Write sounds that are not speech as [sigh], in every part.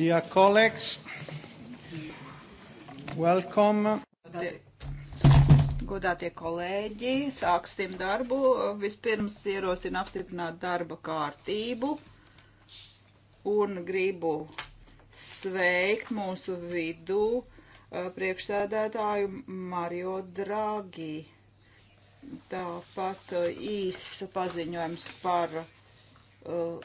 Dear colleagues, welcome. Godātie kolēģi, sāksim darbu. Vispirms ierosinu apstiprināt darba kārtību un gribu sveikt mūsu vidū eh, priekšsēdētāju Mario Draghi. Tāpat eh, īsts paziņojums par uh,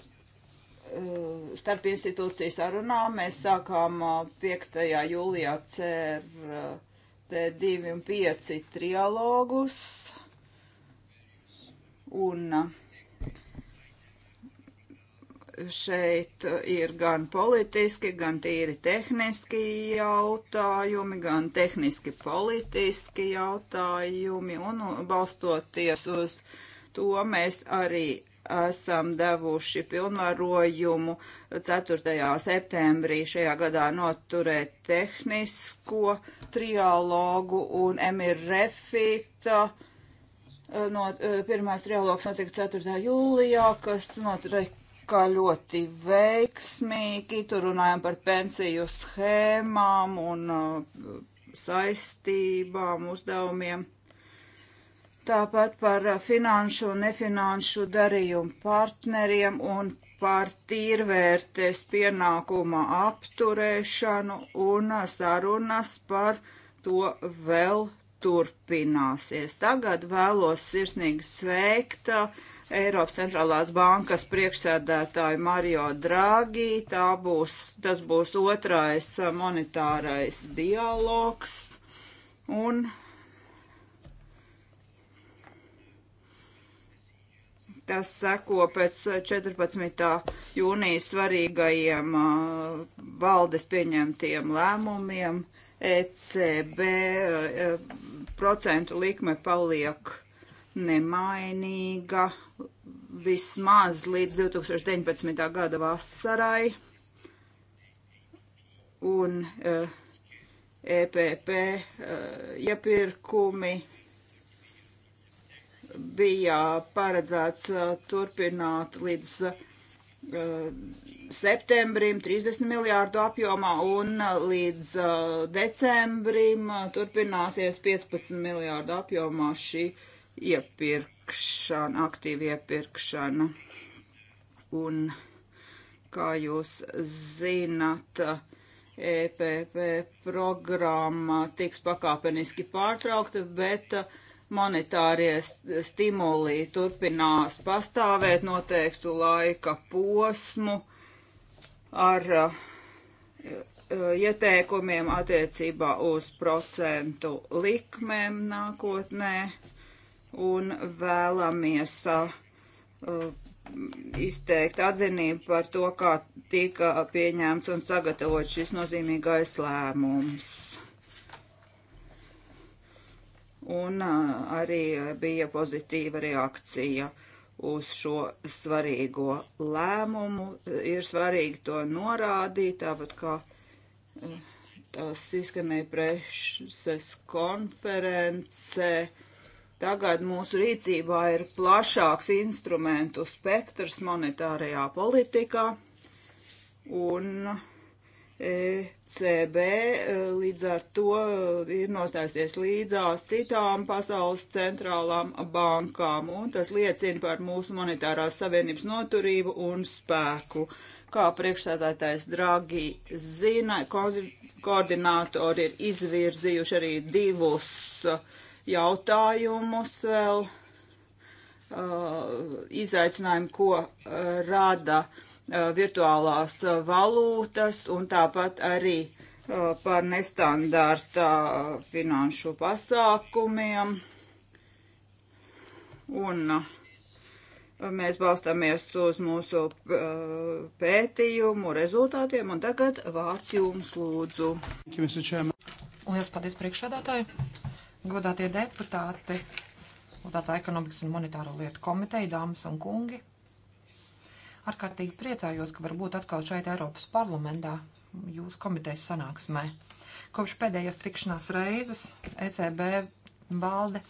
Eh, starp institūciju sarunā. Mēs sākām 5. Eh, jūlijā CRT2 eh, un 5 trialogus. Un šeit ir gan politiski, gan tīri tehniski jautājumi, gan tehniski politiski jautājumi. Un balstoties uz to, mēs arī esam devuši pilnvarojumu 4. septembrī šajā gadā noturēt tehnisko trialogu un Emir Refita. Eh, no, eh, pirmais trialogs notika 4. jūlijā, kas notika ļoti veiksmīgi. Tur runājam par pensiju schēmām un eh, saistībām, uzdevumiem tāpat par eh, finanšu un nefinanšu darījumu partneriem un par tīrvērtēs pienākuma apturēšanu un eh, sarunas par to vēl turpināsies. Tagad vēlos sirsnīgi sveikt eh, Eiropas centrālās bankas priekšsēdētāju Mario Draghi. Tā būs, tas būs otrais monetārais dialogs. Un Tas seko pēc 14. jūnija svarīgajiem valdes pieņemtiem lēmumiem. ECB procentu likme paliek nemainīga vismaz līdz 2019. gada vasarai. Un EPP iepirkumi. Ja bija paredzēts uh, turpināt līdz uh, septembrim 30 miljārdu apjomā un uh, līdz decembrim turpināsies 15 miljārdu apjomā šī iepirkšana, aktīva iepirkšana. Un, kā jūs zinat, EPP programma tiks pakāpeniski pārtraukta, bet uh, monetārie stimulī turpinās pastāvēt noteiktu laika posmu ar uh, uh, ieteikumiem attiecībā uz procentu likmēm nākotnē un vēlamies uh, mm, izteikt atzinību par to, kā tika pieņemts un sagatavots šis nozīmīgais lēmums un arī bija pozitīva reakcija uz šo svarīgo lēmumu. Ir svarīgi to norādīt, tāpat kā tas izskanēja preses konferencē. Tagad mūsu rīcībā ir plašāks instrumentu spektrs monetārajā politikā, un uh, ECB e, līdz ar to e, ir nostājusies līdzās citām pasaules centrālām bankām, un tas liecina par mūsu monetārās savienības noturību un spēku. Kā priekšsēdētājs Dragi zina, koordinātori ir izvirzījuši arī divus e, jautājumus vēl, uh, izaicinājumu, ko rada uh, Uh, virtuālās uh, valūtas un tāpat arī uh, par nestandarta finanšu pasākumiem. Un mēs balstāmies uz mūsu pētījumu rezultātiem, un tagad vārds jums lūdzu. Lielas paldies priekšādātāji, godātie deputāti, godātā ekonomikas un monetāro lietu komiteja, dāmas un kungi. Ārkārtīgi priecājos, ka var būt atkal šeit Eiropas parlamentā jūsu komitejas sanāksmē. Kopš pēdējās tikšanās reizes ECB valde,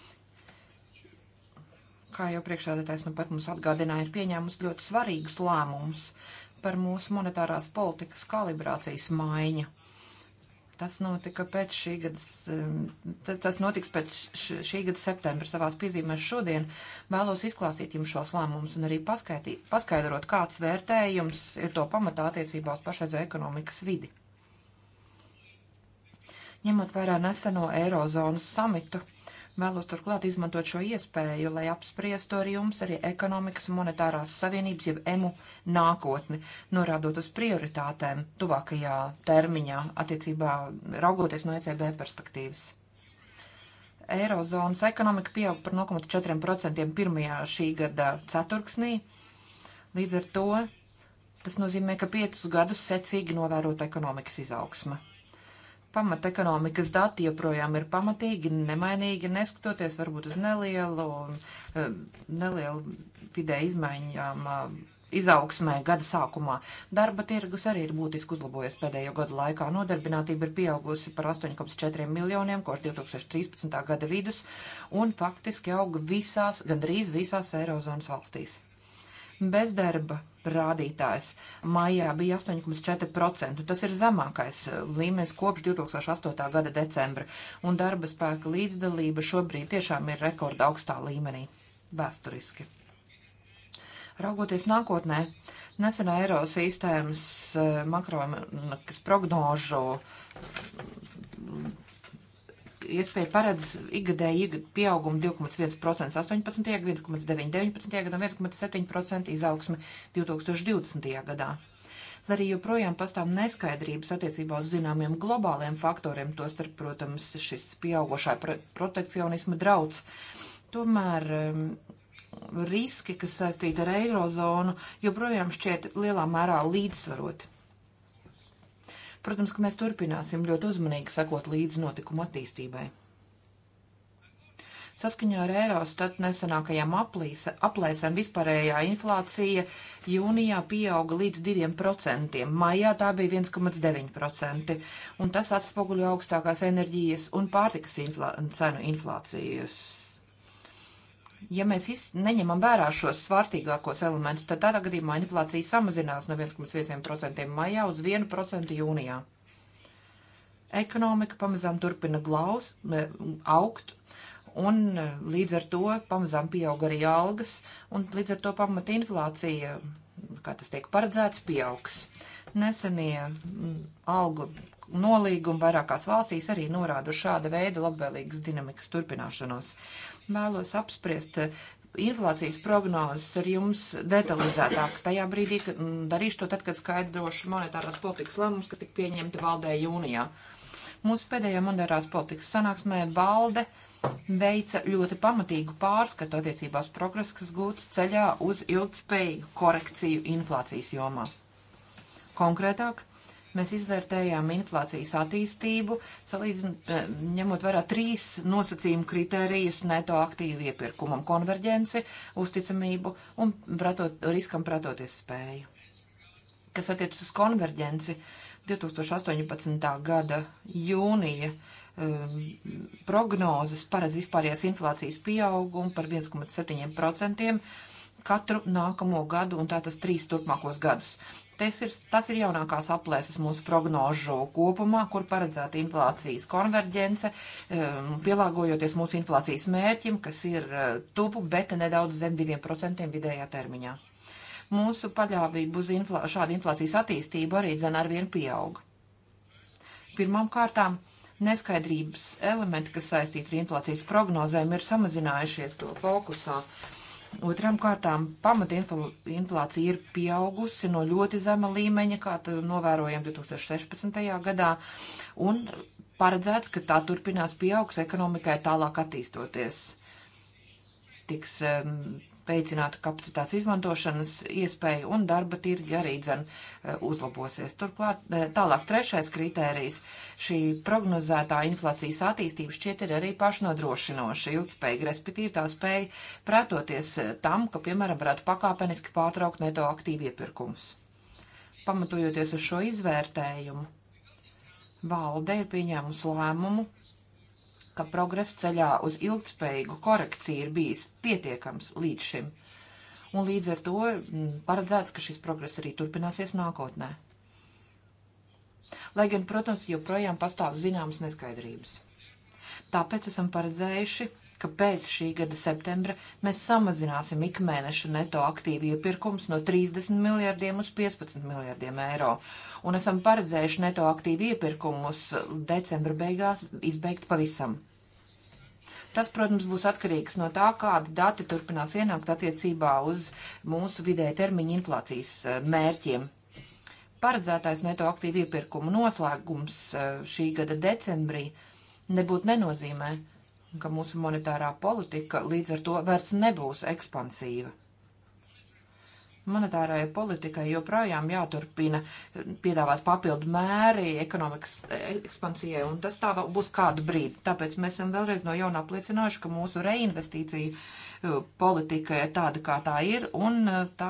kā jau priekšādātais nu pat mums atgādināja, ir pieņēmusi ļoti svarīgus lēmumus par mūsu monetārās politikas kalibrācijas maiņu Tas notika pēc šī gada, tas notiks pēc šī gada septembra savās piezīmēs šodien. Vēlos izklāstīt jums šos lēmumus un arī paskaidrot, kāds vērtējums ir to pamatā attiecībā uz pašreizē ekonomikas vidi. Ņemot vērā neseno Eirozonas samitu Vēlos turklāt izmantot šo iespēju, lai apspriestu ar jums arī ekonomikas un monetārās savienības, jeb emu nākotni, norādot uz prioritātēm tuvākajā termiņā, attiecībā raugoties no ECB perspektīvas. Eirozonas ekonomika pieaug par 0,4% pirmajā šī gada ceturksnī. Līdz ar to tas nozīmē, ka piecus gadus secīgi novērot ekonomikas izaugsma pamatekonomikas dati joprojām ir pamatīgi, nemainīgi, neskatoties varbūt uz nelielu, eh, nelielu vidē izmaiņām eh, izaugsmē gada sākumā. Darba tirgus arī ir būtiski uzlabojies pēdējo gadu laikā. Nodarbinātība ir pieaugusi par 8,4 miljoniem kopš 2013. gada vidus un faktiski auga visās, gandrīz visās Eirozonas valstīs. Bezdarba rādītājs. Maijā bija 8,4%. Tas ir zemākais eh, līmenis kopš 2008. gada decembra, un darba spēka līdzdalība šobrīd tiešām ir rekorda augstā līmenī vēsturiski. Raugoties nākotnē, nesenā eiro sistēmas eh, makroekonomikas prognožu iespēja paredz ikgadēju pieaugumu 2,1% 18. gadā, 1,9% 19. gadā un 1,7% izaugsmi 2020. gadā. Lai arī joprojām pastāv neskaidrības attiecībā uz zināmiem globāliem faktoriem, tostarp, protams, šis pieaugošā protekcionisma drauds, tomēr um, riski, kas saistīti ar eirozonu, joprojām šķiet lielā mērā līdzsvaroti. Protams, ka mēs turpināsim ļoti uzmanīgi sekot līdzi notikuma attīstībai. Saskaņā ar Eurostat nesenākajām aplēsēm vispārējā inflācija jūnijā pieauga līdz 2%, maijā tā bija 1,9%, un tas atspoguļo augstākās enerģijas un pārtikas inflā cenu inflācijas ja mēs neņemam vērā šos svārstīgākos elementus, tad tādā gadījumā inflācija samazinās no 1,5% maijā uz 1% jūnijā. Ekonomika pamazām turpina glaus, augt, un e, līdz ar to pamazām pieaug arī algas, un līdz ar to pamata inflācija, kā tas tiek paredzēts, pieaugs. Nesenie algu nolīgumi vairākās valstīs arī norāda šāda veida labvēlīgas dinamikas turpināšanos. Vēlos apspriest eh, inflācijas prognozes ar jums detalizētāk. Tajā brīdī mm, darīšu to tad, kad skaidrošu monetārās politikas lēmumus, kas tika pieņemti valdē jūnijā. Mūsu pēdējā monetārās politikas sanāksmē valde veica ļoti pamatīgu pārskatu attiecībās progresu, kas gūts ceļā uz ilgspējīgu korekciju inflācijas jomā. Konkrētāk, mēs izvērtējām inflācijas attīstību, salīdzinot, eh, ņemot vērā trīs nosacījumu kritērijus - neto aktīvu iepirkumam, konverģenci, uzticamību un pratot, riskam pratoties spēju. Kas attiec uz konverģenci, 2018. gada jūnija um, prognozes paredz vispārējās inflācijas pieaugumu par 1,7% katru nākamo gadu, un tā tas trīs turpmākos gadus. Tas ir, tas ir jaunākās aplēses mūsu prognožu kopumā, kur paredzēta inflācijas konverģence, um, pielāgojoties mūsu inflācijas mērķim, kas ir uh, tuvu, bet nedaudz zem 2% vidējā termiņā. Mūsu paļāvība uz inflā, šādu inflācijas attīstību arī dzen arvien pieaug. Pirmām kārtām neskaidrības elementi, kas saistīti ar inflācijas prognozēm, ir samazinājušies to fokusā. Otrām kārtām pamata inflācija ir pieaugusi no ļoti zema līmeņa, kā to novērojam 2016. gadā, un paredzēts, ka tā turpinās pieaugs ekonomikai tālāk attīstoties. Tiks um, veicinātu kapacitātes izmantošanas iespēju un darba tirgi arī dzen e, uzlabosies. Turklāt e, tālāk trešais kritērijs - šī prognozētā inflācijas attīstība šķiet ir arī pašnodrošinoša ilgspējīga, respektīvi tā spēja pretoties e, tam, ka, piemēram, varētu pakāpeniski pārtraukt neto aktīvu iepirkumus. Pamatojoties uz šo izvērtējumu, valde ir pieņēmusi lēmumu ka progress ceļā uz ilgtspējīgu korekciju ir bijis pietiekams līdz šim, un līdz ar to mm, paredzēts, ka šis progress arī turpināsies nākotnē. Lai gan, protams, joprojām pastāv zināmas neskaidrības. Tāpēc esam paredzējuši ka bez šī gada septembra mēs samazināsim ikmēneša neto aktīvu iepirkums no 30 miljardiem uz 15 miljardiem eiro. Un esam paredzējuši neto aktīvu iepirkumus decembra beigās izbeigt pavisam. Tas, protams, būs atkarīgs no tā, kādi dati turpinās ienākt attiecībā uz mūsu vidēja termiņa inflācijas e, mērķiem. Paredzētais neto aktīvu iepirkumu noslēgums e, šī gada decembrī nebūtu nenozīmē, ka mūsu monetārā politika līdz ar to vairs nebūs ekspansīva. Monetārajai politikai joprojām jāturpina piedāvāt papildu mēri ekonomikas ekspansijai, un tas tā būs kādu brīdi. Tāpēc mēs esam vēlreiz no jauna apliecinājuši, ka mūsu reinvestīcija uh, politika ir tāda, kā tā ir, un uh, tā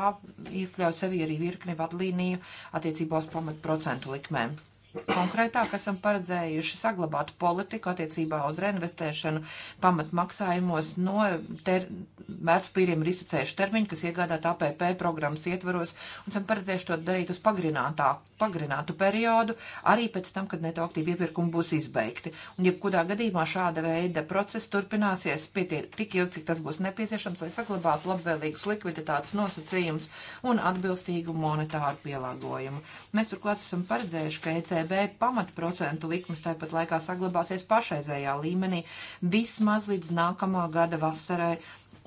iekļauj sevi arī virkni vadlīniju attiecībā uz pamatprocentu likmēm konkrētāk esam paredzējuši saglabāt politiku attiecībā uz reinvestēšanu pamatmaksājumos no ter, vērtspīriem ir izsacējuši termiņu, kas iegādāt APP programmas ietvaros, un esam paredzējuši to darīt uz pagrinātu periodu, arī pēc tam, kad neto aktīvi iepirkumi būs izbeigti. Un jebkurā gadījumā šāda veida process turpināsies pietiek tik ilgi, cik tas būs nepieciešams, lai saglabātu labvēlīgus likviditātes nosacījumus un atbilstīgu monetāru pielāgojumu. Mēs turklāt esam paredzējuši, ka ECB ECB pamatprocentu likmes tāpat laikā saglabāsies pašreizējā līmenī vismaz līdz nākamā gada vasarai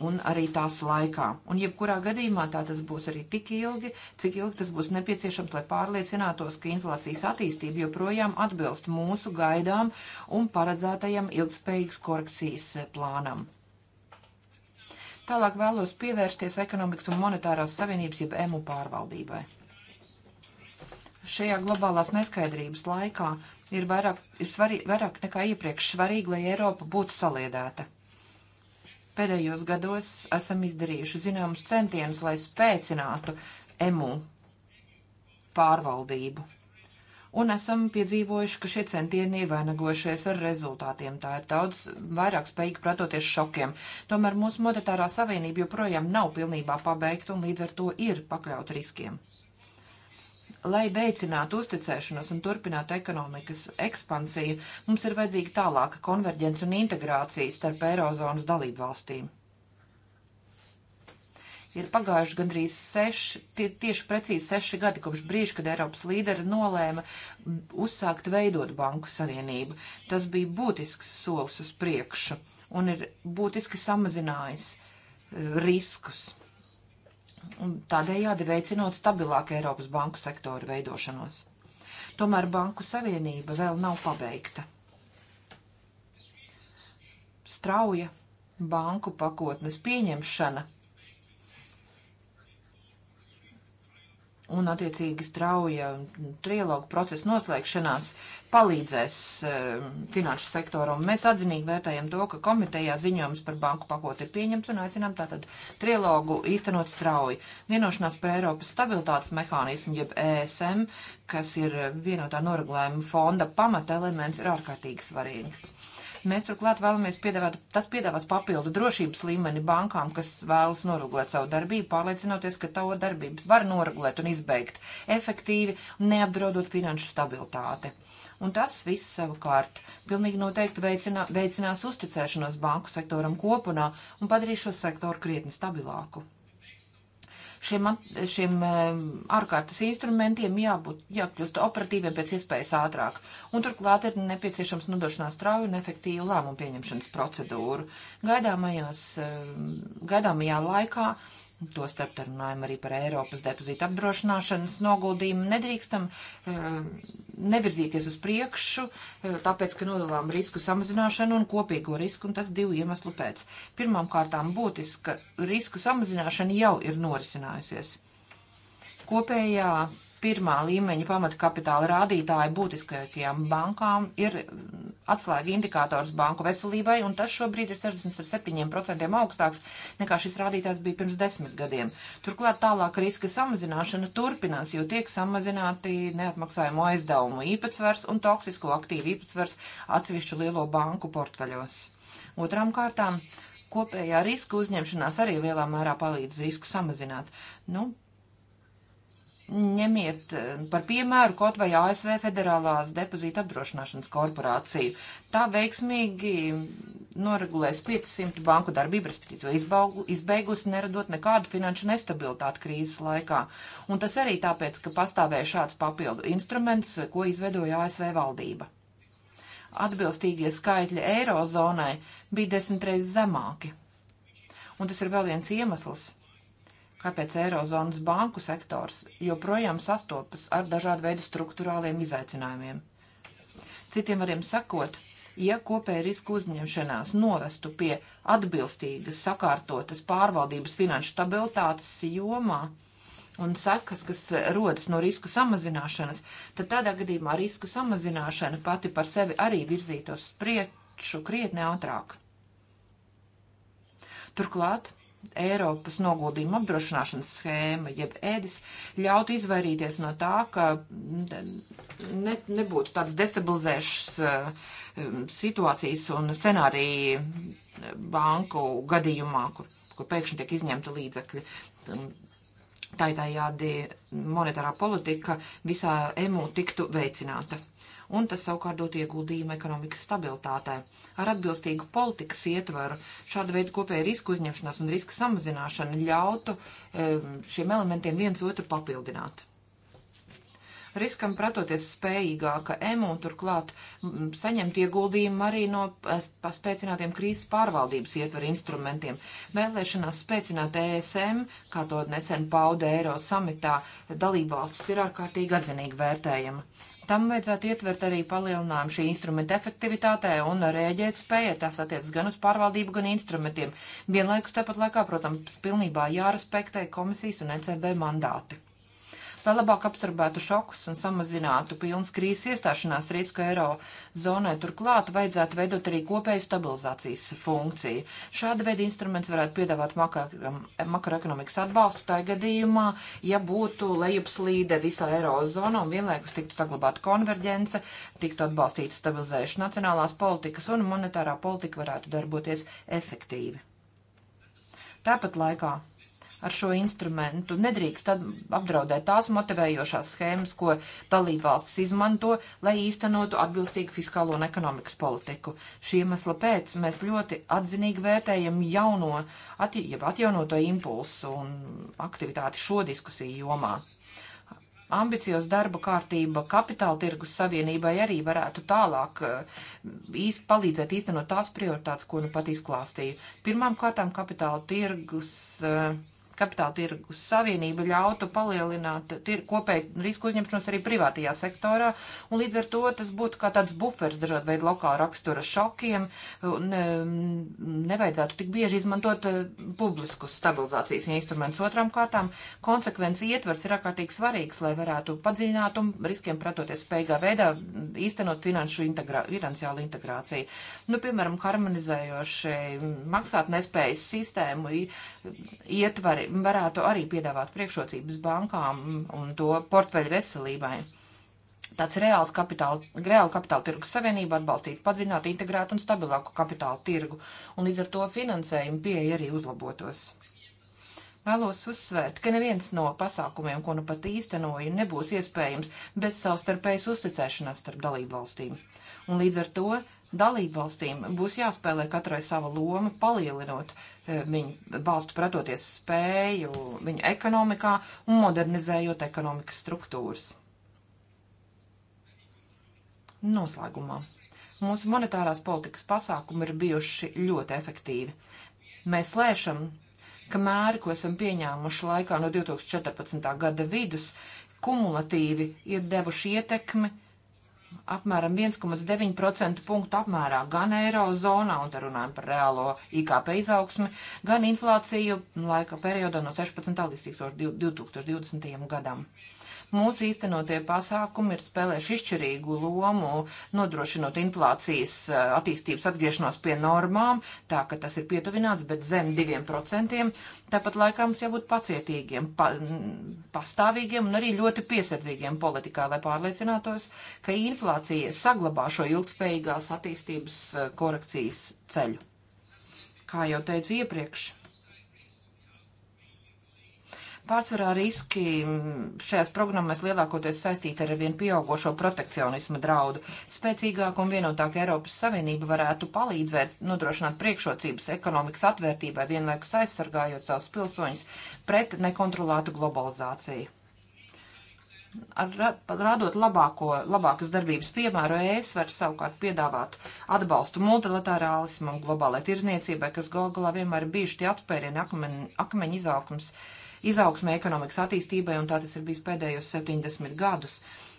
un arī tās laikā. Un jebkurā gadījumā tā tas būs arī tik ilgi, cik ilgi tas būs nepieciešams, lai pārliecinātos, ka inflācijas attīstība joprojām atbilst mūsu gaidām un paredzētajam ilgspējīgas korekcijas plānam. Tālāk vēlos pievērsties ekonomikas un monetārās savienības jeb EMU pārvaldībai šajā globālās neskaidrības laikā ir vairāk, ir svarī, vairāk nekā iepriekš svarīgi, lai Eiropa būtu saliedēta. Pēdējos gados esam izdarījuši zināmus centienus, lai spēcinātu emu pārvaldību. Un esam piedzīvojuši, ka šie centieni ir vainagojušies ar rezultātiem. Tā ir daudz vairāk spējīga pretoties šokiem. Tomēr mūsu monetārā savienība joprojām nav pilnībā pabeigta un līdz ar to ir pakļaut riskiem. Lai veicinātu uzticēšanos un turpinātu ekonomikas ekspansiju, mums ir vajadzīga tālāka konverģence un integrācija starp Eirozonas dalību valstīm. Ir pagājuši gandrīz seši, tie, tieši precīzi seši gadi kopš brīža, kad Eiropas līderi nolēma uzsākt veidot banku savienību. Tas bija būtisks solis uz priekšu un ir būtiski samazinājis eh, riskus un tādējādi veicinot stabilāku Eiropas banku sektoru veidošanos. Tomēr banku savienība vēl nav pabeigta. Strauja banku pakotnes pieņemšana un attiecīgi strauja trialogu procesa noslēgšanās palīdzēs e, finanšu sektoram. Mēs atzinīgi vērtējam to, ka komitejā ziņojums par banku pakoti ir pieņemts un aicinām tātad trialogu īstenot strauji. Vienošanās par Eiropas stabilitātes mehānismu, jeb ESM, kas ir vienotā noregulējuma fonda pamata elements, ir ārkārtīgi svarīgs. Mēs turklāt vēlamies piedāvāt, tas piedāvās papildu drošības līmeni bankām, kas vēlas noregulēt savu darbību, pārliecinoties, ka tavu darbību var noregulēt un izbeigt efektīvi, neapdraudot finanšu stabilitāti. Un tas viss savukārt pilnīgi noteikti veicinā, veicinās uzticēšanos banku sektoram kopunā un padarīs šo sektoru krietni stabilāku. Šiem, šiem ārkārtas instrumentiem jābūt, jākļūst operatīviem pēc iespējas ātrāk. Un turklāt ir nepieciešams nodrošināt strauju un efektīvu lēmumu pieņemšanas procedūru. Gaidāmajās, gaidāmajā laikā Tostarp runājam arī par Eiropas depozītu apdrošināšanas noguldījumu. Nedrīkstam eh, nevirzīties uz priekšu, eh, tāpēc, ka nodalām risku samazināšanu un kopīgo risku, un tas divu iemeslu pēc. Pirmām kārtām būtiski, ka risku samazināšana jau ir norisinājusies. Kopējā pirmā līmeņa pamatkapitāla rādītāji būtiskākajām bankām ir atslēga indikators banku veselībai, un tas šobrīd ir 67% augstāks nekā šis rādītājs bija pirms desmit gadiem. Turklāt tālāk riska samazināšana turpinās, jo tiek samazināti neatmaksājamo aizdevumu īpatsvars un toksisko aktīvu īpatsvars atsevišķu lielo banku portfeļos. Otrām kārtām. Kopējā riska uzņemšanās arī lielā mērā palīdz risku samazināt. Nu, ņemiet eh, par piemēru kaut vai ASV Federālās depozīta apdrošināšanas korporāciju. Tā veiksmīgi noregulēs 500 banku darbību, respektīvi izbeigusi, neradot nekādu finanšu nestabilitāti krīzes laikā. Un tas arī tāpēc, ka pastāvēja šāds papildu instruments, ko izveidoja ASV valdība. Atbilstīgie skaitļi Eirozonai bija desmitreiz zemāki. Un tas ir vēl viens iemesls, kāpēc Eirozonas banku sektors joprojām sastopas ar dažādu veidu struktūrāliem izaicinājumiem. Citiem variem sakot, ja kopēja riska uzņemšanās novestu pie atbilstīgas, sakārtotas pārvaldības finanšu stabilitātes jomā, un sekas, kas rodas no risku samazināšanas, tad tādā gadījumā risku samazināšana pati par sevi arī virzītos uz priekšu krietni ātrāk. Turklāt Eiropas noguldījuma apdrošināšanas schēma, jeb ēdis, ļautu izvairīties no tā, ka ne, nebūtu tādas destabilizējušas uh, situācijas un scenārija banku gadījumā, kur, kur pēkšņi tiek izņemta līdzekļi. Um, tādējādi monetārā politika visā EMU tiktu veicināta un tas savukārt dot ieguldījumu ekonomikas stabilitātē. Ar atbilstīgu politikas ietvaru šāda veida kopēja riska uzņemšanās un riska samazināšana ļautu šiem elementiem viens otru papildināt. Riskam pretoties spējīgāka EMU un turklāt saņemt ieguldījumu arī no paspēcinātiem krīzes pārvaldības ietveru instrumentiem. Vēlēšanās spēcināt ESM, kā to nesen pauda Eiro samitā, dalībvalstis ir ārkārtīgi atzinīgi vērtējama. Tam vajadzētu ietvert arī palielinājumu šī instrumenta efektivitātē un rēģēt spējai. Tas attiecas gan uz pārvaldību, gan instrumentiem. Vienlaikus tāpat laikā, protams, pilnībā jārespektē komisijas un ECB mandāti lai labāk apsarbētu šokus un samazinātu pilnas krīzes iestāšanās risku eiro zonai. Turklāt vajadzētu veidot arī kopēju stabilizācijas funkciju. Šāda veida instruments varētu piedāvāt makroekonomikas atbalstu tajā gadījumā, ja būtu lejupslīde visā eiro zonā un vienlaikus tiktu saglabāta konverģence, tiktu atbalstīta stabilizēšana nacionālās politikas un monetārā politika varētu darboties efektīvi. Tāpat laikā ar šo instrumentu. Nedrīkst apdraudēt tās motivējošās schēmas, ko dalībvalstis izmanto, lai īstenotu atbilstīgu fiskālo un ekonomikas politiku. Šī iemesla pēc mēs ļoti atzinīgi vērtējam jauno, atja, atjaunoto impulsu un aktivitāti šo diskusiju jomā. Ambicios darba kārtība kapitāla tirgus savienībai arī varētu tālāk eh, īst, palīdzēt īstenot tās prioritātes, ko nu pat izklāstīju. Pirmām kārtām kapitāla tirgus uh, kapitāla tirgus savienība ļautu palielināt tir, kopēju risku uzņemšanos arī privātajā sektorā, un līdz ar to tas būtu kā tāds bufers dažādu veidu lokāla rakstura šokiem, ne, nevajadzētu tik bieži izmantot eh, publiskus stabilizācijas instrumentus. Otram kārtām konsekvenci ietvers ir ārkārtīgi svarīgs, lai varētu padziļināt un riskiem pratoties spējīgā veidā īstenot finanšu integrā, finansiālu integrāciju. Nu, piemēram, harmonizējoši maksātnespējas sistēmu ietvari varētu arī piedāvāt priekšrocības bankām un to portfeļu veselībai. Tāds reāls kapitāla, reāla kapitāla tirgus savienība atbalstītu padziļinātu, integrētu un stabilāku kapitāla tirgu, un līdz ar to finansējumu pieeja arī uzlabotos. Vēlos uzsvērt, ka neviens no pasākumiem, ko nu pat īstenoju, nebūs iespējams bez savstarpējas uzticēšanās starp dalību valstīm. Un līdz ar to Dalību valstīm būs jāspēlē katrai sava loma, palielinot e, viņu valstu pretoties spēju viņu ekonomikā un modernizējot ekonomikas struktūras. Noslēgumā. Mūsu monetārās politikas pasākumi ir bijuši ļoti efektīvi. Mēs lēšam, ka mēri, ko esam pieņēmuši laikā no 2014. gada vidus, kumulatīvi ir devuši ietekmi apmēram 1,9% punktu apmērā gan eirozonā, un te runājam par reālo IKP izaugsmi, gan inflāciju laika periodā no 16. līdz 2020. gadam. Mūsu īstenotie pasākumi ir spēlējuši izšķirīgu lomu, nodrošinot inflācijas eh, attīstības atgriešanos pie normām, tā ka tas ir pietuvināts, bet zem diviem procentiem. Tāpat laikā mums jābūt pacietīgiem, pa, pastāvīgiem un arī ļoti piesardzīgiem politikā, lai pārliecinātos, ka inflācija saglabā šo ilgspējīgās attīstības eh, korekcijas ceļu. Kā jau teicu iepriekš, Pārsvarā riski šajās programmās lielākoties saistīti ar vien pieaugošo protekcionismu draudu. Spēcīgāk un vienotāk Eiropas Savienība varētu palīdzēt nodrošināt priekšrocības ekonomikas atvērtībai, vienlaikus aizsargājot savus pilsoņus pret nekontrolētu globalizāciju. Ar, rādot labāko, labākas darbības piemēru, ES var savukārt piedāvāt atbalstu multilaterālismam, globālai tirzniecībai, kas galā vienmēr ir bijuši tie atspērieni akmeņu akmeņ izaugsmas. Akmeņ izaugsmē, ekonomikas attīstībai, un tā tas ir bijis pēdējos 70 gadus.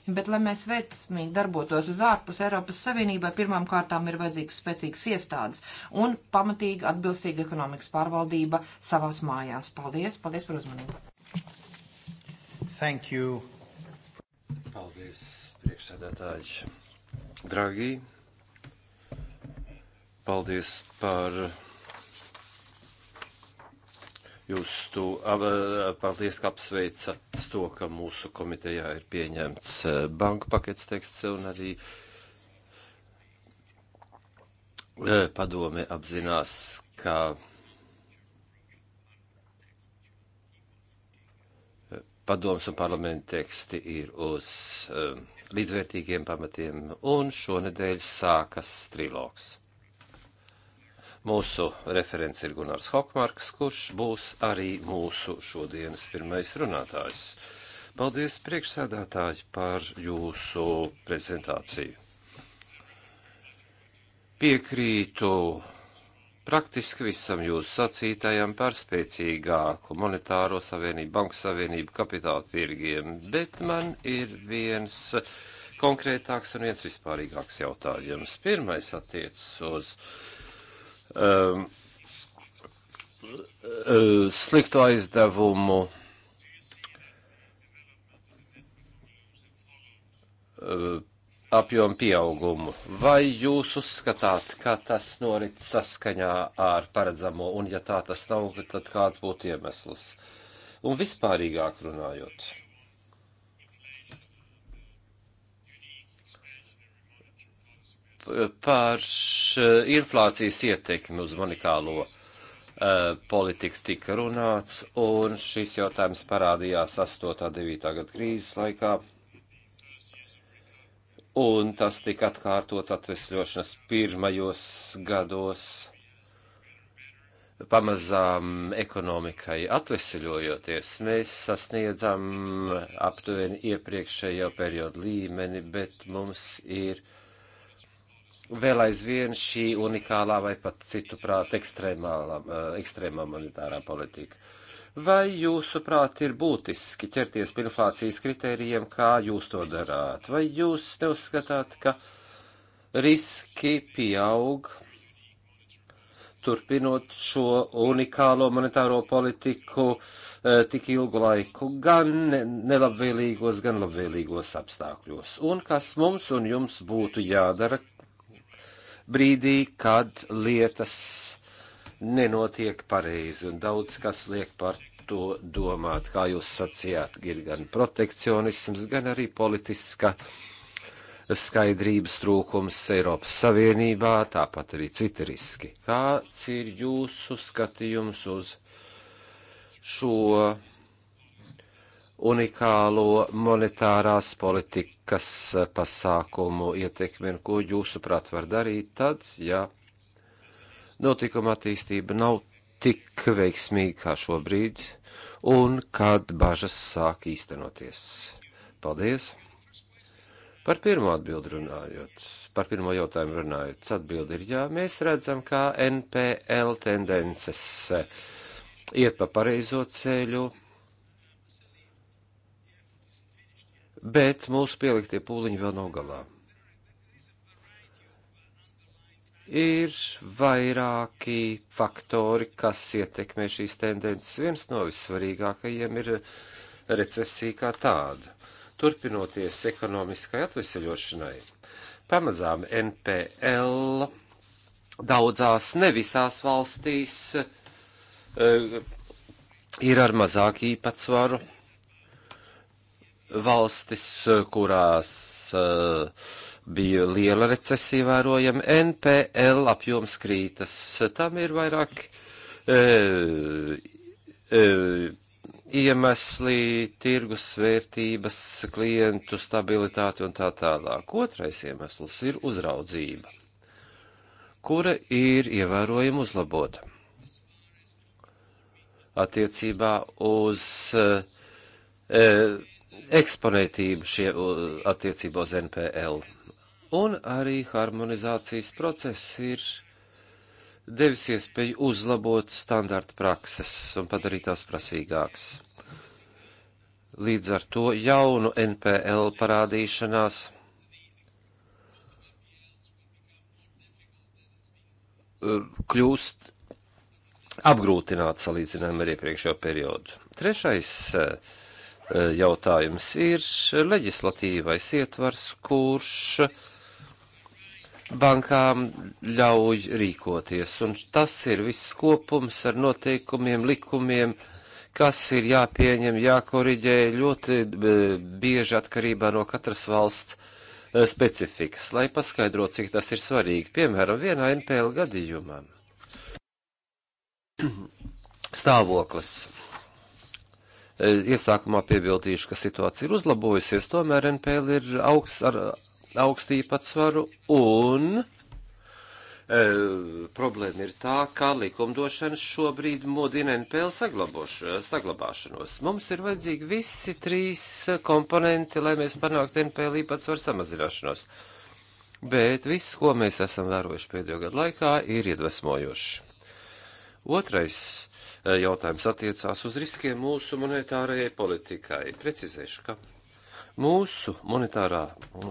Bet, lai mēs veiksmīgi darbotos uz ārpus Eiropas Savienībai, pirmām kārtām ir vajadzīgs spēcīgs iestādes un pamatīga atbilstīga ekonomikas pārvaldība savās mājās. Paldies, paldies par uzmanību. Thank you. Paldies, priekšsēdētāji. Dragi, paldies par Jūs to paldies, ka apsveicat to, ka mūsu komitejā ir pieņemts e, banku pakets teksts un arī e, padome apzinās, ka e, padoms un parlamenta teksti ir uz līdzvērtīgiem pamatiem, un šonedēļ sākas trilogs. Mūsu referents ir Gunārs Hokmarks, kurš būs arī mūsu šodienas pirmais runātājs. Paldies priekšsēdētāji par jūsu prezentāciju. Piekrītu praktiski visam jūsu sacītajam par spēcīgāku monetāro savienību, banku savienību, kapitāla tirgiem, bet man ir viens konkrētāks un viens vispārīgāks jautājums. Pirmais attiecas uz um, uh, sliktu aizdevumu uh, apjomu pieaugumu. Vai jūs uzskatāt, ka tas norit saskaņā ar paredzamo, un ja tā tas nav, tad kāds būtu iemesls? Un vispārīgāk runājot. par eh, inflācijas ietekmi uz monikālo eh, politiku tika runāts, un šis jautājums parādījās 8.9. gada krīzes laikā, un tas tika atkārtots atvesļošanas pirmajos gados. Pamazām ekonomikai atveseļojoties, mēs sasniedzam aptuveni iepriekšējo periodu līmeni, bet mums ir uh, vēl aizvien šī unikālā vai pat citu prāt eh, ekstrēmā monetārā politika. Vai jūsuprāt ir būtiski ķerties pie inflācijas kritērijiem, kā jūs to darāt? Vai jūs neuzskatāt, ka riski pieaug turpinot šo unikālo monetāro politiku eh, tik ilgu laiku, gan nelabvēlīgos, gan labvēlīgos apstākļos. Un kas mums un jums būtu jādara, brīdī, kad lietas nenotiek pareizi, un daudz kas liek par to domāt, kā jūs sacījāt, ir gan protekcionisms, gan arī politiska skaidrības trūkums Eiropas Savienībā, tāpat arī citi riski. Kāds ir jūsu skatījums uz šo unikālo monetārās politikas pasākumu ietekmi un ko jūsuprāt var darīt tad, ja notikuma attīstība nav tik veiksmīga kā šobrīd un kad bažas sāk īstenoties. Paldies! Par pirmo atbildi runājot, par pirmo jautājumu runājot, atbildi ir jā, mēs redzam, kā NPL tendences iet pa pareizo ceļu, bet mūsu pieliktie pūliņi vēl nav galā. Ir vairāki faktori, kas ietekmē šīs tendences. Viens no vissvarīgākajiem ir recesija kā tāda. Turpinoties ekonomiskai atveseļošanai, pamazām NPL daudzās, ne visās valstīs, eh, ir ar mazāku īpatsvaru valstis, eh, kurās uh, bija liela recesija vērojama, NPL apjoms krītas. Tam ir vairāk uh, uh, iemesli, tirgus vērtības, klientu stabilitāti un tā tālāk. Otrais iemesls ir uzraudzība, kura ir ievērojama uzlabota attiecībā uz uh, eksponētību šie attiecībā uz NPL. Un arī harmonizācijas process ir devis iespēju uzlabot standarta prakses un padarīt tās prasīgākas. Līdz ar to jaunu NPL parādīšanās kļūst apgrūtināt salīdzinājumu ar iepriekšējo periodu. Trešais uh, jautājums ir leģislatīvais ietvars, kurš bankām ļauj rīkoties, un tas ir viss kopums ar noteikumiem, likumiem, kas ir jāpieņem, jākoriģē ļoti e, bieži atkarībā no katras valsts e, specifikas, lai paskaidrotu, cik tas ir svarīgi. Piemēram, vienā NPL gadījumā [clears throat] stāvoklis Eh, iesākumā piebildīšu, ka situācija ir uzlabojusies, tomēr NPL ir augsts ar augstu īpatsvaru un E, problēma ir tā, ka likumdošana šobrīd modina NPL saglabāšanos. Mums ir vajadzīgi visi trīs komponenti, lai mēs panāktu NPL īpatsvaru samazināšanos. Bet viss, ko mēs esam vērojuši pēdējo gadu laikā, ir iedvesmojoši. Otrais Eh, jautājums attiecās uz riskiem mūsu monetārajai politikai. Precizēšu, ka mūsu monetārā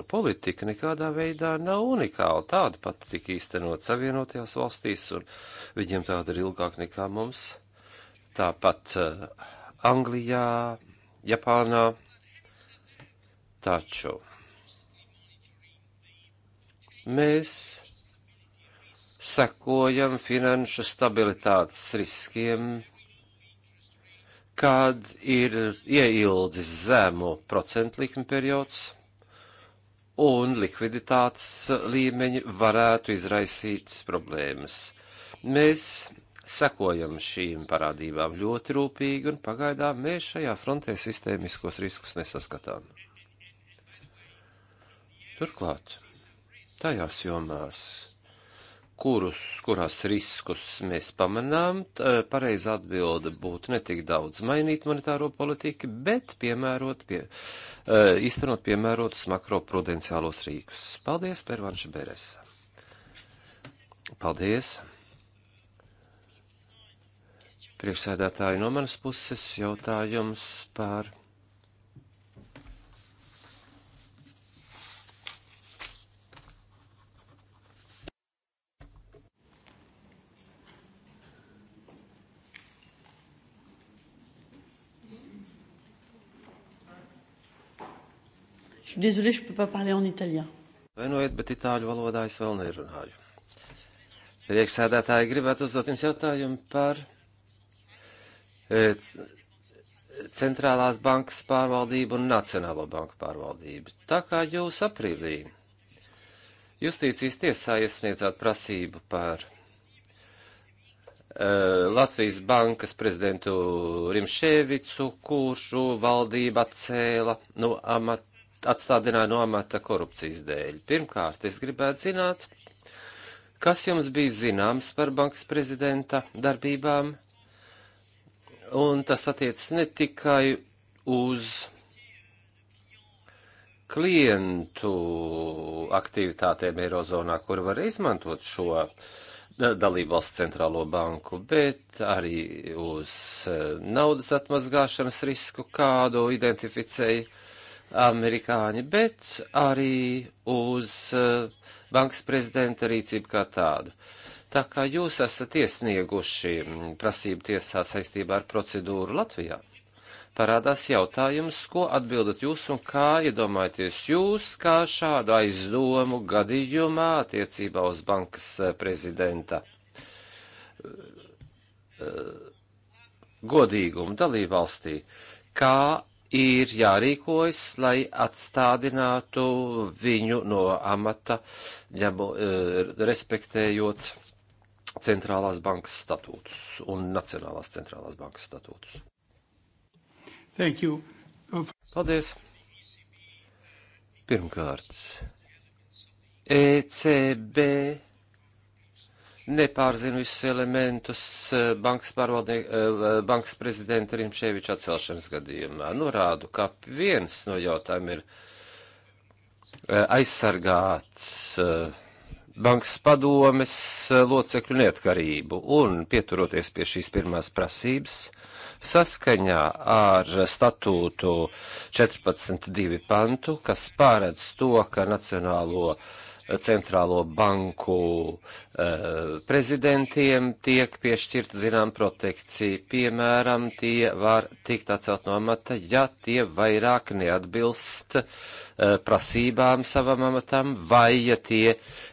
politika nekādā veidā nav unikāla. Tāda pat tika īstenot Savienotajās valstīs, un viņiem tāda ir ilgāk nekā mums. Tāpat eh, Anglijā, Japānā. Taču mēs sekojam finanšu stabilitātes riskiem, kad ir ieildzis zemu procentu likmi periods un likviditātes līmeņi varētu izraisīt problēmas. Mēs sekojam šīm parādībām ļoti rūpīgi, un pagaidām mēs šajā frontē sistēmiskos riskus nesaskatām. Turklāt, tajās jomās, kurus, kurās riskus mēs pamanām, eh, pareiza atbilde būtu ne tik daudz mainīt monetāro politiku, bet piemērot, pie, eh, īstenot piemērotus makroprudenciālos rīkus. Paldies, Pervanš Beres. Paldies. Priekšsēdētāji no manas puses jautājums par Je suis désolée, je peux pas parler en italien. Vainojiet, bet itāļu valodā es vēl nerunāju. Priekšsēdētāji gribētu uzdot jums jautājumu par e, centrālās bankas pārvaldību un nacionālo banku pārvaldību. Tā kā jūs aprīlī justīcijas tiesā iesniedzāt prasību par e, Latvijas bankas prezidentu Rimšēvicu, kuršu valdība atcēla no amata atstādināja no amata korupcijas dēļ. Pirmkārt, es gribētu zināt, kas jums bija zināms par bankas prezidenta darbībām, un tas attiecas ne tikai uz klientu aktivitātēm Eirozonā, kur var izmantot šo dalībvalsts centrālo banku, bet arī uz eh, naudas atmazgāšanas risku, kādu identificēja amerikāņi, bet arī uz eh, bankas prezidenta rīcību kā tādu. Tā kā jūs esat iesnieguši mm, prasību tiesā saistībā ar procedūru Latvijā, parādās jautājums, ko atbildat jūs un kā iedomājaties jūs, kā šādu aizdomu gadījumā attiecībā uz bankas eh, prezidenta eh, godīgumu dalībvalstī, kā ir jārīkojas, lai atstādinātu viņu no amata, ņemu, eh, respektējot centrālās bankas statūtus un nacionālās centrālās bankas statūtus. Thank you. Paldies. Pirmkārt, ECB nepārzina visus elementus eh, bankas, eh, eh, bankas prezidenta Rimšēviča atcelšanas gadījumā. Norādu, nu, ka viens no jautājumiem ir aizsargāts bankas padomes locekļu neatkarību un pieturoties pie šīs pirmās prasības saskaņā ar statūtu 14.2 pantu, kas pārēdz to, ka Nacionālo uh, centrālo banku eh, prezidentiem tiek piešķirta zinām protekcija. Piemēram, tie var tikt atcelt no amata, ja tie vairāk neatbilst eh, prasībām savam amatam vai ja tie eh,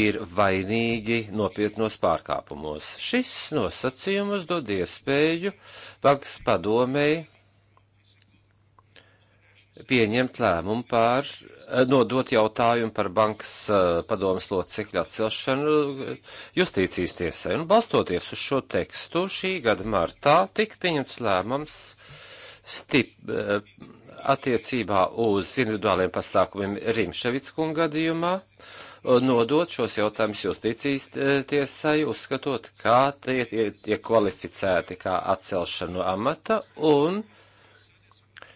ir vainīgi nopietnos pārkāpumos. Šis nosacījums dod iespēju bankas padomēji pieņemt lēmumu pār, eh, nodot jautājumu par bankas eh, padomas locekļu atcelšanu eh, justīcijas tiesai. Un balstoties uz šo tekstu, šī gada martā tika pieņemts lēmums stip, attiecībā uz individuāliem pasākumiem Rimševickunga gadījumā, nodot šos jautājumus justīcijas tiesai, uzskatot, kā tie tiek kvalificēti kā atcelšanu amata un uh,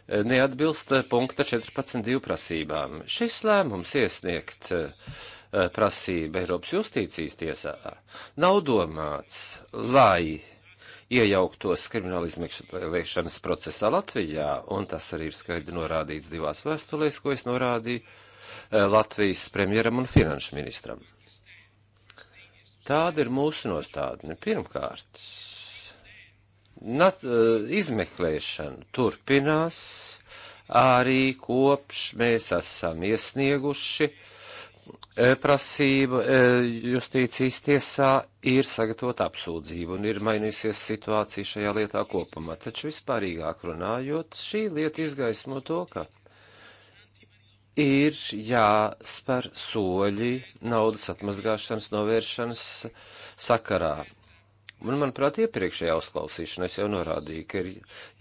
neatbilst punkta 14.2 prasībām. Šis lēmums iesniegt eh, prasība Eiropas justīcijas tiesā nav domāts, lai iejauktos krimināla izmeklēšanas procesā Latvijā, un tas arī ir skaidri norādīts divās vēstulēs, ko es norādīju eh, Latvijas premjeram un finanšu ministram. Tāda ir mūsu nostādne. Pirmkārt, Nat, eh, izmeklēšana turpinās arī kopš mēs esam iesnieguši eh, prasību eh, justīcijas tiesā ir sagatavot apsūdzību un ir mainīsies situācija šajā lietā kopumā. Taču vispārīgāk runājot, šī lieta izgaismo to, ka ir jāspēr soļi naudas atmazgāšanas novēršanas sakarā. Un, manuprāt, iepriekšējā uzklausīšanā es jau norādīju, ka ir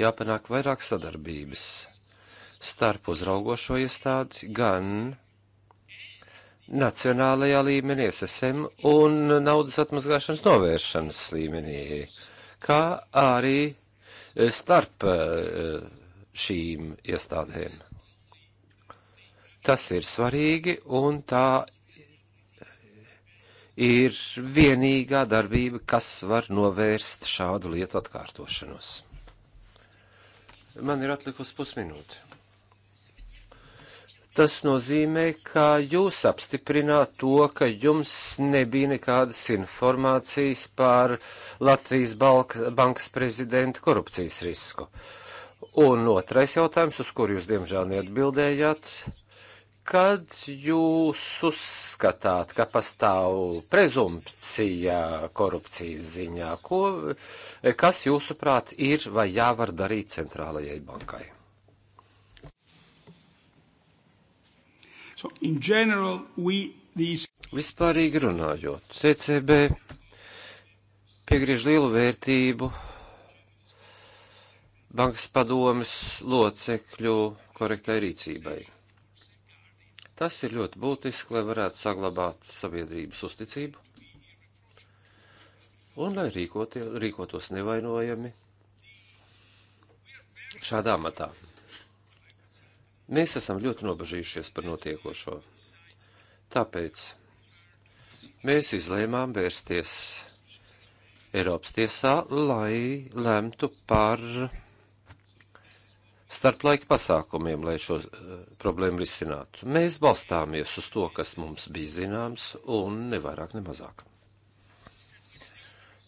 jāpanāk vairāk sadarbības starp uzraugošo iestādi gan nacionālajā līmenī, SSM un naudas atmazgāšanas novēršanas līmenī, kā arī starp eh, šīm iestādēm. Tas ir svarīgi un tā ir vienīgā darbība, kas var novērst šādu lietu atkārtošanos. Man ir atlikusi pusminūte. Tas nozīmē, ka jūs apstiprināt to, ka jums nebija nekādas informācijas par Latvijas bankas prezidenta korupcijas risku. Un otrais jautājums, uz kuru jūs diemžēl neatbildējāt, Kad jūs uzskatāt, ka pastāv prezumpcija korupcijas ziņā, ko, kas jūsuprāt ir vai jāvar darīt centrālajai bankai? So, general, we, these... Vispārīgi runājot, CCB piegriež lielu vērtību bankas padomas locekļu korektai rīcībai. Tas ir ļoti būtiski, lai varētu saglabāt sabiedrības uzticību un lai rīkotie, rīkotos nevainojami šādā matā. Mēs esam ļoti nobežījušies par notiekošo. Tāpēc mēs izlēmām vērsties Eiropas tiesā, lai lemtu par starplaika pasākumiem, lai šo eh, problēmu risinātu. Mēs balstāmies uz to, kas mums bija zināms, un ne vairāk, ne mazāk.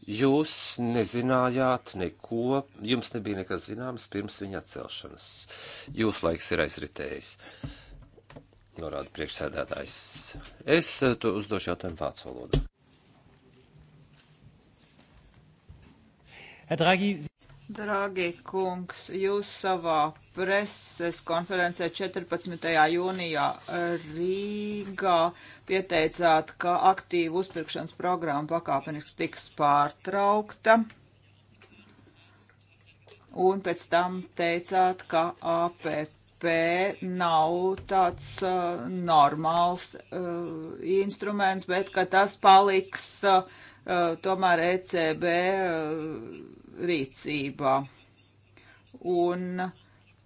Jūs nezinājāt neko, jums nebija nekas zināms pirms viņa atcelšanas. Jūsu laiks ir aizritējis, norāda priekšsēdētājs. Es eh, to uzdošu jautājumu vācu valodā. Dragi kungs, jūs savā preses konferencē 14. jūnijā Rīgā pieteicāt, ka aktīvu uzpirkšanas programma pakāpeniski tiks pārtraukta. Un pēc tam teicāt, ka APP ASV nav tāds uh, normāls uh, instruments, bet ka tas paliks uh, uh tomēr ECB uh, rīcībā. Un,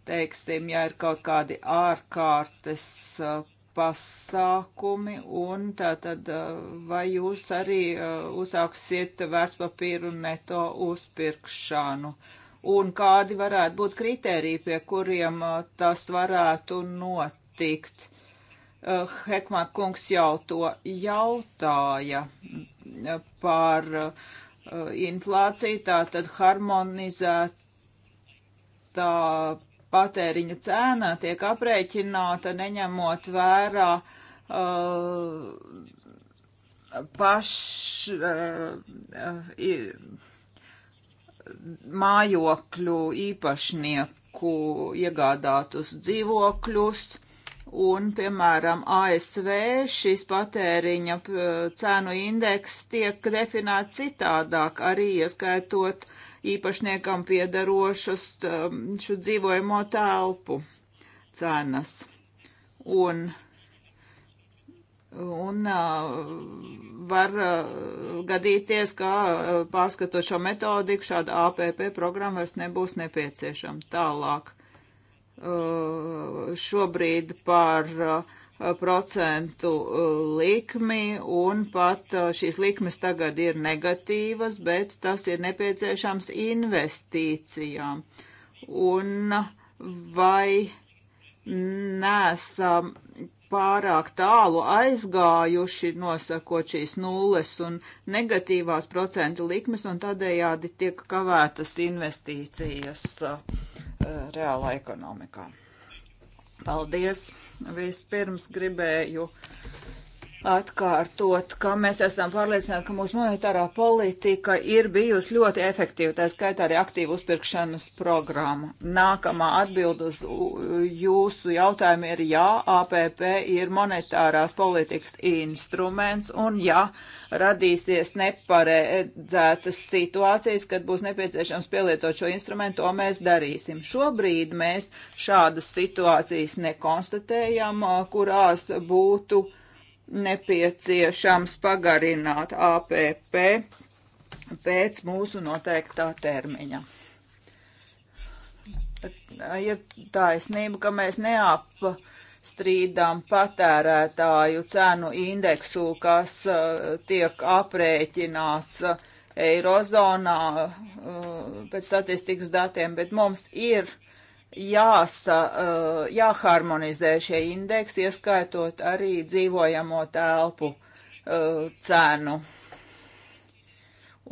teiksim, ja ir kaut kādi ārkārtas uh, pasākumi, un tā tad uh, vai jūs arī uh, uzsāksiet vērtspapīru neto uzpirkšanu? Un kādi varētu būt kriteriji, pie kuriem tas varētu notikt? Hekmār kungs jau to jautāja par uh, Uh, inflācija, tātad harmonizētā patēriņa cēna tiek aprēķināta neņemot vērā uh, paš uh, mājokļu īpašnieku iegādātus dzīvokļus. Uh, Un, piemēram, ASV šis patēriņa cēnu indeks tiek definēts citādāk, arī ieskaitot īpašniekam piedarošas um, šo dzīvojamo telpu cenas. Un, un uh, var uh, gadīties, ka uh, pārskatot šo metodiku, šāda APP programma vairs nebūs nepieciešama tālāk Uh, šobrīd par uh, procentu uh, likmi, un pat šīs likmes tagad ir negatīvas, bet tas ir nepieciešams investīcijām. Un vai nesam pārāk tālu aizgājuši, nosakot šīs nulles un negatīvās procentu likmes, un tādējādi tiek kavētas investīcijas. Uh, Eh, reālā ekonomikā. Paldies! Vispirms gribēju atkārtot, ka mēs esam pārliecināti, ka mūsu monetārā politika ir bijusi ļoti efektīva, tā skaitā arī aktīvu uzpirkšanas programma. Nākamā atbild uz jūsu jautājumu ir jā, APP ir monetārās politikas instruments un jā, radīsies neparedzētas situācijas, kad būs nepieciešams pielietot šo instrumentu, to mēs darīsim. Šobrīd mēs šādas situācijas nekonstatējam, kurās būtu nepieciešams pagarināt APP pēc mūsu noteiktā termiņa. Ir taisnība, ka mēs neapstrīdām patērētāju cenu indeksu, kas uh, tiek aprēķināts uh, eirozonā uh, pēc statistikas datiem, bet mums ir uh, jāsa, uh, jāharmonizē šie indeksi, ieskaitot arī dzīvojamo telpu uh, cenu.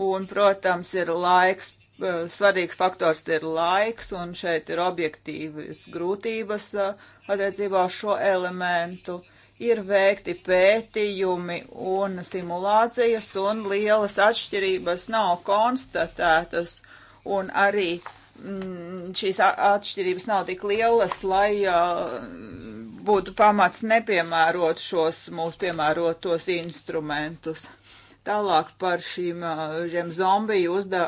Un, protams, ir laiks, uh, svarīgs faktors ir laiks, un šeit ir objektīvas grūtības attiecībā uz šo elementu ir veikti pētījumi un simulācijas, un lielas atšķirības nav konstatētas, un arī Mm, šīs atšķirības nav tik lielas, lai uh, būtu pamats nepiemērot šos mūsu piemērotos instrumentus. Tālāk par šīm, šiem zombiju uzda,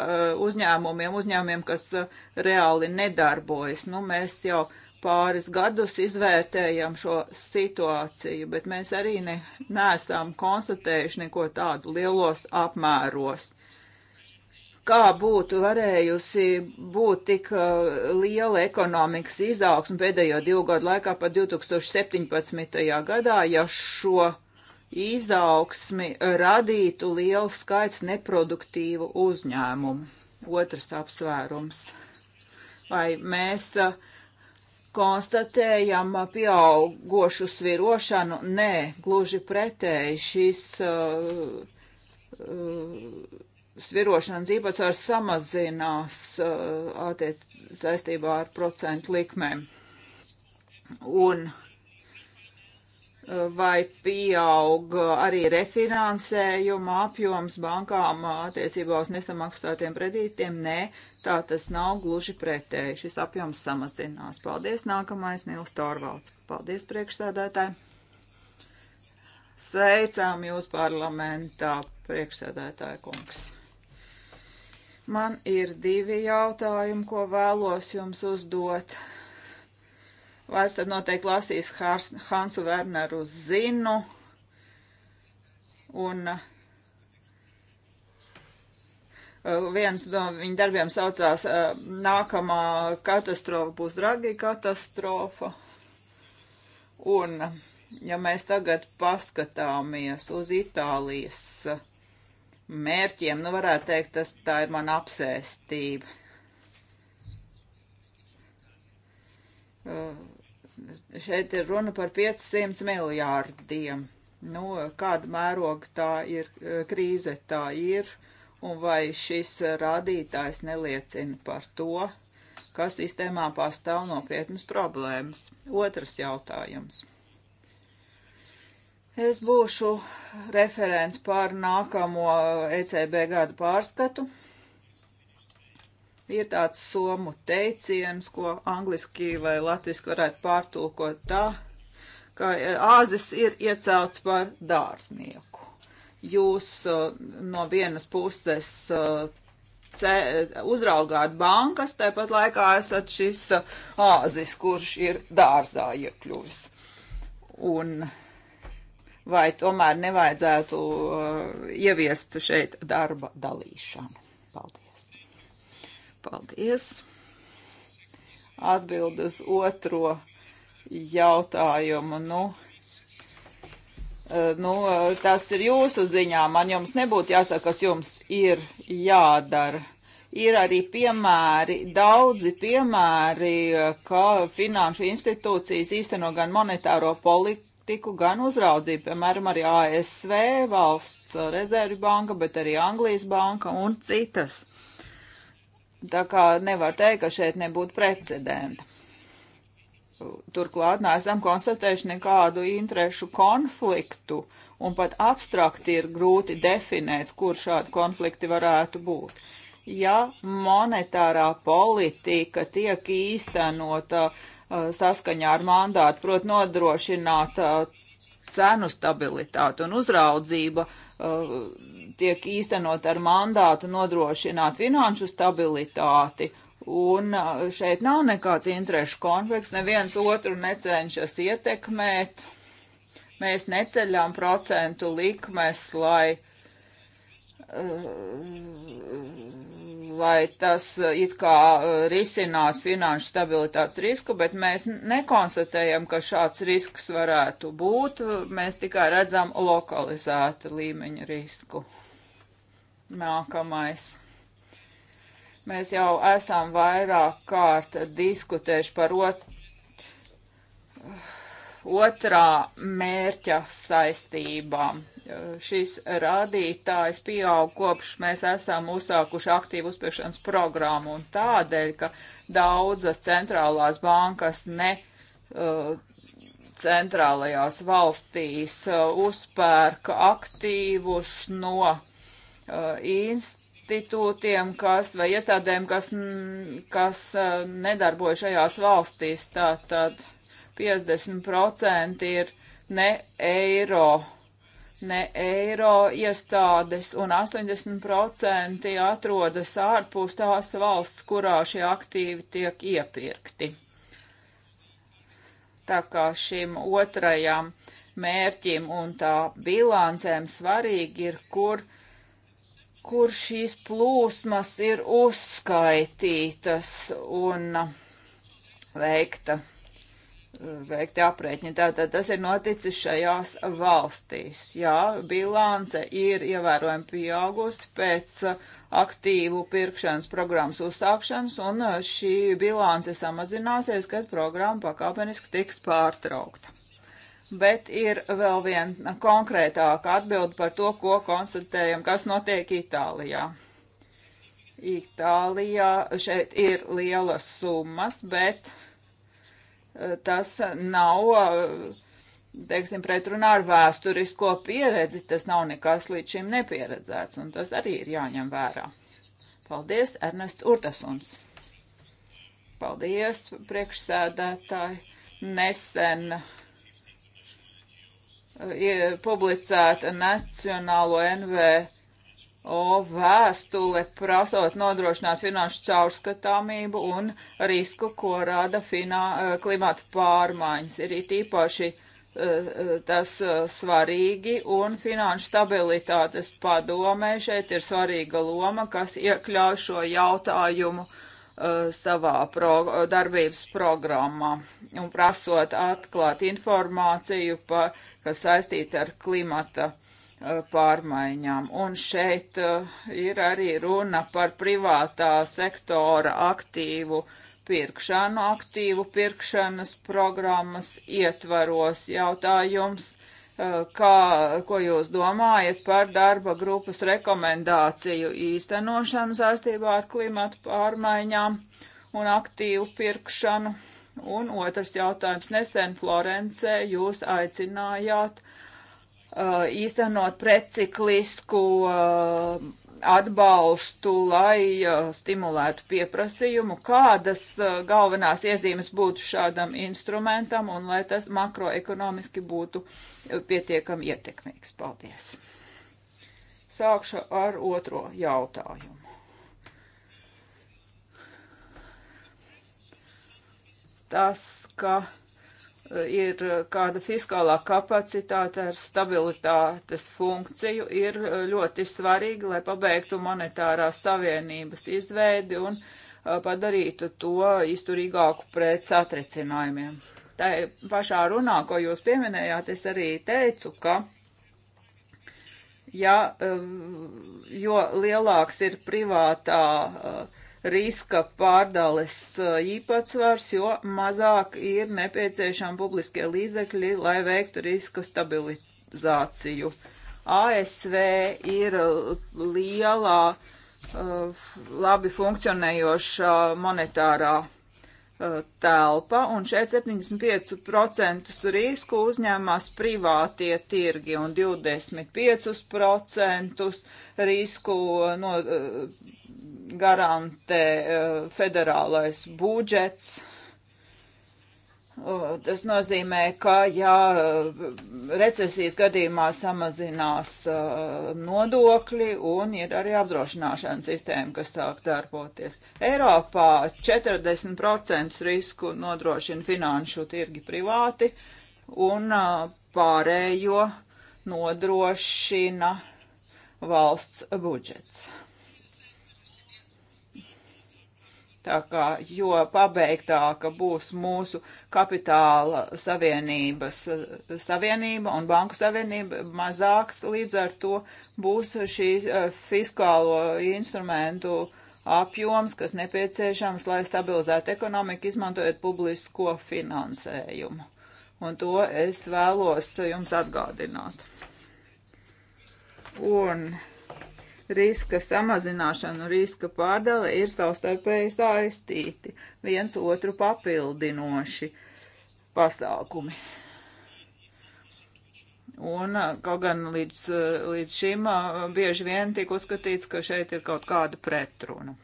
uzņēmumiem, uzņēmumiem, kas reāli nedarbojas. Nu, mēs jau pāris gadus izvērtējam šo situāciju, bet mēs arī ne, neesam konstatējuši neko tādu lielos apmēros kā būtu varējusi būt tik uh, liela ekonomikas izaugsme pēdējo divu gadu laikā pat 2017. gadā, ja šo izaugsmi radītu liels skaits neproduktīvu uzņēmumu. Otrs apsvērums. Vai mēs uh, konstatējam pieaugošu svirošanu? Nē, gluži pretēji šis uh, uh, svirošanas īpatsvars samazinās uh, attiec saistībā ar procentu likmēm. Un uh, vai pieaug arī refinansējuma apjoms bankām uh, attiecībā uz nesamaksātiem kredītiem? Nē, tā tas nav gluži pretēji. Šis apjoms samazinās. Paldies, nākamais Nils Torvalds. Paldies, priekšsēdētāji. Sveicām jūs parlamentā, priekšsēdētāja kungs. Man ir divi jautājumi, ko vēlos jums uzdot. Vai es tad noteikti lasīju Hars, Hansu Werneru zinu un uh, viens no viņa darbiem saucās uh, Nākamā katastrofa būs Dragi katastrofa. Un, ja mēs tagad paskatāmies uz Itālijas mērķiem. Nu, varētu teikt, tas tā ir mana apsēstība. Uh, šeit ir runa par 500 miljārdiem. Nu, kāda mēroga tā ir, uh, krīze tā ir, un vai šis rādītājs neliecina par to, ka sistēmā pastāv nopietnas problēmas? Otrs jautājums. Es būšu referents pār nākamo ECB gadu pārskatu. Ir tāds somu teiciens, ko angliski vai latviski varētu pārtulkot tā, ka e, āzis ir iecelts par dārznieku. Jūs e, no vienas puses e, uzraugāt bankas, tāpat laikā esat šis āzis, kurš ir dārzā iekļuvis. Un uh, vai tomēr nevajadzētu uh, ieviest šeit darba dalīšanu. Paldies. Paldies. Atbild uz otro jautājumu. Nu, uh, nu, tas ir jūsu ziņā. Man jums nebūtu jāsaka, kas jums ir jādara ir arī piemēri, daudzi piemēri, uh, ka finanšu institūcijas īsteno gan monetāro poli politiku, gan uzraudzību, piemēram, arī ASV valsts rezervi banka, bet arī Anglijas banka un citas. Tā kā nevar teikt, ka šeit nebūtu precedenta. Turklāt neesam konstatējuši nekādu interešu konfliktu, un pat abstrakti ir grūti definēt, kur šādi konflikti varētu būt. Ja monetārā politika tiek īstenota uh, Eh, saskaņā ar mandātu, prot nodrošināt eh, cenu stabilitāti un uzraudzība eh, tiek īstenot ar mandātu nodrošināt finanšu stabilitāti. Un šeit nav nekāds interešu konflikts, neviens otru necenšas ietekmēt. Mēs neceļām procentu likmes, lai uh, lai tas uh, it kā uh, risinātu finanšu stabilitātes risku, bet mēs nekonstatējam, ka šāds risks varētu būt. Mēs tikai redzam lokalizētu līmeņu risku. Nākamais. Mēs jau esam vairāk kārt diskutējuši par ot uh, otrā mērķa saistībām šis rādītājs pieaug kopš mēs esam uzsākuši aktīvu uzspiešanas programmu un tādēļ, ka daudzas centrālās bankas ne uh, centrālajās valstīs uh, uzpērka aktīvus no uh, institūtiem, kas vai iestādēm, kas, kas uh, nedarboja šajās valstīs, tātad 50% ir ne eiro ne eiro iestādes, un 80% atrodas ārpus tās valsts, kurā šie aktīvi tiek iepirkti. Tā kā šim otrajam mērķim un tā bilancēm svarīgi ir, kur kur šīs plūsmas ir uzskaitītas un veikta veikti aprēķini. Tātad tas ir noticis šajās valstīs. Jā, bilance ir ievērojami pieaugusi pēc uh, aktīvu pirkšanas programmas uzsākšanas, un uh, šī bilance samazināsies, kad programma pakāpeniski tiks pārtraukta. Bet ir vēl viena konkrētāka atbilde par to, ko konstatējam, kas notiek Itālijā. Itālijā šeit ir lielas summas, bet uh, tas nav, teiksim, pretrunā ar vēsturisko pieredzi, tas nav nekas līdz šim nepieredzēts, un tas arī ir jāņem vērā. Paldies, Ernests Urtasuns. Paldies, priekšsēdētāji. Nesen eh, publicēta Nacionālo NVO O vēstule prasot nodrošināt finanšu caurskatāmību un risku, ko rada finā, eh, klimata pārmaiņas. Ir it īpaši uh, tas uh, svarīgi un finanšu stabilitātes padomē šeit ir svarīga loma, kas iekļauj šo jautājumu uh, savā pro, darbības programmā un prasot atklāt informāciju, pa, kas saistīta ar klimata pārmaiņu Eh, pārmaiņām. Un šeit eh, ir arī runa par privātā sektora aktīvu pirkšanu, aktīvu pirkšanas programmas ietvaros jautājums, eh, kā, ko jūs domājat par darba grupas rekomendāciju īstenošanu saistībā ar klimatu pārmaiņām un aktīvu pirkšanu. Un otrs jautājums. Nesen Florencē jūs aicinājāt uh, Uh, īstenot preciklisku uh, atbalstu, lai uh, stimulētu pieprasījumu, kādas galvenās iezīmes būtu šādam instrumentam un lai tas makroekonomiski būtu pietiekami ietekmīgs. Paldies! Sākšu ar otro jautājumu. Tas, ka ir eh, kāda fiskālā kapacitāte ar stabilitātes funkciju, ir eh, ļoti svarīgi, lai pabeigtu monetārās savienības izveidi un eh, padarītu to izturīgāku pret satricinājumiem. Tā pašā runā, ko jūs pieminējāt, es arī teicu, ka ja, jo lielāks ir privātā uh, riska pārdales uh, īpatsvars, jo mazāk ir nepieciešami publiskie līdzekļi, lai veiktu riska stabilizāciju. ASV ir lielā, uh, labi funkcionējošā monetārā telpa, un šeit 75% risku uzņēmās privātie tirgi un 25% risku no, eh, garantē eh, federālais budžets. Tas nozīmē, ka ja uh, recesijas gadījumā samazinās uh, nodokļi un ir arī apdrošināšana sistēma, kas sāk darboties. Eiropā 40% risku nodrošina finanšu tirgi privāti un uh, pārējo nodrošina valsts budžets. Tā kā jo pabeigtāka būs mūsu kapitāla savienības eh, savienība un banku savienība, mazāks līdz ar to būs šīs eh, fiskālo instrumentu apjoms, kas nepieciešams, lai stabilizētu ekonomiku, izmantojot publisko finansējumu. Un to es vēlos jums atgādināt. Un riska samazināšana un riska pārdale ir savstarpēji saistīti, viens otru papildinoši pasākumi. Un kaut gan līdz, līdz šim bieži vien tiek uzskatīts, ka šeit ir kaut kāda pretruna.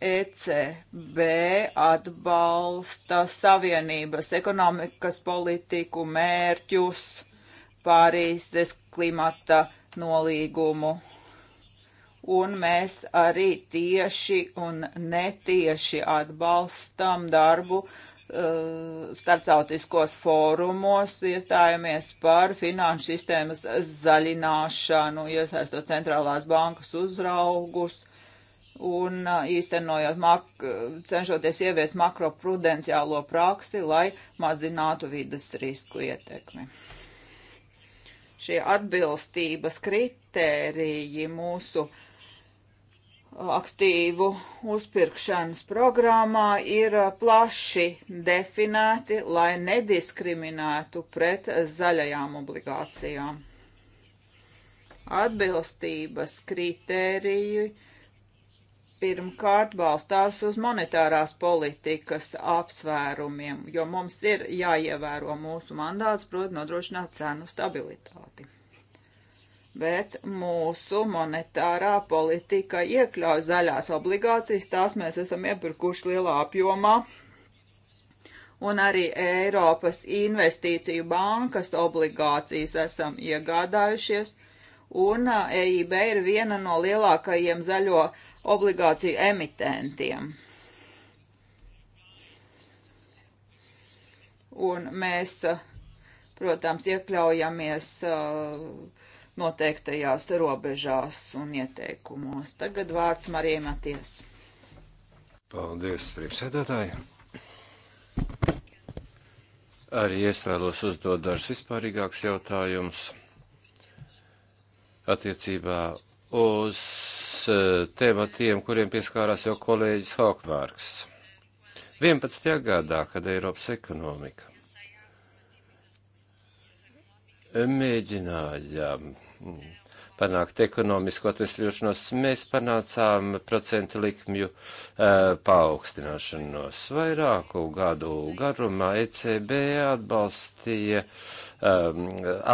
ECB atbalsta Savienības ekonomikas politiku mērķus, Pārīzes klimata uh, nolīgumu. Un mēs arī tieši un netieši atbalstam darbu uh, starptautiskos fórumos, iestājamies par finanšu sistēmas zaļināšanu, iesaistot centrālās bankas uzraugus un uh, īstenojot, mak cenšoties ieviest makroprudenciālo praksi, lai mazinātu vidas risku ietekmi šie atbilstības kritēriji mūsu aktīvu uzpirkšanas programmā ir plaši definēti, lai nediskriminētu pret zaļajām obligācijām. Atbilstības kritēriji pirmkārt balstās uz monetārās politikas apsvērumiem, jo mums ir jāievēro mūsu mandāts, proti nodrošināt cenu stabilitāti. Bet mūsu monetārā politika iekļauj zaļās obligācijas, tās mēs esam iepirkuši lielā apjomā, un arī Eiropas investīciju bankas obligācijas esam iegādājušies, un uh, EIB ir viena no lielākajiem zaļo obligācijas obligāciju emitentiem. Un mēs, eh, protams, iekļaujamies eh, noteiktajās robežās un ieteikumos. Tagad vārds Marijai Maties. Paldies, priekšsēdētāji! Arī es vēlos uzdot dažus vispārīgākus jautājumus attiecībā uz Eh, tematiem, kuriem pieskārās jau kolēģis Hokmārks. 11. gadā, kad Eiropas ekonomika mēģināja mm, panākt ekonomisku atvesļošanos, mēs panācām procentu likmju uh, paaugstināšanos. Vairāku gadu garumā ECB atbalstīja um,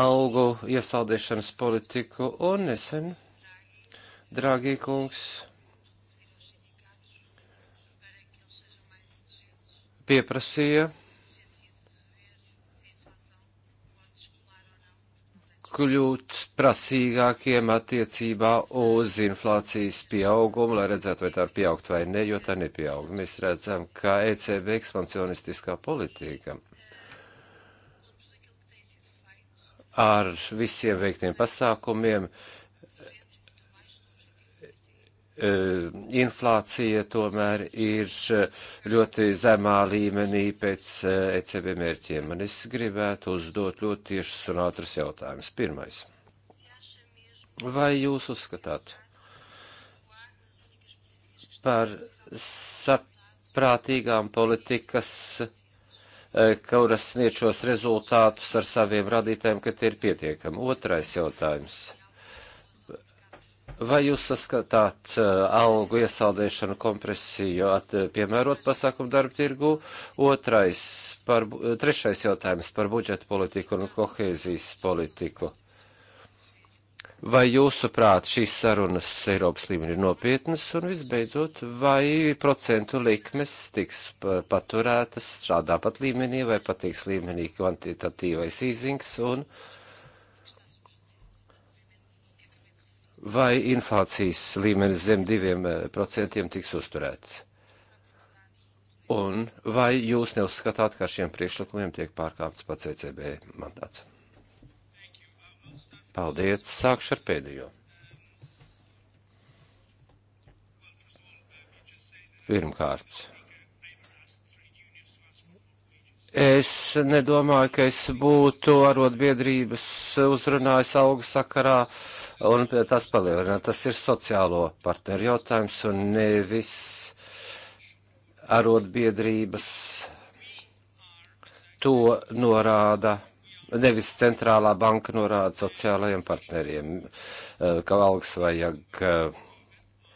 algu iesaldēšanas politiku un nesen. Es Drāgie kungs, pieprasīja kļūt prasīgākiem attiecībā uz inflācijas pieaugumu, lai redzētu, vai tā ir pieaugt vai ne, jo tā nepieaug. Mēs redzam, ka ECB ekspansionistiskā politika ar visiem veiktiem pasākumiem uh, E, inflācija tomēr ir ļoti zemā līmenī pēc e, ECB mērķiem. Man es gribētu uzdot ļoti tiešus un ātrus jautājumus. Pirmais. Vai jūs uzskatāt par saprātīgām politikas, e, kuras sniedz šos rezultātus ar saviem radītājiem, ka tie ir pietiekami? Otrais jautājums. Vai jūs saskatāt eh, algu iesaldēšanu, kompresiju, at, eh, piemērot pasākumu darba tirgu? Otrais, par, eh, trešais jautājums par budžeta politiku un kohēzijas politiku. Vai jūsuprāt šīs sarunas Eiropas līmenī ir nopietnas un visbeidzot, vai procentu likmes tiks paturētas šādā pat līmenī vai patiks līmenī kvantitatīvais īzings un uh, vai inflācijas līmenis zem diviem eh, procentiem tiks uzturēts? Un vai jūs neuzskatāt, ka šiem priekšlikumiem tiek pārkāpts pats ECB mandāts? Paldies, sākšu ar pēdējo. Pirmkārt, Es nedomāju, ka es būtu arotbiedrības uzrunājis algu sakarā un tas palielina. Tas ir sociālo partneru jautājums un nevis arotbiedrības to norāda. Nevis centrālā banka norāda sociālajiem partneriem, eh, ka algas vajag eh,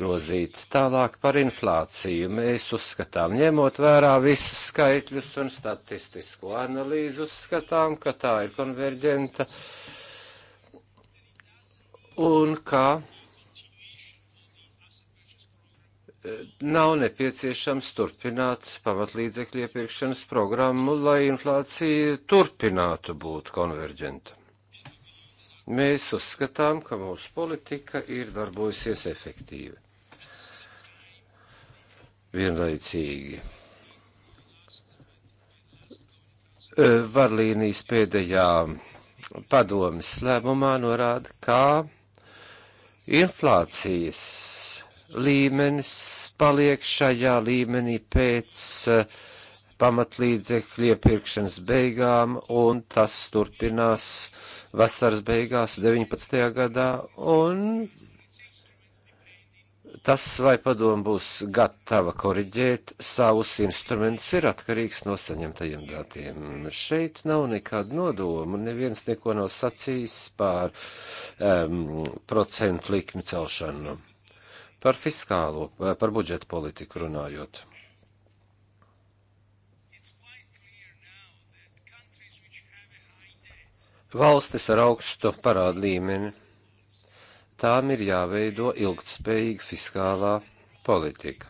grozīt. Tālāk par inflāciju mēs uzskatām, ņemot vērā visus skaitļus un statistisko analīzi, uzskatām, ka tā ir konverģenta uh, un ka e, nav nepieciešams turpināt pamatlīdzekļu iepirkšanas programmu, lai inflācija turpinātu būt konverģenta. Mēs uzskatām, ka mūsu politika ir darbojusies efektīvi. Vienlaicīgi. E, Varlīnijas pēdējā padomas lēmumā norāda, kā inflācijas līmenis paliek šajā līmenī pēc uh, pamatlīdzekļu iepirkšanas beigām, un tas turpinās vasaras beigās 19. gadā, un Tas, vai padomu būs gatava koriģēt savus instrumentus, ir atkarīgs no saņemtajiem datiem. Šeit nav nekāda nodoma, neviens neko nav sacījis pār um, procentu likmi celšanu. Par fiskālo, par budžetu politiku runājot. Valstis ar augstu parādu līmeni tām ir jāveido ilgtspējīga fiskālā politika.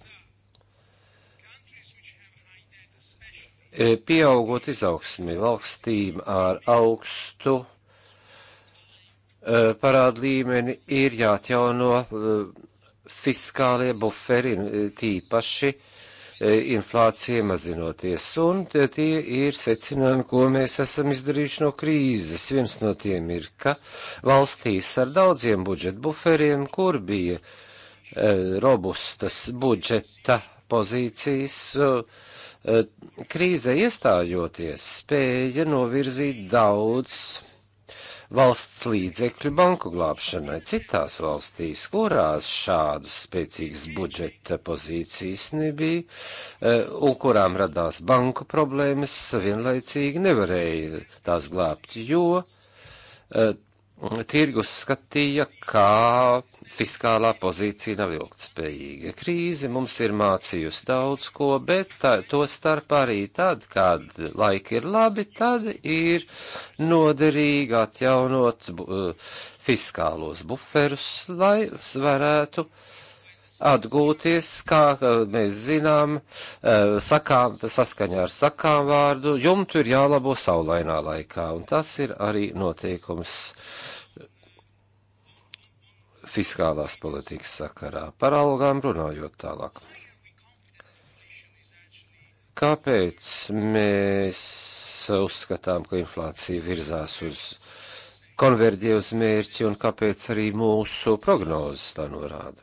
E, pieaugot izaugsmi valstīm ar augstu e, parādu līmeni ir jāatjauno e, fiskālie buferi, tīpaši E, inflācija mazinoties. Un tie ir secinājumi, ko mēs esam izdarījuši no krīzes. Viens no tiem ir, ka valstīs ar daudziem budžeta buferiem, kur bija e, robustas budžeta pozīcijas, e, krīze iestājoties, spēja novirzīt daudz valsts līdzekļu banku glābšanai. Citās valstīs, kurās šādas spēcīgas budžeta pozīcijas nebija e, un kurām radās banku problēmas, vienlaicīgi nevarēja tās glābt, jo e, tirgus skatīja, kā fiskālā pozīcija nav ilgtspējīga. Krīze mums ir mācījusi daudz ko, bet tā, to starp arī tad, kad laiki ir labi, tad ir noderīgi atjaunot bu, eh, fiskālos buferus, lai varētu uh, atgūties, kā mēs zinām, eh, sakām, saskaņā ar sakām vārdu, jumtu ir jālabo saulainā laikā, un tas ir arī noteikums fiskālās politikas sakarā. Par algām runājot tālāk. Kāpēc mēs uzskatām, ka inflācija virzās uz konverģē uz mērķi un kāpēc arī mūsu prognozes tā norāda?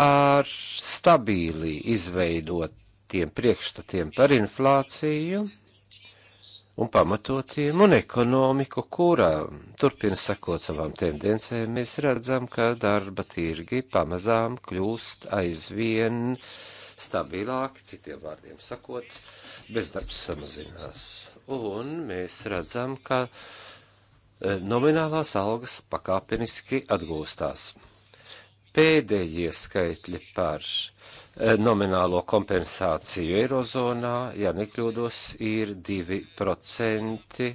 ar stabīli izveidotiem priekšstatiem par inflāciju un pamatotiem un ekonomiku, kurā turpina sakot savām tendencēm, mēs redzam, ka darba tirgi pamazām kļūst aizvien stabilāki, citiem vārdiem sakot, bezdarbs samazinās. Un mēs redzam, ka eh, nominālās algas pakāpeniski atgūstās pēdējie skaitļi par e, nominālo kompensāciju Eirozonā, ja nekļūdos, ir 2%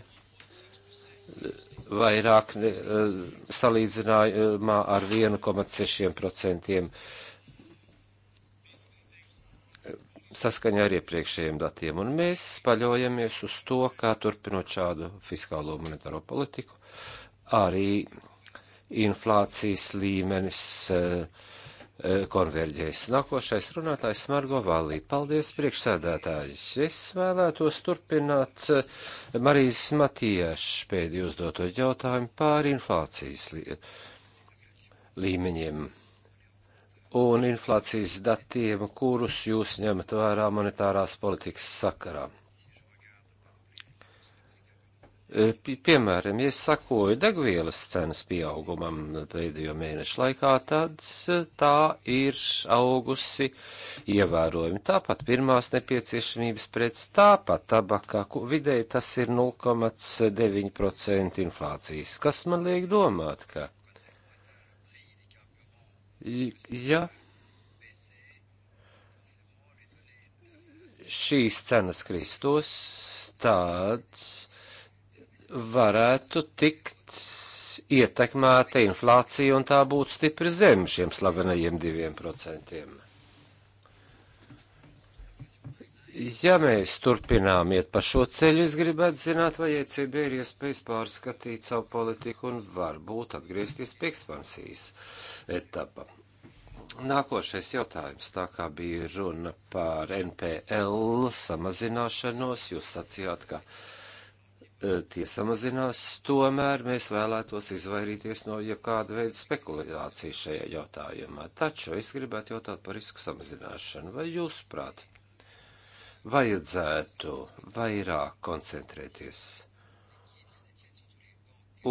vairāk ne, e, salīdzinājumā ar 1,6% saskaņā ar iepriekšējiem datiem, un mēs paļaujamies uz to, kā turpinot šādu fiskālo monetāro politiku, arī inflācijas līmenis eh, eh, konverģēs. Nākošais runātājs Margo Valī. Paldies, priekšsēdētāji. Es vēlētos turpināt eh, Marijas Matijašs pēdējo uzdoto jautājumu pār inflācijas līmeņiem un inflācijas datiem, kurus jūs ņemat vērā monetārās politikas sakarā. Eh, piemēram, ja es sakoju degvielas cenas pieaugumam pēdējo mēnešu laikā, tad eh, tā ir augusi ievērojami. Tāpat pirmās nepieciešamības prets, tāpat tabakā, vidēji tas ir 0,9% inflācijas, kas man liek domāt, ka. Ja šīs cenas kristos, tāds varētu tikt ietekmēta inflācija un tā būtu stipri zem šiem slavenajiem diviem procentiem. Ja mēs turpinām iet pa šo ceļu, es gribētu zināt, vai ECB ir iespējas pārskatīt savu politiku un varbūt atgriezties pie ekspansijas etapa. Nākošais jautājums, tā kā bija runa par NPL samazināšanos, jūs sacījāt, ka uh, E, tie samazinās, tomēr mēs vēlētos izvairīties no jebkāda veida spekulācijas šajā jautājumā. Taču es gribētu jautāt par risku samazināšanu. Vai jūs, prāt, vajadzētu vairāk koncentrēties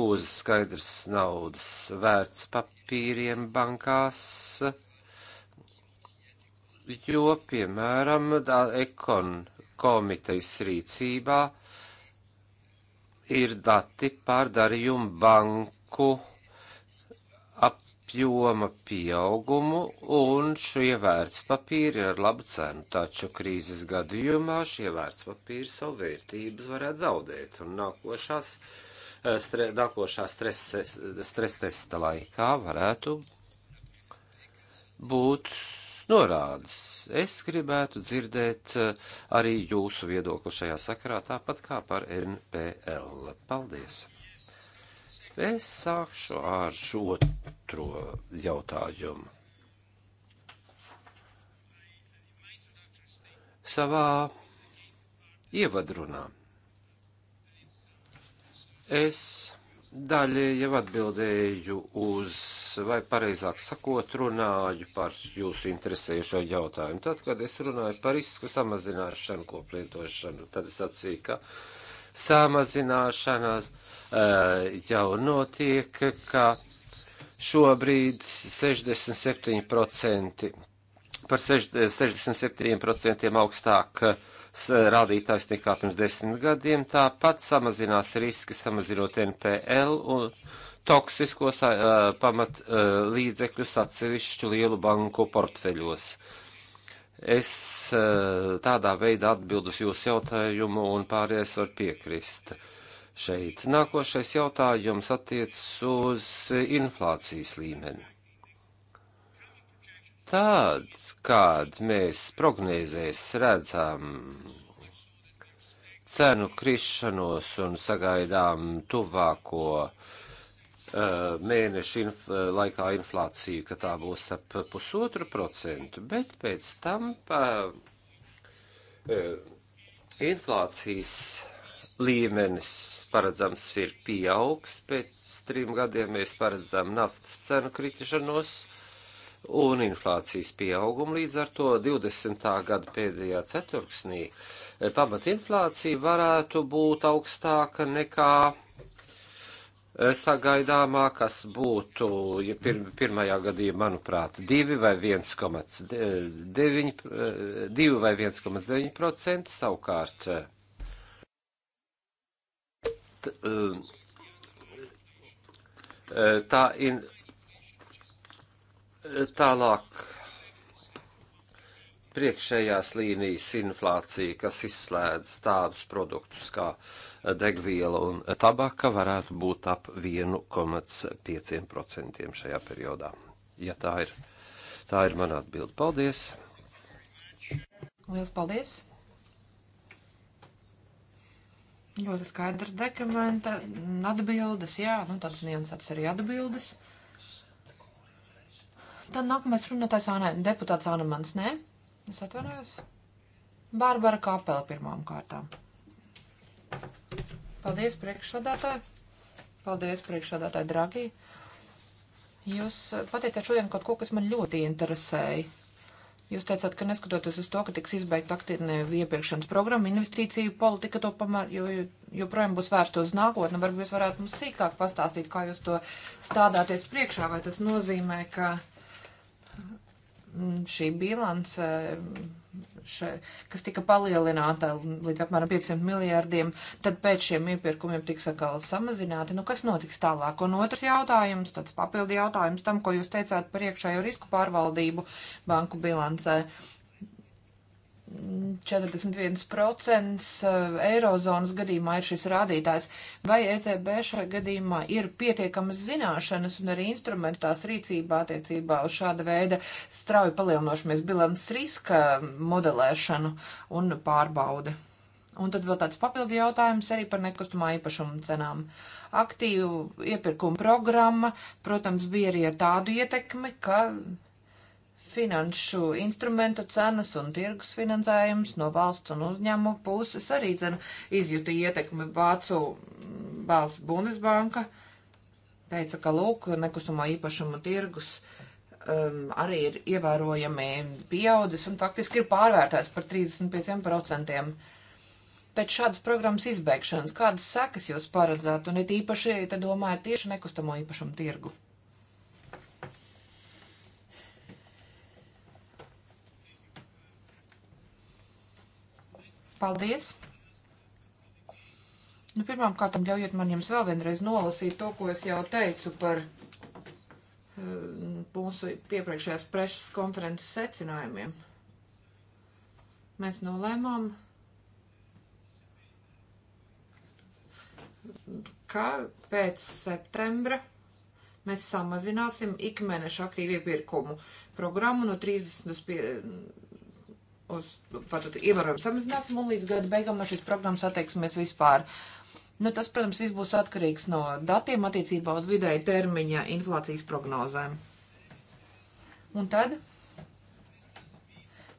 uz skaidrs naudas vērts papīriem bankās, jo, piemēram, ekonomikas rīcībā, ir dati par darījumu banku apjoma pieaugumu, un šie vērtspapīri ir ar labu cenu, taču krīzes gadījumā šie vērtspapīri savu vērtības varētu zaudēt, un nākošās, eh, stre, nākošā stresa stres testa laikā varētu būt norādes. Es gribētu dzirdēt eh, arī jūsu viedokli šajā sakarā, tāpat kā par NPL. Paldies! Es sākšu ar otro jautājumu. Savā ievadrunā es Daļai jau atbildēju uz, vai pareizāk sakot, runāju par jūsu interesējušo jautājumu. Tad, kad es runāju par risku samazināšanu, koplietošanu, tad es atsīju, ka samazināšanās uh, jau notiek, ka šobrīd 67% par 67% eh, augstāk eh, eh, rādītājs nekā pirms desmit gadiem. Tāpat samazinās riski samazinot NPL un toksiskos uh, pamat uh, līdzekļus atsevišķu lielu banku portfeļos. Es uh, tādā veidā atbildu uz jūsu jautājumu un pārējais var piekrist. Šeit nākošais jautājums attiecas uz inflācijas līmeni. Tāds kad mēs prognozēs redzam cenu krišanos un sagaidām tuvāko eh, mēnešu inf eh, laikā inflāciju, ka tā būs ap pusotru procentu, bet pēc tam pa, eh, inflācijas līmenis paredzams ir pieaugs, pēc trim gadiem mēs paredzam naftas cenu kritišanos un inflācijas pieaugumu. Līdz ar to 20. gada pēdējā ceturksnī e, pamatinflācija varētu būt augstāka nekā e, sagaidāmā, kas būtu, ja pir, pirmajā gadījumā, manuprāt, 2 vai 1,9, 2 e, vai 1,9% savukārt. T, tā in, Tālāk priekšējās līnijas inflācija, kas izslēdz tādus produktus kā degviela un tabaka, varētu būt ap 1,5% šajā periodā. Ja tā ir, tā ir mana atbilde. Paldies! Lielas paldies! Ļoti skaidrs dokumenta atbildes, jā, nu tāds niansats arī atbildes. Tad nākamais runātājs Anē, deputāts Anemans, nē? Es atvainojos. Bārbara Kāpela pirmām kārtām. Paldies priekšsādātāji. Paldies priekšsādātāji, dragi. Jūs eh, pateicāt šodien kaut ko, kas man ļoti interesēja. Jūs teicāt, ka neskatoties uz to, ka tiks izbeigta aktīvnē iepirkšanas programma, investīciju politika to pamēr, jo, joprojām būs vērsta uz nākotni. Varbūt jūs varētu mums sīkāk pastāstīt, kā jūs to stādāties priekšā, vai tas nozīmē, ka Mm, šī bilance, še, kas tika palielināta līdz apmēram 500 miljārdiem, tad pēc šiem iepirkumiem tiks atkal samazināti. Nu, kas notiks tālāk? Un otrs jautājums, tāds papildi jautājums tam, ko jūs teicāt par iekšējo risku pārvaldību banku bilancē. 41% mm, eh, eirozonas gadījumā ir šis rādītājs. Vai ECB šajā gadījumā ir pietiekamas zināšanas un arī instrumentu tās rīcībā attiecībā uz šāda veida strauju palielinošamies bilants riska modelēšanu un pārbaudi? Un tad vēl tāds papildu jautājums arī par nekustamā īpašumu cenām. Aktīvu iepirkumu programma, protams, bija arī ar tādu ietekmi, ka finanšu instrumentu cenas un tirgus finansējums no valsts un uzņēmu puses arī cena izjuta ietekmi Vācu Bāls mm, Bundesbanka. Teica, ka lūk, nekustamo īpašumu tirgus um, arī ir ievērojami pieaudzis un faktiski ir pārvērtējis par 35%. Pēc šādas programmas izbeigšanas, kādas sekas jūs paredzētu, un it īpaši, te domājat, tieši nekustamo īpašumu tirgu? Paldies! Nu, pirmām kārtām ļaujiet man jums vēl vienreiz nolasīt to, ko es jau teicu par eh, mūsu iepriekšējās prešas konferences secinājumiem. Mēs nolēmām, ka pēc septembra mēs samazināsim ikmēneša aktīvu iepirkumu programmu no 30 līdz 50 uz, tātad ievērojami samazināsim un līdz gada beigām no šīs programmas attieksimies vispār. Nu, tas, protams, viss būs atkarīgs no datiem attiecībā uz vidēja termiņa inflācijas prognozēm. Un tad?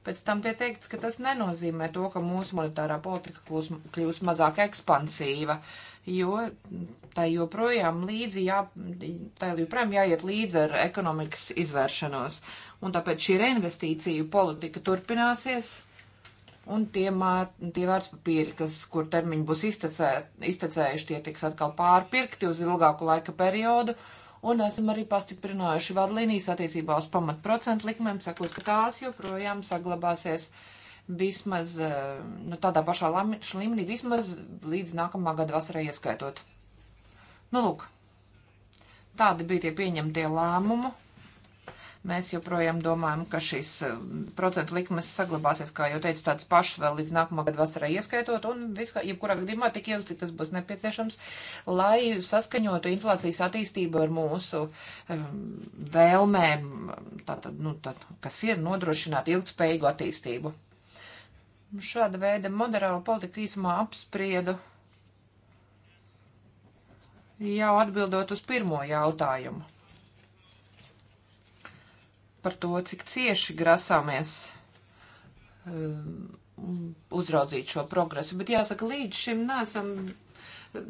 Pēc tam tiek teikts, ka tas nenozīmē to, ka mūsu monetārā politika kļūs, kļūs mazāk ekspansīva, jo tai joprojām līdzi jā, tai joprojām jāiet līdzi ar ekonomikas izvēršanos un tāpēc šī reinvestīciju politika turpināsies, un tie, mār, tie vērtspapīri, kas, kur termiņi būs iztecē, iztecējuši, tie tiks atkal pārpirkti uz ilgāku laika periodu, un esam arī pastiprinājuši vadlīnijas attiecībā uz pamatprocentu likmēm, sakot, ka tās joprojām saglabāsies vismaz eh, nu, tādā pašā līmenī, vismaz līdz nākamā gada vasarai ieskaitot. Nu, lūk, tādi bija tie pieņemtie lēmumi Mēs joprojām domājam, ka šīs eh, procentu likmes saglabāsies, kā jau teicu, tāds pašs vēl līdz nākamā gada vasarai ieskaitot, un viskā, jebkurā gadījumā tik ilgi, cik tas būs nepieciešams, lai saskaņotu inflācijas attīstību ar mūsu um, vēlmēm, tātad, nu, tad, kas ir nodrošināt ilgspējīgu attīstību. Nu, šāda veida moderāla politika īsumā apspriedu jau atbildot uz pirmo jautājumu par to, cik cieši grasāmies um, uzraudzīt šo progresu, bet jāsaka, līdz šim nesam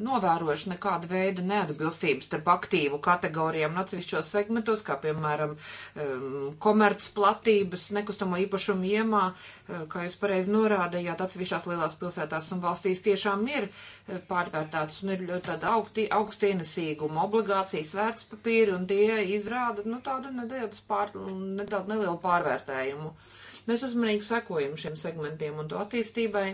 novērojuši nekādu veidu neatbilstību starp aktīvu kategorijām un atsevišķos segmentos, kā piemēram um, komercplatības, nekustamo īpašumu iemā, uh, kā jūs pareizi norādījāt, atsevišķās lielās pilsētās un valstīs tiešām ir uh, pārvērtātas un ir ļoti tāda augti, augstienesīguma obligācijas vērtspapīri, un tie izrāda nu, tādu nedaudz, pār, nedaudz nelielu pārvērtējumu. Mēs uzmanīgi sekojam šiem segmentiem un to attīstībai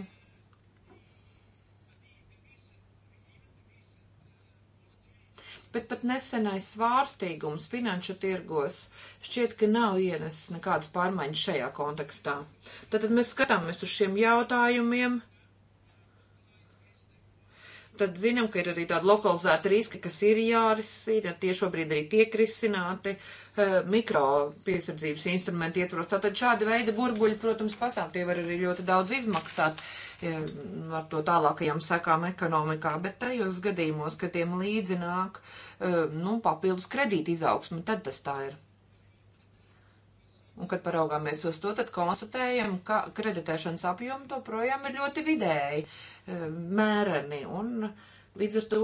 bet pat nesenais svārstīgums finanšu tirgos šķiet, ka nav ienesis nekādas pārmaiņas šajā kontekstā. Tātad mēs skatāmies uz šiem jautājumiem. Tad zinām, ka ir arī tādi lokalizēti riski, kas ir jārisina, tie šobrīd arī tiek risināti eh, mikro piesardzības instrumentu ietvaros. Tātad šāda veida burbuļi, protams, pasākumi tie var arī ļoti daudz izmaksāt. Uh, ar to tālākajām sekām ekonomikā, bet tajos gadījumos, ka tiem līdzināk e, nu, papildus kredīti izaugsmu, tad tas tā ir. Un, kad paraugāmies uz to, tad konstatējam, ka kreditēšanas apjomi to projām ir ļoti vidēji, e, mēreni un līdz ar to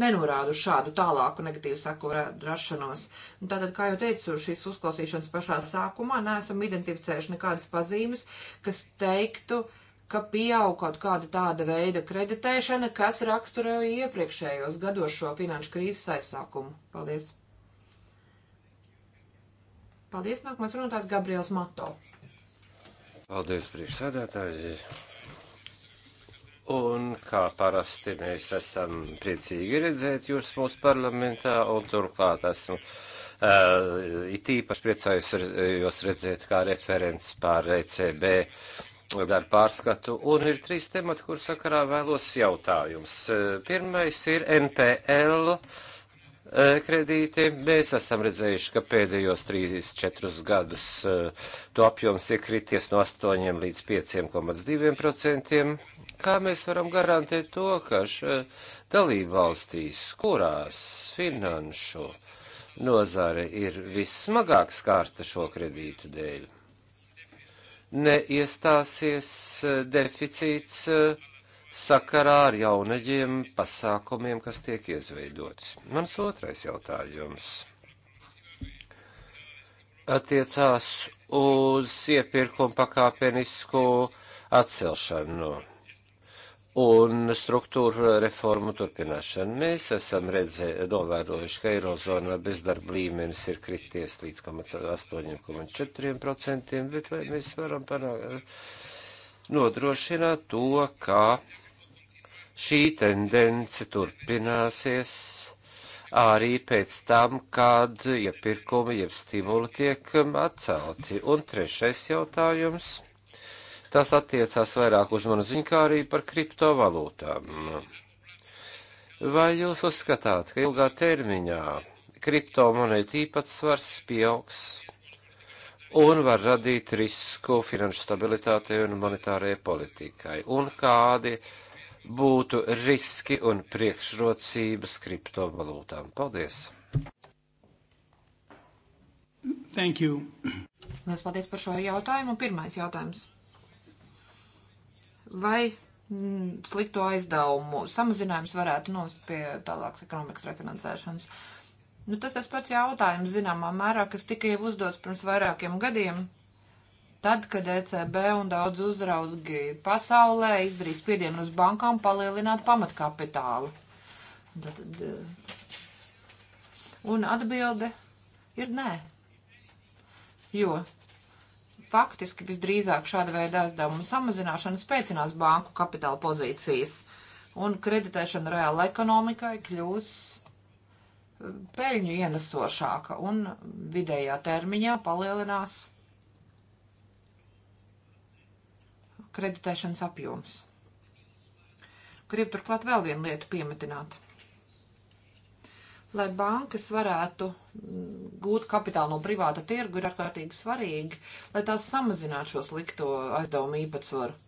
nenorādu šādu tālāku negatīvu saku rašanos. Un tātad, kā jau teicu, šīs uzklausīšanas pašā sākumā neesam identificējuši nekādas pazīmes, kas teiktu, uh, ka pieaug kaut kāda tāda veida kreditēšana, kas raksturoja iepriekšējos gados šo finanšu krīzes aizsākumu. Paldies! Paldies! Nākamais runātājs Gabriels Mato. Paldies, priekšsēdētāji! Un kā parasti mēs esam priecīgi redzēt jūs mūsu parlamentā, un turklāt esmu uh, it īpaši priecājos redzēt kā referents par ECB uh, dar pārskatu, un ir trīs temati, kur sakarā vēlos jautājums. E, pirmais ir NPL e, kredīti. Mēs esam redzējuši, ka pēdējos 3-4 gadus e, to apjoms ir krities no 8 līdz 5,2%. Kā mēs varam garantēt to, ka dalībvalstīs, kurās finanšu nozare ir vissmagāk skārta šo kredītu dēļ? neiestāsies eh, deficīts eh, sakarā ar jaunaģiem pasākumiem, kas tiek izveidots. Mans otrais jautājums attiecās uz iepirkumu pakāpenisku atcelšanu un struktūra reformu turpināšanu. Mēs esam redzē, novērojuši, ka Eirozonā bezdarba līmenis ir krities līdz 8,4%, bet vai mēs varam panākt, nodrošināt to, ka šī tendence turpināsies arī pēc tam, kad iepirkumi, ja jeb ja stimuli tiek atcelti. Un trešais jautājums Tas attiecās vairāk uz manu ziņkārību par kriptovalūtām. Vai jūs uzskatāt, ka ilgā termiņā kriptomonētu īpatsvars pieaugs un var radīt risku finanšu stabilitātei un monetārajai politikai? Un kādi būtu riski un priekšrocības kriptovalūtām? Paldies! Thank you. Lielas paldies par šo jautājumu. Pirmais jautājums vai mm, slikto aizdevumu samazinājums varētu novest pie tālākas ekonomikas refinansēšanas. Nu, tas tas pats jautājums, zināmā mērā, kas tika jau uzdots pirms vairākiem gadiem, tad, kad ECB un daudz uzraugi pasaulē izdarīs spiedienu uz bankām palielināt pamatkapitālu. Tad, eh, un atbilde ir nē. Jo faktiski visdrīzāk šāda veida aizdevumu samazināšana spēcinās banku kapitāla pozīcijas, un kreditēšana reāla ekonomikai kļūs eh, peļņu ienesošāka un vidējā termiņā palielinās kreditēšanas apjoms. Gribu turklāt vēl vienu lietu piemetināt lai bankas varētu mm, gūt kapitālu no privāta tirgu, ir ārkārtīgi svarīgi, lai tās samazinātu šo slikto aizdevumu īpatsvaru.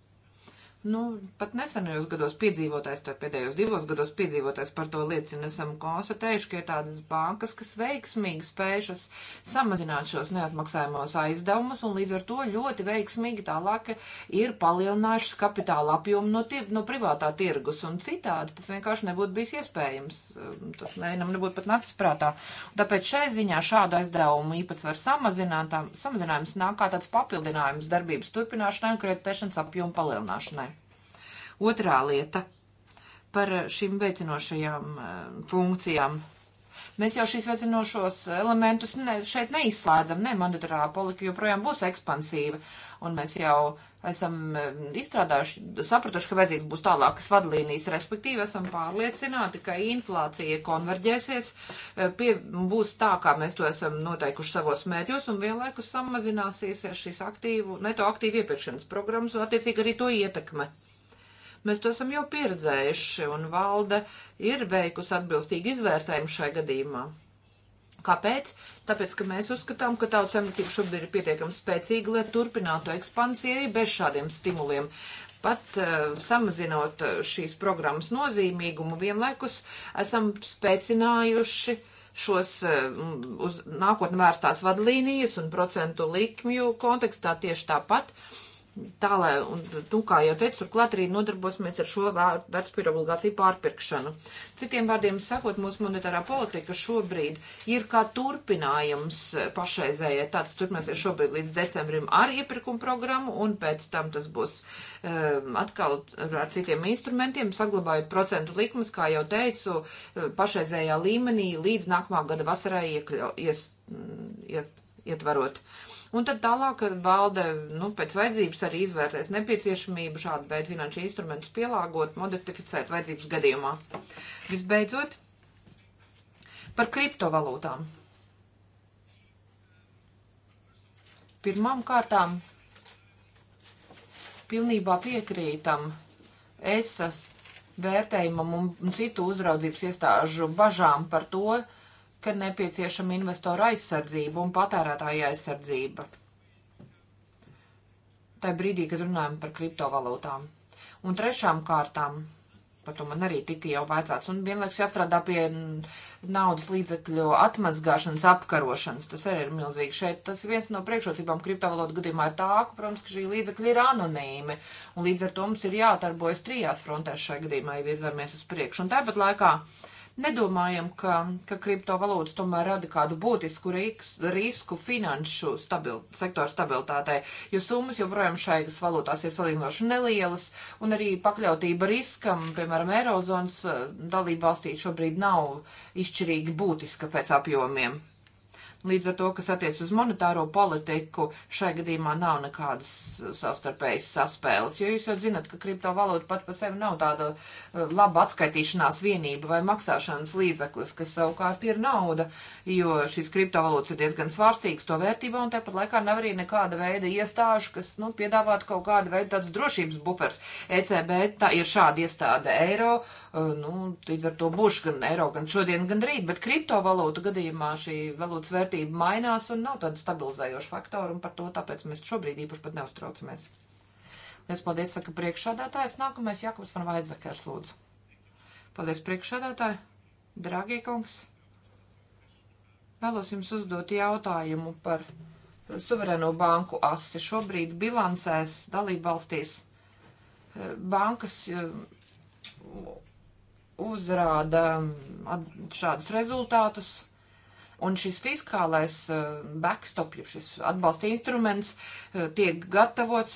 Nu, pat nesenajos gados piedzīvotājs, tā pēdējos divos gados piedzīvotājs par to liecina, esam konstatējuši, ka ir tādas bankas, kas veiksmīgi spējušas samazināt šos neatmaksājumos aizdevumus un līdz ar to ļoti veiksmīgi tālāk ir palielinājušas kapitāla apjomu no, tie, no privātā tirgus un citādi tas vienkārši nebūtu bijis iespējams. Tas nevienam nebūtu pat nācis prātā. Un tāpēc šai ziņā šādu aizdevumu īpatsvaru samazinājums nāk kā tāds papildinājums darbības turpināšanai un kreditēšanas apjomu palielināšanai. Otrā lieta par šīm veicinošajām eh, funkcijām. Mēs jau šīs veicinošos elementus ne, šeit neizslēdzam, ne mandatārā politika joprojām būs ekspansīva, un mēs jau esam eh, izstrādājuši, sapratuši, ka vajadzīgs būs tālākas vadlīnijas, respektīvi esam pārliecināti, ka inflācija konverģēsies, eh, pie, būs tā, kā mēs to esam noteikuši savos mērķos, un vienlaikus samazināsies šīs aktīvu, neto aktīvu iepirkšanas programmas, un attiecīgi arī to ietekme. Mēs to esam jau pieredzējuši, un valde ir veikusi atbilstīgu izvērtējumu šai gadījumā. Kāpēc? Tāpēc, ka mēs uzskatām, ka tautas saimniecība šobrīd ir pietiekami spēcīga, lai turpinātu ekspansiju arī bez šādiem stimuliem. Pat uh, samazinot eh, šīs programmas nozīmīgumu, vienlaikus esam spēcinājuši šos uh, uz nākotnē vērstās vadlīnijas un procentu likmju kontekstā tieši tāpat. Uh, Tā lai, un tu, kā jau teicu, turklāt arī nodarbosimies ar šo vērtspapīra obligāciju pārpirkšanu. Citiem vārdiem sakot, mūsu monetārā politika šobrīd ir kā turpinājums pašreizējai. Tāds turpināsies šobrīd līdz decembrim ar iepirkumu programmu, un pēc tam tas būs um, atkal ar citiem instrumentiem, saglabājot procentu likmes, kā jau teicu, uh, pašreizējā līmenī līdz nākamā gada vasarai iekļau, ies, mm, ies, ietvarot. Uh, Un tad tālāk valde, nu, pēc vajadzības arī izvērtēs nepieciešamību šādu veidu finanšu instrumentus pielāgot, modificēt vajadzības gadījumā. Visbeidzot, par kriptovalūtām. Pirmām kārtām pilnībā piekrītam ESAS vērtējumam un citu uzraudzības iestāžu bažām par to, uh, ka ir nepieciešama investoru aizsardzība un patērētāja aizsardzība. Tā brīdī, kad runājam par kriptovalūtām. Un trešām kārtām Par to man arī tika jau vaicāts. Un vienlaikus jāstrādā pie naudas līdzekļu atmazgāšanas, apkarošanas. Tas arī ir milzīgi. Šeit tas viens no priekšrocībām kriptovalūtu gadījumā ir tā, ka, protams, ka šī līdzekļa ir anonīmi. Un līdz ar to mums ir jāatarbojas trijās frontēs šai gadījumā, ja virzamies uz priekšu. Un tāpat laikā Nedomājam, ka, ka kriptovalūtas tomēr rada kādu būtisku riks, risku finanšu stabil, sektoru stabilitātei, jo summas joprojām šajās valūtās ir salīdzinoši nelielas, un arī pakļautība riskam, piemēram, Eirozonas eh, dalību valstī šobrīd nav izšķirīgi būtiska pēc apjomiem. Līdz ar to, kas attiec uz monetāro politiku, šai gadījumā nav nekādas savstarpējas saspēles, jo jūs jau zinat, ka kriptovalūta pat pa sevi nav tāda uh, laba atskaitīšanās vienība vai maksāšanas līdzeklis, kas savukārt ir nauda, jo šīs kriptovalūtas ir diezgan svārstīgas to vērtībā un tāpat laikā nav arī nekāda veida iestāžu, kas, nu, piedāvātu kaut kādu veidu tāds drošības bufers. ECB tā ir šāda iestāde eiro, uh, nu, līdz ar to būšu gan eiro, gan šodien, gan rīt, bet kriptovalūta gadījumā šī valūtas vērtība vērtība mainās un nav tāda stabilizējoša faktora, un par to tāpēc mēs šobrīd īpaši pat neuztraucamies. Liels paldies, saka priekšādātājs. Nākamais Jakobs van Vaidzakers, lūdzu. Paldies, priekšādātāji, draugie kungs. Vēlos jums uzdot jautājumu par suverēno banku asi. Šobrīd bilancēs dalību valstīs eh, bankas eh, uzrāda mm, šādus rezultātus Un šis fiskālais eh, backstop, jeb šis atbalsta instruments, eh, tiek gatavots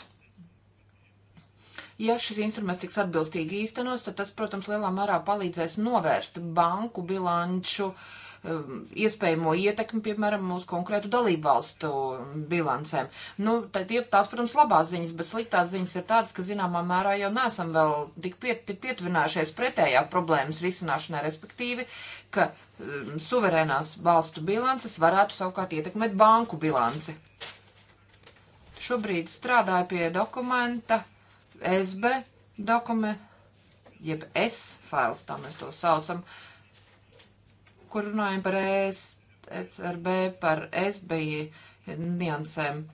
ja šis instruments tiks atbilstīgi īstenos, tad tas, protams, lielā mērā palīdzēs novērst banku bilanču uh, Um, iespējamo ietekmi, piemēram, uz konkrētu dalību valstu bilancēm. Nu, tie, tās, protams, labās ziņas, bet sliktās ziņas ir tādas, ka zināmā mērā jau nesam vēl tik, piet, tik pietuvinājušies pretējā problēmas risināšanai, respektīvi, ka um, suverēnās valstu bilances varētu savukārt ietekmēt banku bilanci. Šobrīd strādāju pie dokumenta SB dokumentu, jeb S fails, tā mēs to saucam. Uh, kur runājam par ES, ECRB, par e SBI niansēm.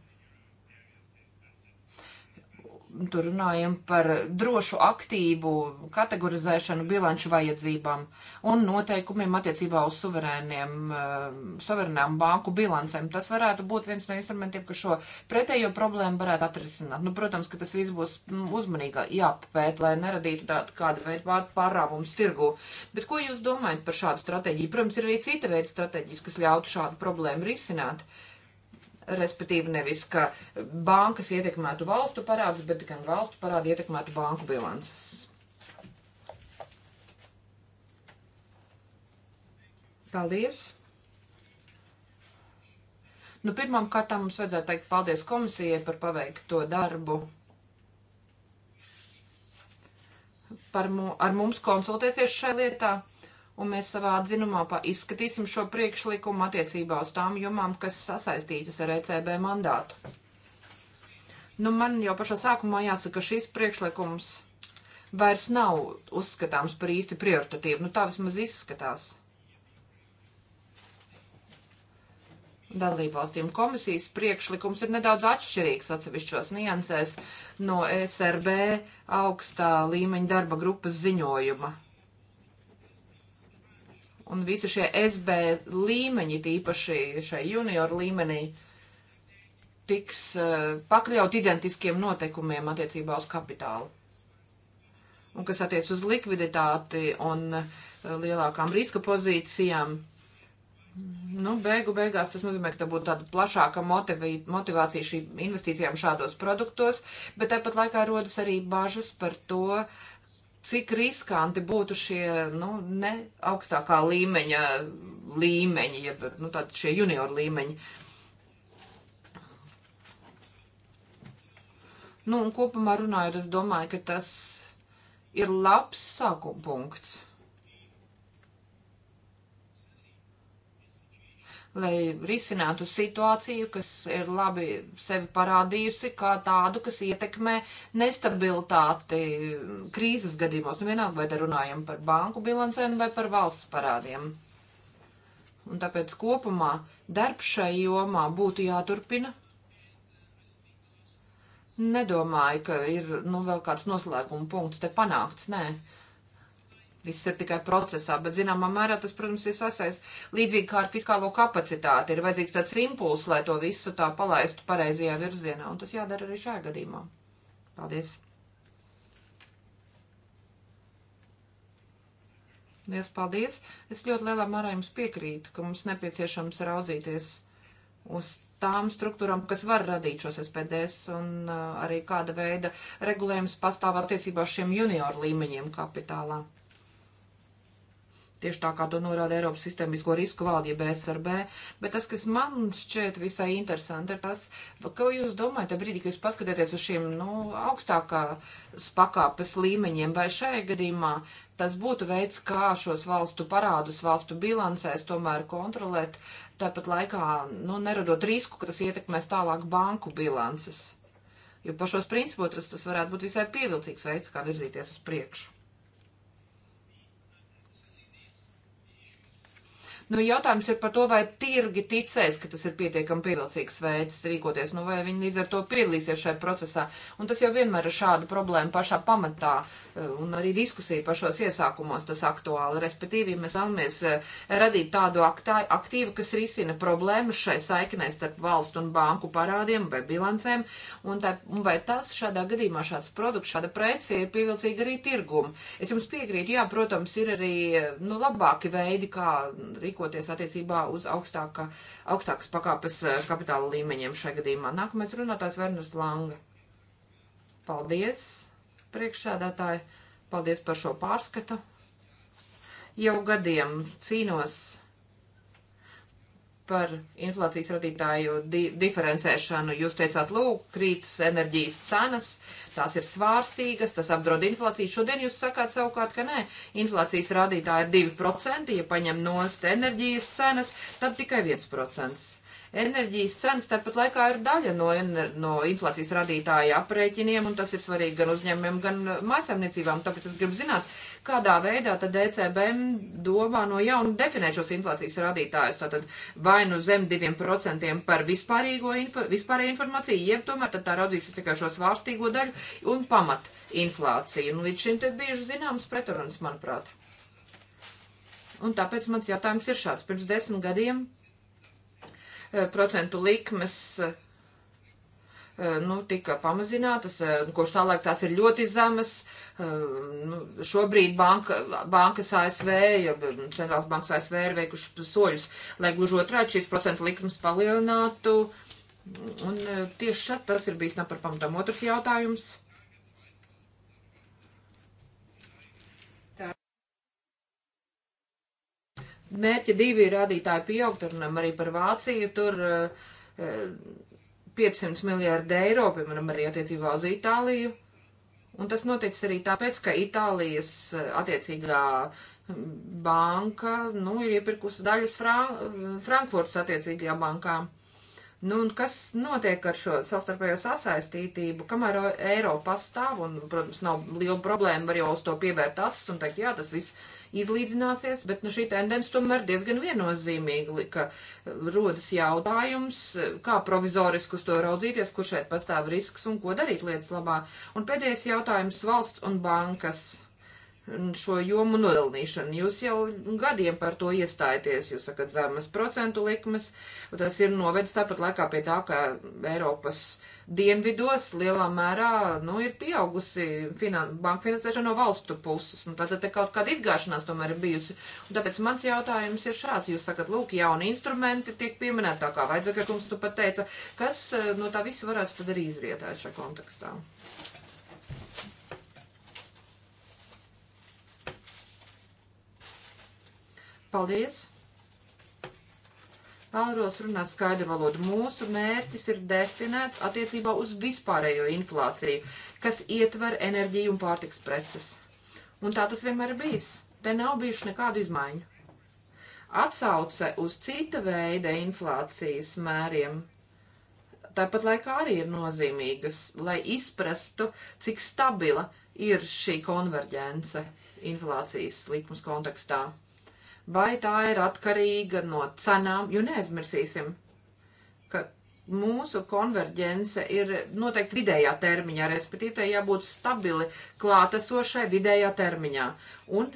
Tur runājam par drošu aktīvu kategorizēšanu bilanču vajadzībām un noteikumiem attiecībā uz suverēniem, eh, suverēnām banku bilancēm. Tas varētu būt viens no instrumentiem, ka šo pretējo problēmu varētu atrisināt. Nu, protams, ka tas viss būs mm, uzmanīgi jāpapēt, lai neradītu tādu kādu veidu pārāvums tirgu. Bet ko jūs domājat par šādu stratēģiju? Protams, ir arī cita veida stratēģijas, kas ļautu šādu problēmu risināt. Uh, respektīvi nevis, ka bankas ietekmētu valstu parādus, bet gan valstu parādi ietekmētu banku bilances. Paldies! Nu, pirmām kārtām mums vajadzētu teikt paldies komisijai par paveikto darbu. Par mu, ar mums konsultēsies šajā lietā un mēs savā atzinumā izskatīsim šo priekšlikumu attiecībā uz tām jomām, kas sasaistītas ar ECB mandātu. Nu, man jau pašā sākumā jāsaka, ka šis priekšlikums vairs nav uzskatāms par īsti prioritatīvu. Nu, tā vismaz izskatās. Dalībvalstīm komisijas priekšlikums ir nedaudz atšķirīgs atsevišķos niansēs no e SRB augstā līmeņa darba grupas ziņojuma un visi šie SB līmeņi, tīpaši šai junioru līmenī, tiks uh, pakļaut identiskiem noteikumiem attiecībā uz kapitālu. Un kas attiec uz likviditāti un uh, lielākām riska pozīcijām, nu, beigu beigās tas nozīmē, ka tā būtu tāda plašāka motivī, motivācija šīm investīcijām šādos produktos, bet tāpat laikā rodas arī bažas par to, uh, cik riskanti būtu šie, nu, ne augstākā līmeņa līmeņi, jeb, nu, tādi šie junioru līmeņi. Nu, un kopumā runājot, es domāju, ka tas ir labs sākuma punkts. lai risinātu situāciju, kas ir labi sevi parādījusi kā tādu, kas ietekmē nestabilitāti krīzes gadījumos. Nu, vienalga, vai te runājam par banku bilancēm vai par valsts parādiem. Un tāpēc kopumā darbs šai jomā būtu jāturpina. Nedomāju, ka ir nu, vēl kāds noslēguma punkts te panākts, nē. Viss ir tikai procesā, bet zināmā mērā tas, protams, ir sasaist līdzīgi kā ar fiskālo kapacitāti. Ir vajadzīgs tāds impuls, lai to visu tā palaistu pareizajā virzienā, un tas jādara arī šajā gadījumā. Paldies! Liels paldies! Es ļoti lielā mērā jums piekrītu, ka mums nepieciešams raudzīties uz tām struktūrām, kas var radīt šos SPDs, un uh, arī kāda veida regulējums pastāv attiecībā uz šiem junioru līmeņiem kapitālā tieši tā kā to norāda Eiropas sistēmisko risku valdība SRB, bet tas, kas man šķiet visai interesanti, ir tas, ko jūs domājat, brīdī, kad jūs paskatieties uz šiem, nu, augstākās pakāpes līmeņiem, vai šajā gadījumā tas būtu veids, kā šos valstu parādus, valstu bilancēs tomēr kontrolēt, tāpat laikā, nu, neradot risku, ka tas ietekmēs tālāk banku bilances. Jo pašos principos tas, tas varētu būt visai pievilcīgs veids, kā virzīties uz priekšu. Nu, jautājums ir par to, vai tirgi ticēs, ka tas ir pietiekami pievilcīgs veids rīkoties, nu, vai viņi līdz ar to piedalīsies šajā procesā. Un tas jau vienmēr ir šāda problēma pašā pamatā, eh, un arī diskusija pašos iesākumos tas aktuāli. Respektīvi, mēs vēlamies eh, radīt tādu aktīvu, kas risina problēmas šai saiknē starp valstu un banku parādiem vai bilancēm, un, tā, un vai tas šādā gadījumā šāds produkts, šāda prece ir pievilcīga arī tirgumu. Es jums piekrītu, jā, protams, ir arī, eh, nu, labāki veidi, kā rīkoties rīkoties attiecībā uz augstāka, augstākas pakāpes eh, kapitāla līmeņiem šajā gadījumā. Nākamais runātājs Verners Lange. Paldies, priekšsēdētāji, paldies par šo pārskatu. Jau gadiem cīnos par inflācijas radītāju di diferencēšanu. Jūs teicāt, lūk, krītas enerģijas cenas, tās ir svārstīgas, tas apdraud inflāciju. Šodien jūs sakāt savukārt, ka nē, inflācijas radītāja ir 2%, ja paņem nost enerģijas cenas, tad tikai 1%. Enerģijas cenas tāpat laikā ir daļa no, no inflācijas radītāja aprēķiniem, un tas ir svarīgi gan uzņēmumiem, gan mājasemniecībām. Tāpēc es gribu zināt, kādā veidā tad ECB domā no jauna definēt šos inflācijas radītājus. Tātad vai nu zem 2% par vispārīgo info, vispārēju informāciju, jeb tomēr tad tā raudzīsies tikai šo svārstīgo daļu un pamat inflāciju. Un nu, līdz šim te bieži zināms pretrunas, manuprāt. Un tāpēc mans jautājums ir šāds. Pirms desmit gadiem Eh, procentu likmes eh, eh, nu, tika pamazinātas, kurš tālāk tās ir ļoti zemas. Nu, šobrīd banka, bankas ASV, ja centrālās bankas ASV ir veikuši soļus, lai gluži otrādi šīs procentu likmes palielinātu. Un tieši šeit tas ir bijis nav nu, par pamatām otrs jautājums mērķa divi rādītāji pieaugt, runam arī par Vāciju, tur 500 eh, eh, miljārdi eiro, piemēram, arī attiecībā uz Itāliju. Un tas noticis arī tāpēc, ka Itālijas eh, attiecīgā hm, banka, nu, ir iepirkusi daļas Fran Frankfurtas attiecīgajā bankā. Nu, un kas notiek ar šo savstarpējo sasaistītību? Kamēr Eiropa pastāv, un, protams, nav liela problēma, var jau uz to pievērt acis un teikt, jā, tas viss izlīdzināsies, bet nu, šī tendence tomēr diezgan viennozīmīga, ka eh, rodas jautājums, eh, kā provizoriski uz to raudzīties, kur šeit pastāv risks un ko darīt lietas labā. Un pēdējais jautājums - valsts un bankas šo jomu nodalīšanu. Jūs jau gadiem par to iestājaties, jūs sakat zemes procentu likmes, un tas ir novedis tāpat laikā pie tā, ka Eiropas dienvidos lielā mērā, nu, ir pieaugusi finan banka finansēšana no valstu puses, nu, tātad te kaut kāda izgāšanās tomēr ir bijusi. Un tāpēc mans jautājums ir šāds, jūs sakat, lūk, jauni instrumenti tiek pieminēti, tā kā vajadzēja, ka kungs tu pat teica, kas no nu, tā visa varētu tad arī izrietēt šajā kontekstā? Paldies! Vēlos runāt skaidru valodu. Mūsu mērķis ir definēts attiecībā uz vispārējo inflāciju, kas ietver enerģiju un pārtiks preces. Un tā tas vienmēr ir bijis. Te nav bijuši nekādu izmaiņu. Atsauce uz cita veida inflācijas mēriem tāpat laikā arī ir nozīmīgas, lai izprastu, cik stabila ir šī konverģence inflācijas likums kontekstā vai tā ir atkarīga no cenām, jo neaizmirsīsim, ka mūsu konverģence ir noteikti vidējā termiņā, respektīvi tai jābūt stabili klātesošai vidējā termiņā. Un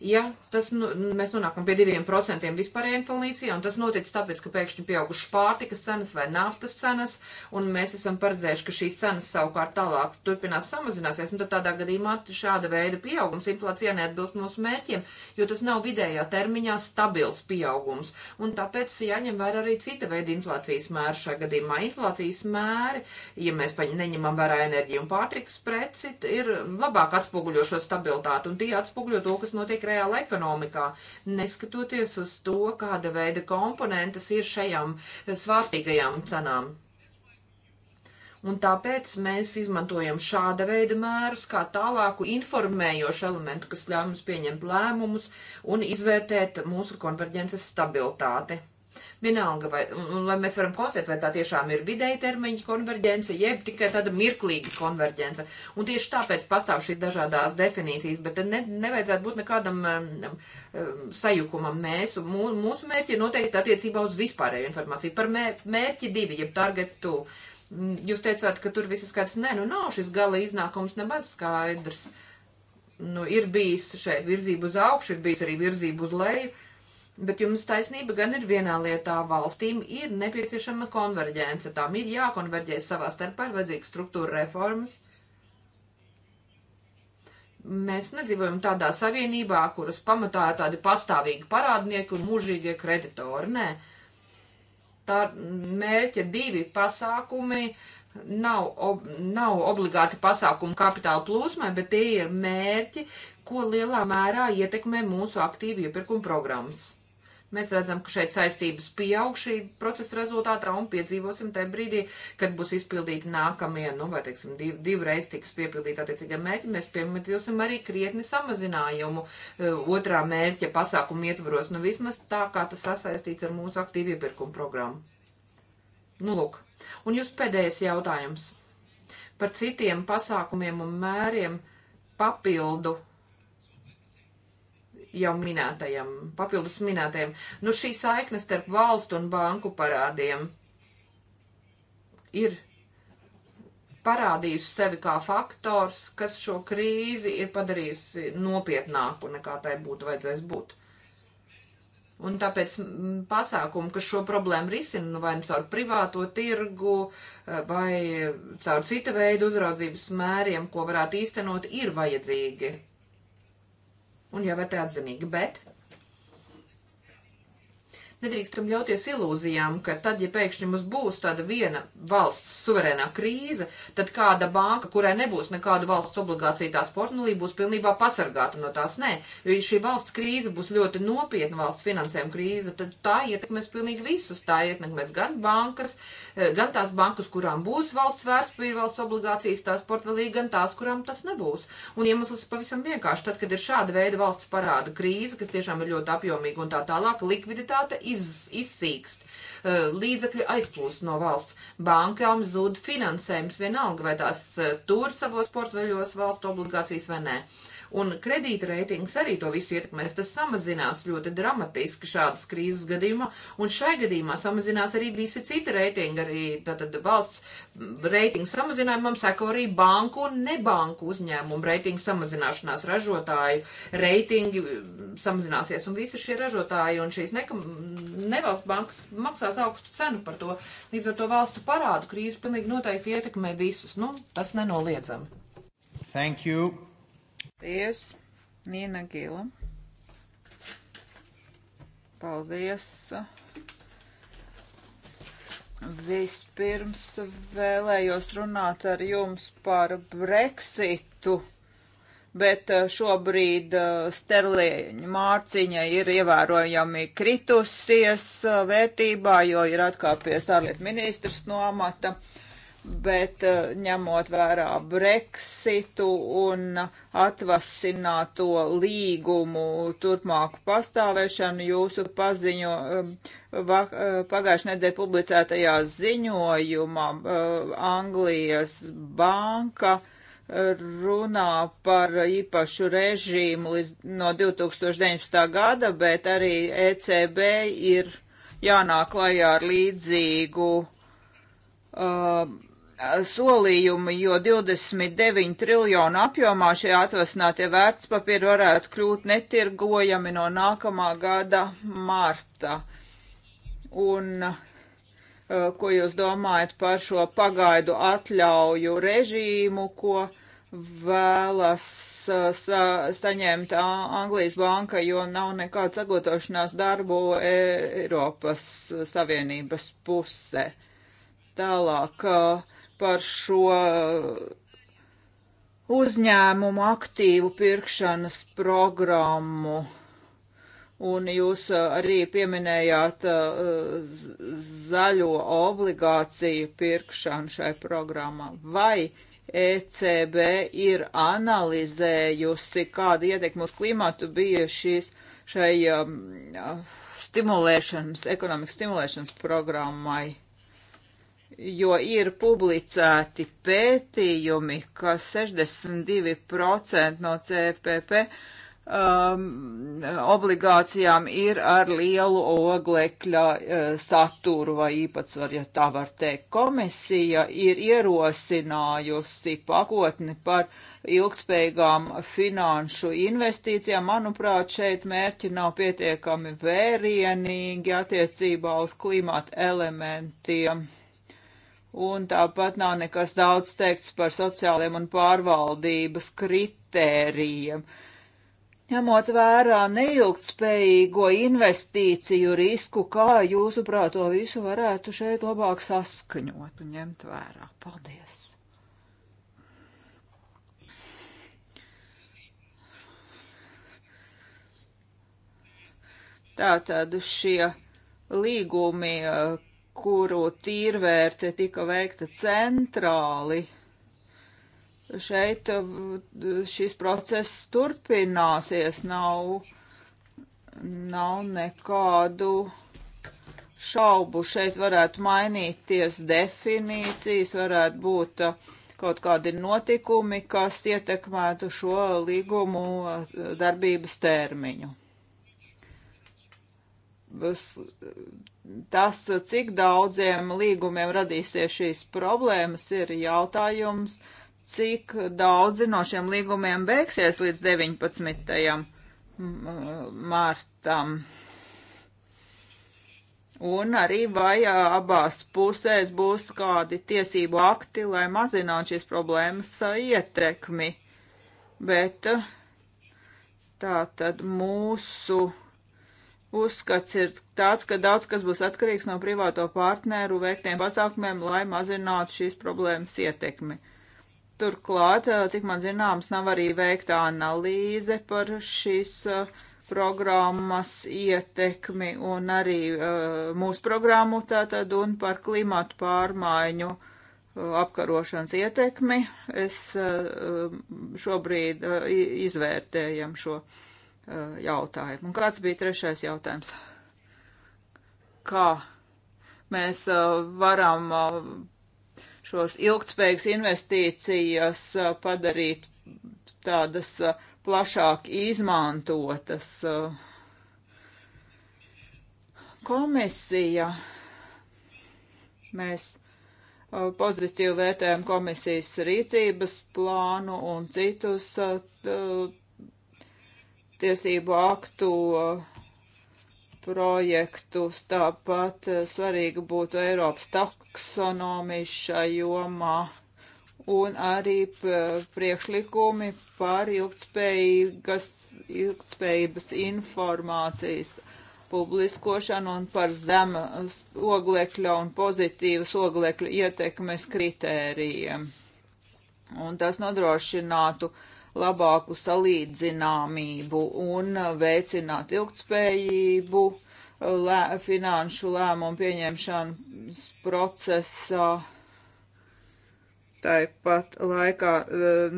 ja tas, nu, mēs nonākam pie 2% vispārējā inflācija, un tas notiek tāpēc, ka pēkšņi pieaugušas pārtikas cenas vai naftas cenas, un mēs esam paredzējuši, ka šīs cenas savukārt tālāk turpinās samazināsies, un tad tādā gadījumā šāda veida pieaugums inflācijā neatbilst mūsu mērķiem, jo tas nav vidējā termiņā stabils pieaugums, un tāpēc jāņem vērā arī cita veida inflācijas mēri šajā gadījumā. Inflācijas mēri, ja mēs neņemam vērā enerģiju un pārtikas preci, ir labāk atspoguļo šo stabilitāti, un tie atspoguļo to, kas notiek reāla ekonomikā, neskatoties uz to, kāda veida komponentes ir šajām svārstīgajām cenām. Un tāpēc mēs izmantojam šāda veida mērus kā tālāku informējošu elementu, kas ļauj mums pieņemt lēmumus un izvērtēt mūsu konverģences stabilitāti. Vienalga, vai, un, lai mēs varam konstatēt, vai tā tiešām ir vidēji termiņa konverģence, jeb tikai tāda mirklīga konverģence. Un tieši tāpēc pastāv šīs dažādās definīcijas, bet ne, nevajadzētu būt nekādam um, sajukumam. Mēs, mū, mūsu mērķi ir noteikti attiecībā uz vispārēju informāciju par mērķi divi, jeb targetu. Mm, jūs teicāt, ka tur viss ir skaidrs. Nē, nu nav šis gala iznākums nemaz skaidrs. Nu, ir bijis šeit virzība uz augšu, ir bijis arī virzība uz leju Bet jums taisnība gan ir vienā lietā. Valstīm ir nepieciešama konverģence. Tām ir jākonverģē savā starpā, ir vajadzīgas struktūra reformas. Mēs nedzīvojam tādā savienībā, kuras pamatā ir tādi pastāvīgi parādnieki un mūžīgie kreditori. Nē, tā mērķa divi pasākumi nav, ob, nav obligāti pasākumi kapitāla plūsmai, bet tie ir mērķi, ko lielā mērā ietekmē mūsu aktīvu iepirkuma programmas. Mēs redzam, ka šeit saistības pieaug šī procesa rezultātā un piedzīvosim tajā brīdī, kad būs izpildīti nākamie, nu, vai, teiksim, div, divreiz tiks piepildīti attiecīgie mērķi, mēs piemedzīvosim arī krietni samazinājumu e, otrā mērķa pasākumu ietvaros, nu, vismaz tā, kā tas sasaistīts ar mūsu aktīvu iepirkumu programmu. Nu, lūk. Un jūs pēdējais jautājums par citiem pasākumiem un mēriem papildu jau minētajam, papildus minētajam. Nu, šī saikne starp valstu un banku parādiem ir parādījusi sevi kā faktors, kas šo krīzi ir padarījusi nopietnāku nekā tai būtu vajadzēs būt. Un tāpēc mm, pasākumi, kas šo problēmu risina, nu vai nu caur privāto tirgu, eh, vai caur cita veida uzraudzības mēriem, ko varētu īstenot, ir vajadzīgi un jau ir atzinīgi, bet Nedrīkstam ļauties ilūzijām, ka tad, ja pēkšņi mums būs tāda viena valsts suverēnā krīze, tad kāda banka, kurai nebūs nekādu valsts obligāciju tās portfelī, būs pilnībā pasargāta no tās. Nē, jo ja šī valsts krīze būs ļoti nopietna valsts finansējuma krīze, tad tā ietekmēs pilnīgi visus. Tā ietekmēs gan bankas, eh, gan tās bankas, kurām būs valsts vērtspapīra, valsts obligācijas tās portfelī, gan tās, kurām tas nebūs. Un iemesls ja pavisam vienkārši. Tad, kad ir šāda veida valsts parāda krīze, kas tiešām ir ļoti apjomīga un tā tālāk, likviditāte iz, izsīkst, eh, līdzekļi aizplūst no valsts, bankām zūd finansējums vienalga, vai tās eh, tur savos portveļos valstu obligācijas vai nē. Ne Un kredītreitings arī to visu ietekmēs. Tas samazinās ļoti dramatiski šādas krīzes gadījumā, un šai gadījumā samazinās arī visi citi reitingi. Arī tātad valsts reitingu samazinājumam seko arī banku un nebanku uzņēmumu reitingu samazināšanās ražotāju. Reitingi mm, samazināsies, un visi šie ražotāji un šīs nekam, nevalsts bankas maksās augstu cenu par to. Līdz ar to valstu parādu krīze pilnīgi noteikti ietekmē visus. Nu, tas nenoliedzami. Thank you. Paldies, Nina Gila. Paldies. Vispirms vēlējos runāt ar jums par Brexitu, bet eh, šobrīd eh, sterlieņa mārciņa ir ievērojami kritusies eh, vērtībā, jo ir atkāpies ārlietu ministrs no amata. Uh, bet eh, ņemot vērā Brexitu un atvasināto līgumu turpmāku pastāvēšanu, jūsu paziņo, eh, eh, pagājušajā nedēļā publicētajā ziņojumā Anglijas banka runā par īpašu režīmu līdz no 2019. gada, bet arī ECB ir jānāk klajā ar līdzīgu uh, Eh, solījumi, jo 29 triljonu apjomā šie atvasinātie vērtspapīri varētu kļūt netirgojami no nākamā gada marta. Un eh, ko jūs domājat par šo pagaidu atļauju režīmu, ko vēlas eh, sa saņemt Anglijas banka, jo nav nekāda sagotošanās darbu e, Eiropas Savienības pusē. Tālāk. Uh, par šo uzņēmumu aktīvu pirkšanas programmu. Un jūs uh, arī pieminējāt uh, zaļo obligāciju pirkšanu šai programmā. Vai ECB ir analizējusi, kāda ietekme uz klimatu bija šīs, šai um, stimulēšanas, ekonomikas stimulēšanas programmai? jo ir publicēti pētījumi, ka 62% no CPP um, obligācijām ir ar lielu oglekļa uh, saturu vai īpatsvaru, ja tā var teikt. Komisija ir ierosinājusi pakotni par ilgspējīgām finanšu investīcijām. Manuprāt, šeit mērķi nav pietiekami vērienīgi attiecībā uz klimata elementiem Un tāpat nav nekas daudz teikts par sociāliem un pārvaldības kritērijiem. Ņemot vērā neilgtspējīgo investīciju risku, kā jūsuprāt to visu varētu šeit labāk saskaņot un ņemt vērā? Paldies! Tātad šie līgumi, kuru tīrvērte tika veikta centrāli. Šeit eh, šis process turpināsies, nav, nav nekādu šaubu. Šeit varētu mainīties definīcijas, varētu būt eh, kaut kādi notikumi, kas ietekmētu šo līgumu eh, darbības termiņu tas, cik daudziem līgumiem radīsies šīs problēmas, ir jautājums, cik daudzi no šiem līgumiem beigsies līdz 19. martam. Un arī vai abās pusēs būs kādi tiesību akti, lai mazinātu šīs problēmas ietekmi. Bet tā tad mūsu Uzskats ir tāds, ka daudz kas būs atkarīgs no privāto partneru veiktiem pasākumiem, lai mazinātu šīs problēmas ietekmi. Turklāt, eh, cik man zināms, nav arī veikta analīze par šīs eh, programmas ietekmi un arī eh, mūsu programmu tātad un par klimatu pārmaiņu apkarošanas ietekmi. Es šobrīd izvērtējam šo. Eh, jautājumu. Un kāds bija trešais jautājums? Kā mēs eh, varam eh, šos ilgtspējīgas investīcijas padarīt tādas plašāk izmantotas? Komisija. Mēs pozitīvi vērtējam komisijas rīcības plānu un citus tiesību aktu projektus, tāpat svarīga būtu Eiropas taksonomija šajā jomā un arī priekšlikumi par ilgtspējīgas, ilgtspējības informācijas publiskošanu un par zemes oglekļa un pozitīvas oglekļa ietekmes kritērijiem. Un tas nodrošinātu uh, labāku salīdzināmību un veicināt ilgtspējību lē, finanšu lēmumu pieņemšanas procesā. Tāpat laikā e,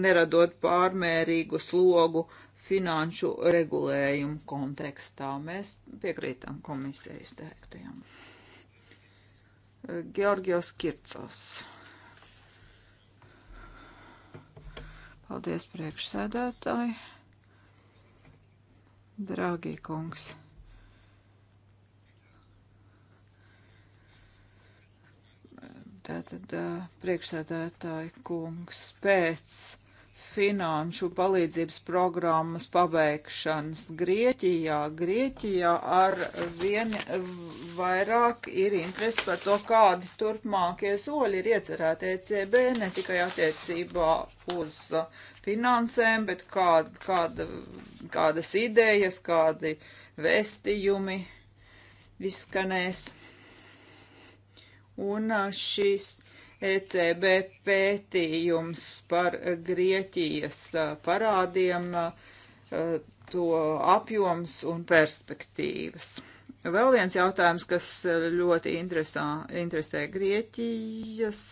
neradot pārmērīgu slogu finanšu regulējumu kontekstā. Mēs piekrītam komisijas teiktajam. E, Georgios Kircos. Paldies, priekšsēdētāji. Draugi kungs. Tātad priekšsēdētāji kungs pēc finanšu palīdzības programmas pabeigšanas Grieķijā. Grieķijā ar vien vairāk ir interesi par to, kādi turpmākie soļi ir iecerēti ECB, ne tikai attiecībā uz finansēm, bet kāda, kāda, kādas idejas, kādi vēstījumi izskanēs. Un šis ECB pētījums par Grieķijas parādiem, to apjoms un perspektīvas. Vēl viens jautājums, kas ļoti interesā, interesē Grieķijas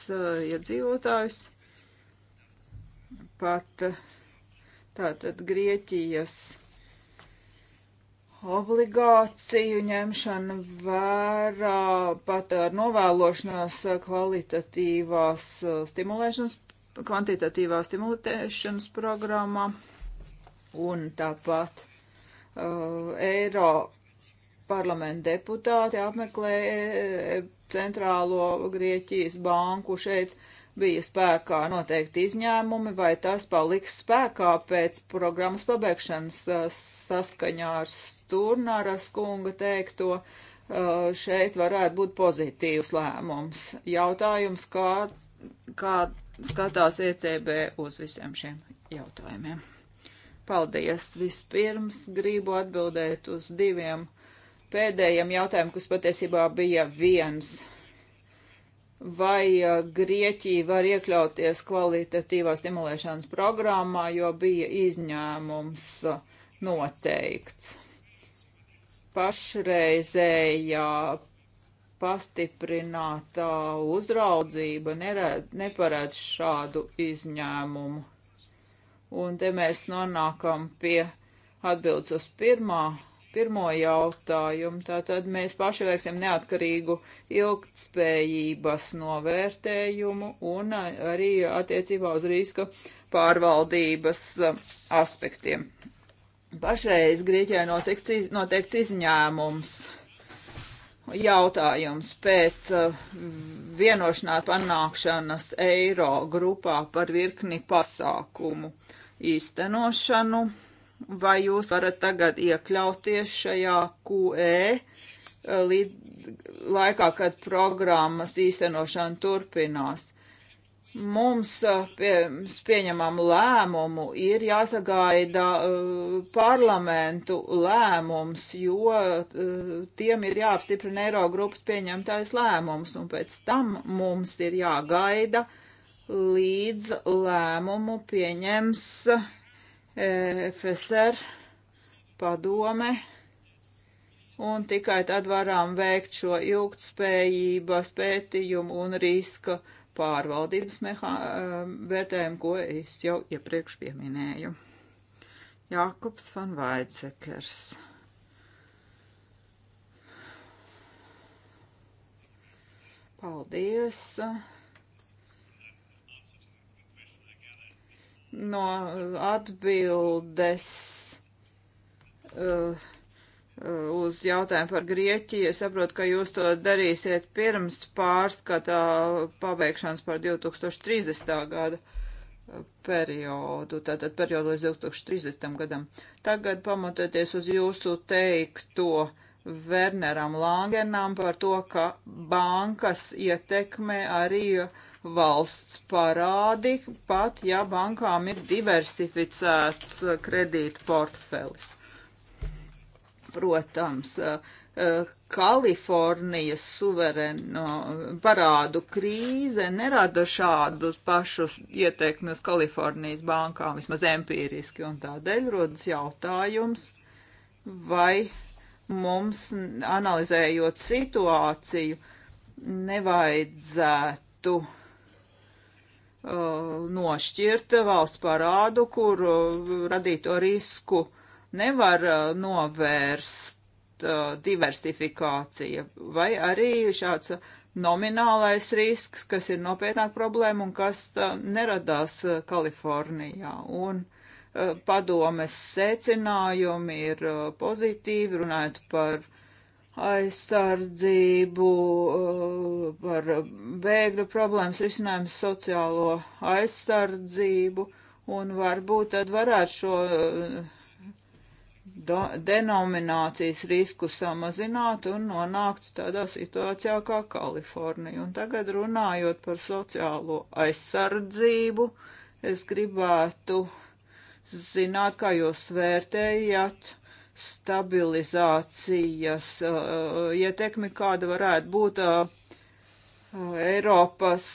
iedzīvotājus. Pat tātad Grieķijas iedzīvotājus obligāciju ņemšana vērā pat ar novēlošanos kvalitatīvās uh, stimulēšanas, kvantitatīvā stimulēšanas programmā un tāpat uh, Eiro parlamenta deputāti apmeklē e, centrālo Grieķijas banku šeit bija spēkā noteikti izņēmumi, vai tas paliks spēkā pēc programmas pabeigšanas uh, saskaņā ar Turnaras kunga teikto, šeit varētu būt pozitīvs lēmums. Jautājums, kā, kā skatās ECB uz visiem šiem jautājumiem. Paldies! Vispirms gribu atbildēt uz diviem pēdējiem jautājumiem, kas patiesībā bija viens. Vai Grieķija var iekļauties kvalitatīvā stimulēšanas programmā, jo bija izņēmums noteikts? pašreizējā pastiprinātā uzraudzība nered, neparedz šādu izņēmumu. Un te mēs nonākam pie atbildes uz pirmā, pirmo jautājumu. Tātad mēs paši veiksim neatkarīgu ilgtspējības novērtējumu un arī attiecībā uz riska pārvaldības eh, aspektiem. Pašreiz Grieķijai notiek, noteikts izņēmums. Jautājums pēc uh, vienošanās panākšanas eiro grupā par virkni pasākumu īstenošanu. Vai jūs varat tagad iekļauties šajā QE uh, līd, laikā, kad programmas īstenošana turpinās? mums pirms pieņemam lēmumu ir jāsagaida parlamentu lēmums, jo tiem ir jāapstiprina Eirogrupas pieņemtais lēmums, un pēc tam mums ir jāgaida līdz lēmumu pieņems FSR padome un tikai tad varam veikt šo ilgtspējības pētījumu un riska uh, pārvaldības mehā, ehm, vērtējumu, ko es jau iepriekš pieminēju. Jākubs van Vaidsekers. Paldies! No atbildes. Uh, Uh, uz jautājumu par Grieķiju. Es saprotu, ka jūs to darīsiet pirms pārskata pabeigšanas par 2030. gada uh, periodu, tātad periodu līdz 2030. gadam. Tagad pamatoties uz jūsu teikto Werneram Langenam par to, ka bankas ietekmē arī valsts parādi, pat ja bankām ir diversificēts uh, kredītu portfelis protams, eh, eh, Kalifornijas suverēno parādu krīze nerada šādus pašus ieteikumus Kalifornijas bankām, vismaz empīriski, un tādēļ rodas jautājums, vai mums, analizējot situāciju, nevajadzētu uh, nošķirt valsts parādu, kur uh, radīto risku uh, nevar uh, novērst uh, diversifikācija vai arī šāds nominālais risks, kas ir nopietnāk problēma un kas uh, neradās Kalifornijā. Un padomes secinājumi ir pozitīvi, runājot par aizsardzību, par bēgļu problēmas risinājumu sociālo aizsardzību, un varbūt tad varētu šo do, denominācijas risku samazināt un nonākt tādā situācijā kā Kalifornija. Un tagad runājot par sociālo aizsardzību, es gribētu zināt, kā jūs vērtējat stabilizācijas uh, ietekmi, kāda varētu būt uh, Eiropas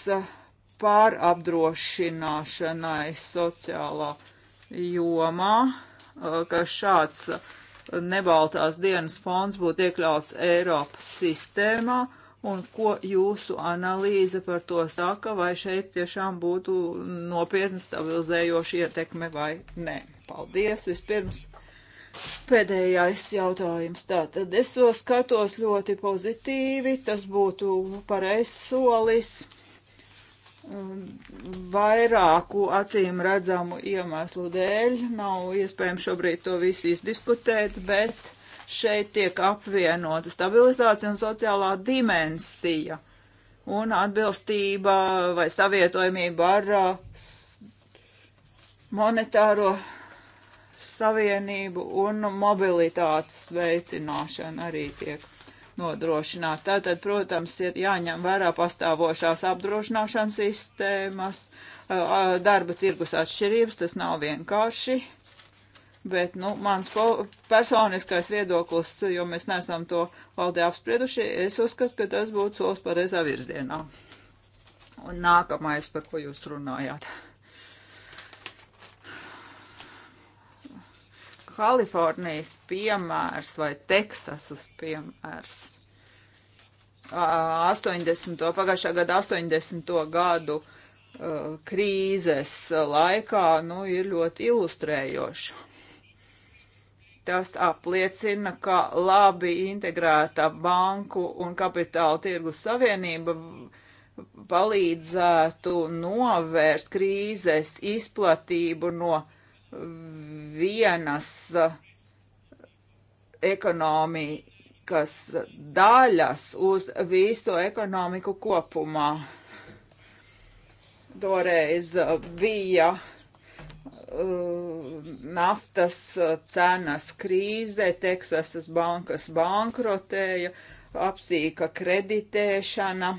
pārapdrošināšanai sociālā jomā Uh, ka šāds uh, nebaltās dienas fonds būtu iekļauts Eiropas sistēmā, un ko jūsu analīze par to saka, vai šeit tiešām būtu nopietna stabilizējoša ietekme vai nē. Paldies vispirms! Pēdējais jautājums. Tātad es to skatos ļoti pozitīvi, tas būtu pareizs solis. Um, vairāku acīm redzamu iemeslu dēļ. Nav iespējams šobrīd to visu izdiskutēt, bet šeit tiek apvienota stabilizācija un sociālā dimensija un atbilstība vai savietojamība ar uh, monetāro savienību un mobilitātes veicināšana arī tiek nodrošināt. Tātad, protams, ir jāņem vērā pastāvošās apdrošināšanas sistēmas, darba tirgus atšķirības, tas nav vienkārši. Bet, nu, mans personiskais viedoklis, jo mēs neesam to valdē apsprieduši, es uzskatu, ka tas būtu solis pareizā virzienā. Un nākamais, par ko jūs runājāt. Uh, Kalifornijas piemērs vai Teksasas piemērs. 80. pagājušā gada 80. gadu uh, krīzes laikā nu, ir ļoti ilustrējoša. Tas apliecina, ka labi integrēta banku un kapitāla tirgus savienība palīdzētu novērst krīzes izplatību no vienas eh, ekonomikas daļas uz visu ekonomiku kopumā. Toreiz eh, bija eh, naftas cenas krīze, Teksasas bankas bankrotēja, apsīka kreditēšana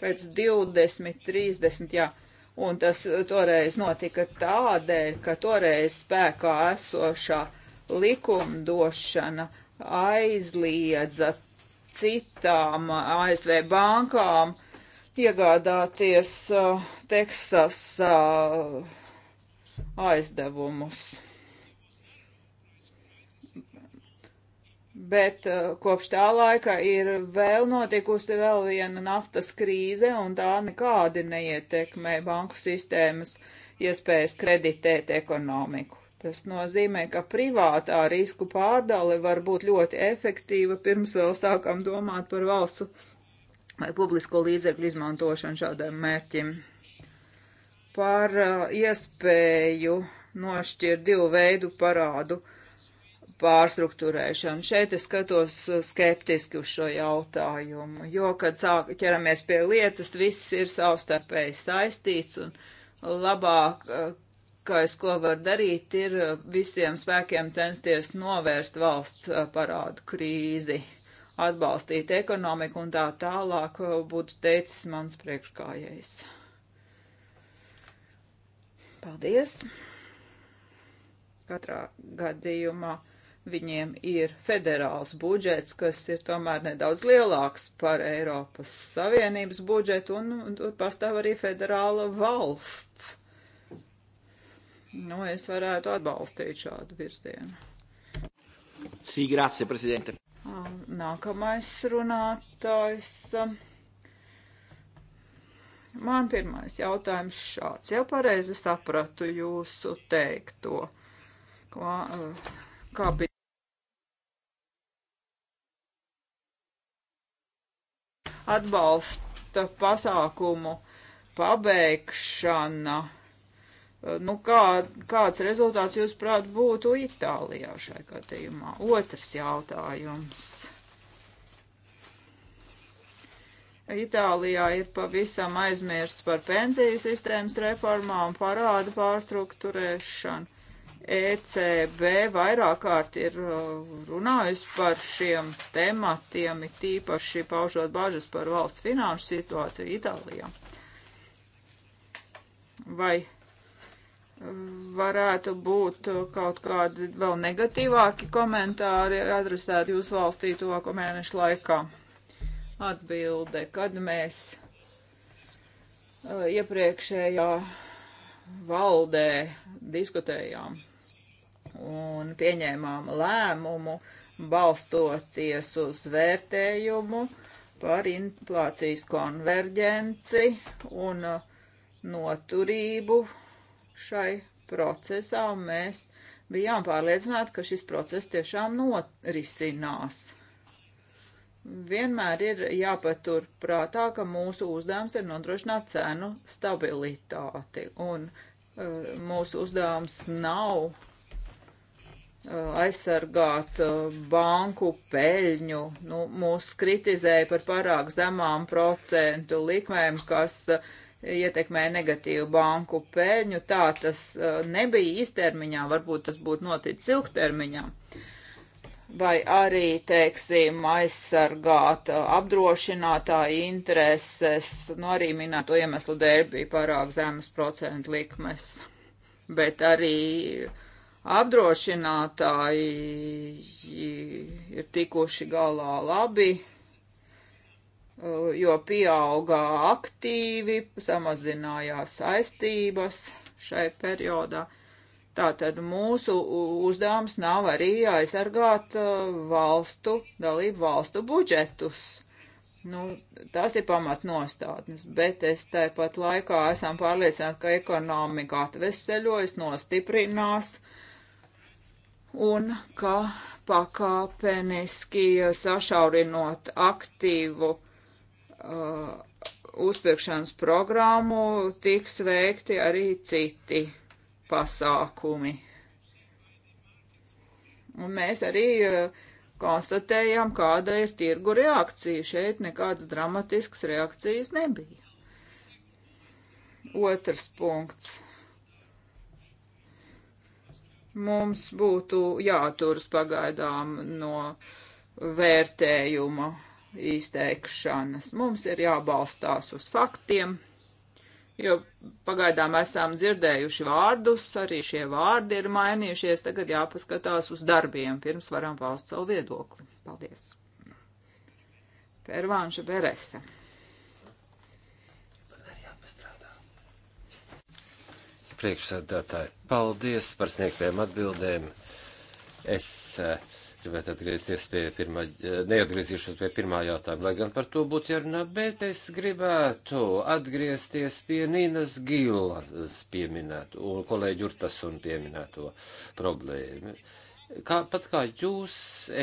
pēc 20, 30, jā, Un tas eh, toreiz notika tādēļ, ka toreiz spēkā esošā likumdošana aizliedza citām eh, ASV bankām iegādāties uh, Teksas uh, aizdevumus. bet eh, kopš tā laika ir vēl notikusi vēl viena naftas krīze, un tā nekādi neietekmē banku sistēmas iespējas kreditēt ekonomiku. Tas nozīmē, ka privātā risku pārdale var būt ļoti efektīva, pirms vēl sākam domāt par valstu vai publisko līdzekļu izmantošanu šādam mērķim. Par uh, iespēju nošķirt divu veidu parādu uh, pārstruktūrēšanu. Šeit es skatos uh, skeptiski uz šo jautājumu, jo, kad sāk, ķeramies pie lietas, viss ir savstarpēji saistīts un labāk, uh, kas, ko var darīt, ir uh, visiem spēkiem censties novērst valsts parādu krīzi, atbalstīt ekonomiku un tā tālāk, būtu teicis mans priekškājais. Paldies! Katrā gadījumā Viņiem ir federāls budžets, kas ir tomēr nedaudz lielāks par Eiropas Savienības budžetu, un tur pastāv arī federāla valsts. Nu, es varētu atbalstīt šādu virzienu. Sī, grācie, prezidente. Nākamais runātājs. Man pirmais jautājums šāds. Ja pareizi sapratu jūsu teikto, kā, kā bija. atbalsta pasākumu pabeigšana. Nu, kā, kāds rezultāts jūs prāt būtu Itālijā šai gadījumā? Otrs jautājums. Itālijā ir pavisam aizmirsts par pensiju sistēmas reformām, parādu pārstruktūrēšanu. ECB vairāk kārt ir uh, runājusi par šiem tematiem, it īpaši paužot bažas par valsts finanšu situāciju Itālijā. Vai uh, varētu būt uh, kaut kādi vēl negatīvāki komentāri adresēti jūsu valstī tuvāko mēnešu laikā? Atbilde, kad mēs iepriekšējā valdē diskutējām un pieņēmām lēmumu balstoties uz vērtējumu par inflācijas konverģenci un uh, noturību šai procesā. Mēs bijām pārliecināti, ka šis process tiešām norisinās. Vienmēr ir jāpatur prātā, ka mūsu uzdevums ir nodrošināt cenu stabilitāti, un uh, mūsu uzdevums nav aizsargāt uh, banku peļņu. Nu, mūs kritizēja par pārāk zemām procentu likmēm, kas uh, ietekmē negatīvu banku peļņu. Tā tas uh, nebija īstermiņā, varbūt tas būtu noticis ilgtermiņā. Vai arī, teiksim, aizsargāt apdrošinātāju intereses, nu arī minēto iemeslu dēļ bija pārāk zemes procentu likmes. Bet arī uh, apdrošinātāji ir tikuši galā labi, eh, jo pieaugā aktīvi, samazinājās saistības šai periodā. Tātad mūsu uzdevums nav arī aizsargāt eh, valstu, dalību valstu budžetus. Nu, tās ir pamatnostādnes, bet es tāpat laikā esam pārliecināti, ka ekonomika atveseļojas, nostiprinās, uh, un ka pakāpeniski sašaurinot aktīvu uh, uzpirkšanas programmu tiks veikti arī citi pasākumi. Un mēs arī uh, konstatējām, kāda ir tirgu reakcija. Šeit nekādas dramatiskas reakcijas nebija. Otrs punkts mums būtu jāturas pagaidām no vērtējuma izteikšanas. Mums ir jābalstās uz faktiem, jo pagaidām esam dzirdējuši vārdus, arī šie vārdi ir mainījušies, tagad jāpaskatās uz darbiem, pirms varam paust savu viedokli. Paldies! Pērvānša Berese. priekšsēdētāji. Paldies par sniegtajām atbildēm. Es eh, gribētu atgriezties pie pirmā, eh, neatgriezīšos pie pirmā jautājuma, lai gan par to būtu jārunā, bet es gribētu atgriezties pie Nīnas Gilas pieminēto un kolēģi Urtas un pieminēto problēmu. Kā, pat kā jūs,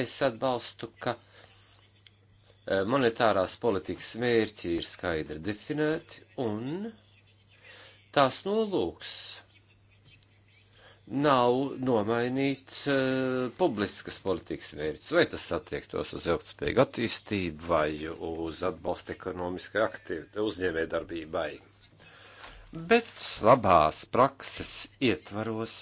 es atbalstu, ka eh, monetārās politikas mērķi ir skaidri definēti un Tās nolūks nu, nav nomainīts uh, publiskas politikas mērķis, vai tas attiektos uz ilgtspējīgu attīstību vai uz atbalstu ekonomiskai aktivitātei, uzņēmē darbībai. Bet labās prakses ietvaros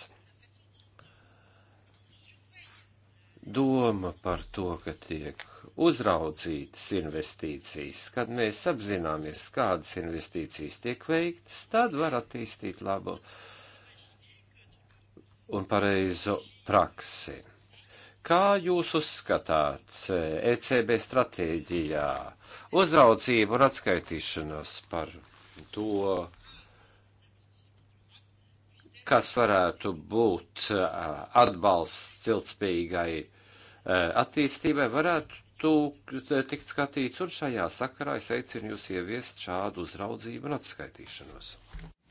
doma par to, ka tiek uzraudzītas investīcijas, kad mēs apzināmies, kādas investīcijas tiek veiktas, tad var attīstīt labu un pareizu praksi. Kā jūs uzskatāt ECB eh, e stratēģijā uzraudzību un atskaitīšanos par to, kas varētu būt eh, atbalsts ciltspējīgai eh, attīstībai, varētu tikt skatīts, un šajā sakarā es aicinu jūs ieviest šādu uzraudzību un atskaitīšanos.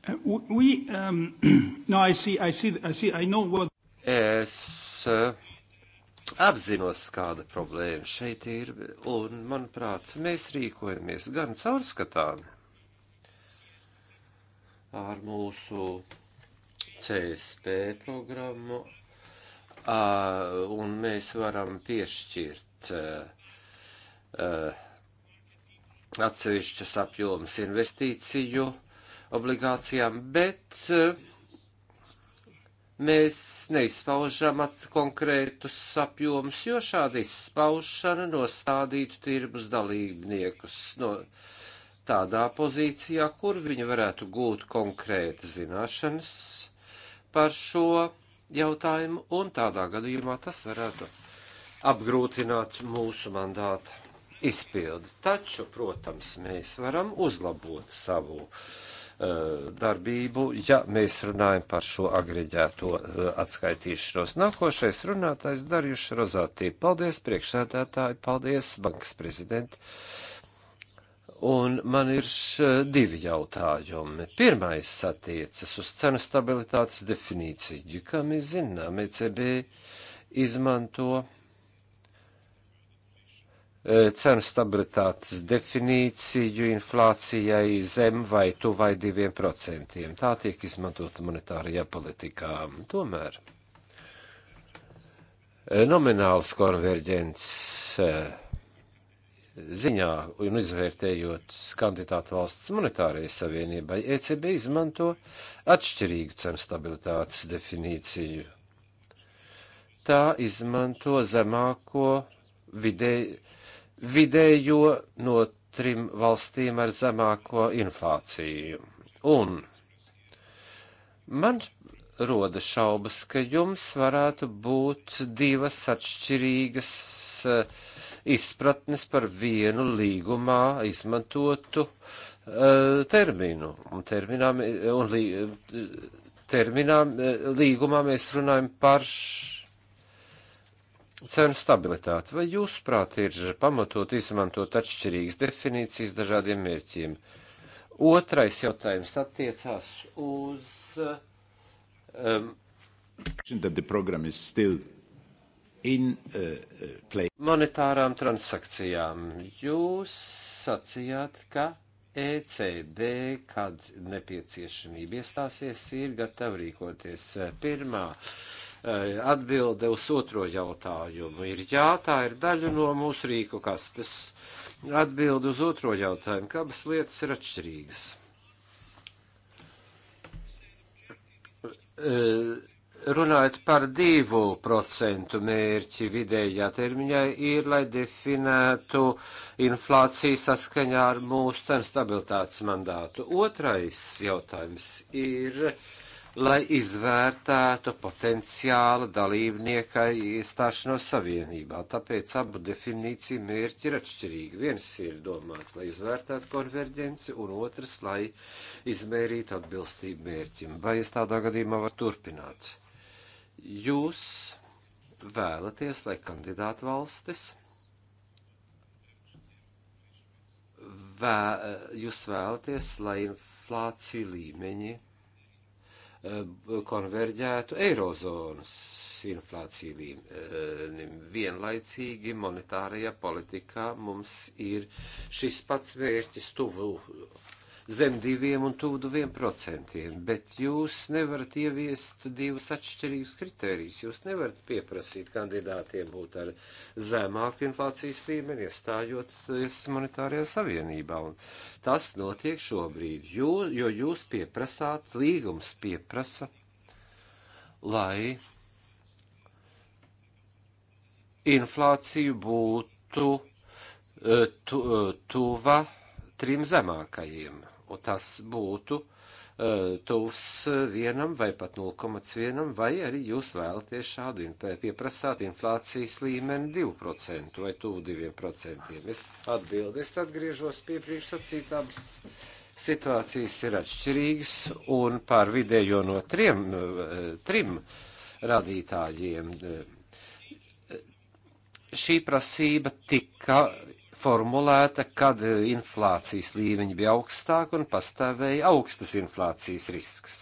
Uh, we, um, [clears throat] no, I see, I see, I see, I know what... Es uh, apzinos, kāda problēma šeit ir, un, manuprāt, mēs rīkojamies gan caurskatām ar mūsu CSP programmu, un mēs varam piešķirt atsevišķas apjomas investīciju obligācijām, bet mēs neizpaužam konkrētus apjomus, jo šāda izpaušana nostādītu tirgus dalībniekus no tādā pozīcijā, kur viņi varētu gūt konkrētas zināšanas par šo jautājumu, un tādā gadījumā tas varētu apgrūtināt mūsu mandātu izpildi. Taču, protams, mēs varam uzlabot savu uh, darbību, ja mēs runājam par šo agreģēto uh, atskaitīšanos. Nākošais runātājs Darjuši Rozātī. Paldies, priekšsēdētāji, paldies, bankas prezidenti. Uh, Un man ir eh, divi jautājumi. Pirmais attiecas uz cenu stabilitātes definīciju, kā mēs zinām, ECB izmanto eh, cenu stabilitātes definīciju inflācijai zem vai tuvai diviem procentiem. Tā tiek izmantota monetārajā politikā. Tomēr eh, nomināls konverģents ziņā un izvērtējot kandidātu valsts monetārajai savienībai, ECB izmanto atšķirīgu cenu stabilitātes definīciju. Tā izmanto zemāko vidē, vidējo no trim valstīm ar zemāko inflāciju. Un man roda šaubas, ka jums varētu būt divas atšķirīgas uh, izpratnes par vienu līgumā izmantotu uh, terminu. Un, terminām, e, un lī, e, terminām, līgumā mēs runājam par cenu stabilitāti. Vai jūs prāt ir pamatot izmantot atšķirīgas definīcijas dažādiem mērķiem? Otrais jautājums attiecās uz. Um, That the program is still in uh, uh, play. Monetārām transakcijām jūs sacījāt, ka ECB, kad nepieciešamība iestāsies, ir gatava rīkoties pirmā. Uh, atbilde uz otro jautājumu ir jā, tā ir daļa no mūsu rīku kastes. Atbilde uz otro jautājumu, kādas lietas ir atšķirīgas? Uh, runājot par divu procentu mērķi vidējā termiņā, ir, lai definētu inflāciju saskaņā ar mūsu cenu stabilitātes mandātu. Otrais jautājums ir, lai izvērtētu potenciāla dalībnieka iestāšanos savienībā. Tāpēc abu definīciju mērķi ir atšķirīgi. Viens ir domāts, lai izvērtētu konverģenci, un otrs, lai izmērītu atbilstību mērķim. Vai es tādā gadījumā varu turpināt? jūs vēlaties, lai kandidātu valstis vē, jūs vēlaties, lai inflāciju līmeņi e, konverģētu eirozonas inflāciju līmenim. Vienlaicīgi monetārajā politikā mums ir šis pats vērķis tuvu zem diviem un tuvu diviem procentiem, bet jūs nevarat ieviest divus atšķirīgus kritērijus. Jūs nevarat pieprasīt kandidātiem būt ar zemāku inflācijas līmeni, iestājoties monetārajā savienībā. Un tas notiek šobrīd, jū, jo jūs pieprasāt, līgums pieprasa, lai inflācija būtu eh, tu, eh, tuva trim zemākajiem un tas būtu uh, tuvs eh, vienam vai pat 0,1, vai arī jūs vēlaties šādu pieprasāt inflācijas līmeni 2% vai tuvu 2%. Es atbildu, es atgriežos pie priekšsacītāms. Situācijas ir atšķirīgas un pār vidējo no eh, trim, trim rādītājiem šī prasība tika formulēta, kad eh, inflācijas līmeņi bija augstāki un pastāvēja augstas inflācijas risks.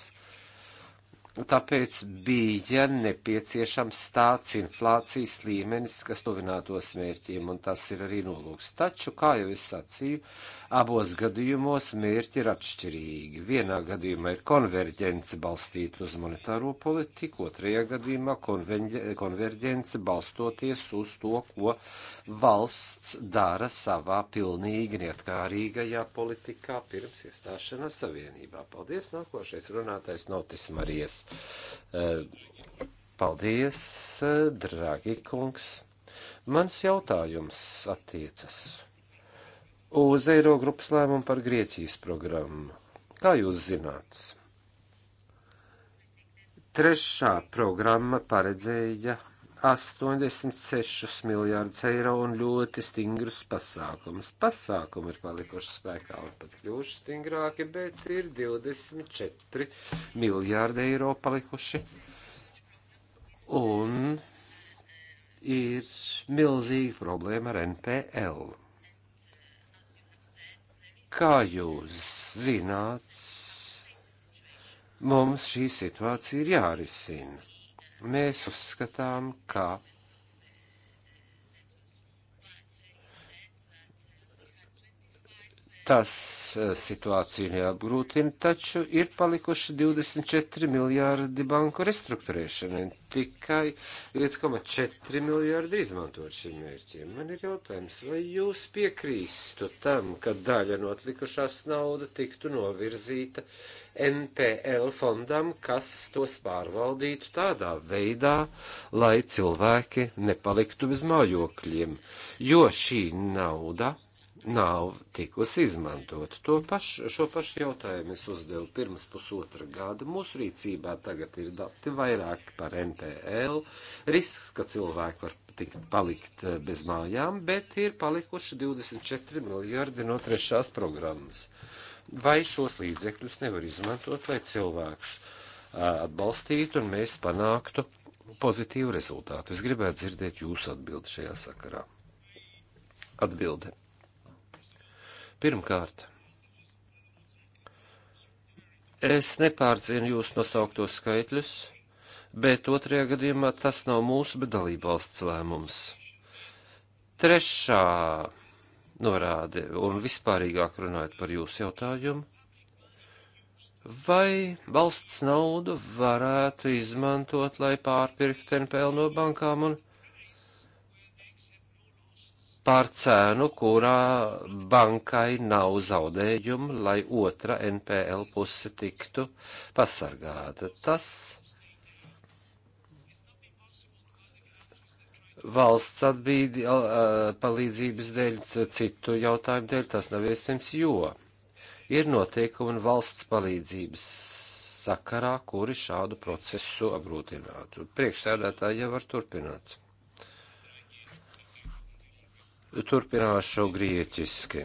Tāpēc bija nepieciešams tāds inflācijas līmenis, kas tuvinātos mērķiem, un tas ir arī nolūks. Taču, kā jau es sacīju, Abos gadījumos mērķi ir atšķirīgi. Vienā gadījumā ir konverģence balstīta uz monetāro politiku, otrajā gadījumā konverģence balstoties uz to, ko valsts dara savā pilnīgi neatkārīgajā politikā pirms iestāšanās savienībā. Paldies! Nākošais runātais Notis Marijas. Eh, paldies, eh, dragi kungs! Mans jautājums attiecas uz Eirogrupas lēmumu par Grieķijas programmu. Kā jūs zināt? Trešā programma paredzēja 86 miljārdus eiro un ļoti stingrus pasākumus. Pasākumi ir palikuši spēkā un pat kļuvuši stingrāki, bet ir 24 miljārdi eiro palikuši. Un ir milzīga problēma ar NPL. Kā jūs zināt, mums šī situācija ir jārisina. Mēs uzskatām, ka Tas eh, situāciju neapgrūtina, taču ir palikuši 24 miljārdi banku restruktūrēšanai, tikai 1,4 miljārdi izmantot šiem mērķiem. Man ir jautājums, vai jūs piekrīstu tam, ka daļa no atlikušās nauda tiktu novirzīta NPL fondam, kas tos pārvaldītu tādā veidā, lai cilvēki nepaliktu bez mājokļiem, jo šī nauda nav tikusi izmantot. To pašu, šo pašu jautājumu es uzdevu pirms pusotra gada. Mūsu rīcībā tagad ir dati vairāk par NPL. Risks, ka cilvēki var tikt palikt eh, bez mājām, bet ir palikuši 24 miljardi no trešās programmas. Vai šos līdzekļus nevar izmantot, lai cilvēkus eh, atbalstītu un mēs panāktu pozitīvu rezultātu? Es gribētu dzirdēt jūsu atbildi šajā sakarā. Atbilde. Pirmkārt, es nepārzinu jūs nosauktos skaitļus, bet otrajā gadījumā tas nav mūsu bedalība valsts lēmums. Trešā norāde un vispārīgāk runājot par jūsu jautājumu, vai valsts naudu varētu izmantot, lai pārpirkt NPL no bankām un bankām, par cēnu, kurā bankai nav zaudējumu, lai otra NPL puse tiktu pasargāta. Tas valsts atbīdi palīdzības dēļ, citu jautājumu dēļ tas nav iespējams, jo ir noteikumi valsts palīdzības sakarā, kuri šādu procesu apgrūtinātu. Priekšsēdētāji jau var turpināt. Turpināšu grieķiski.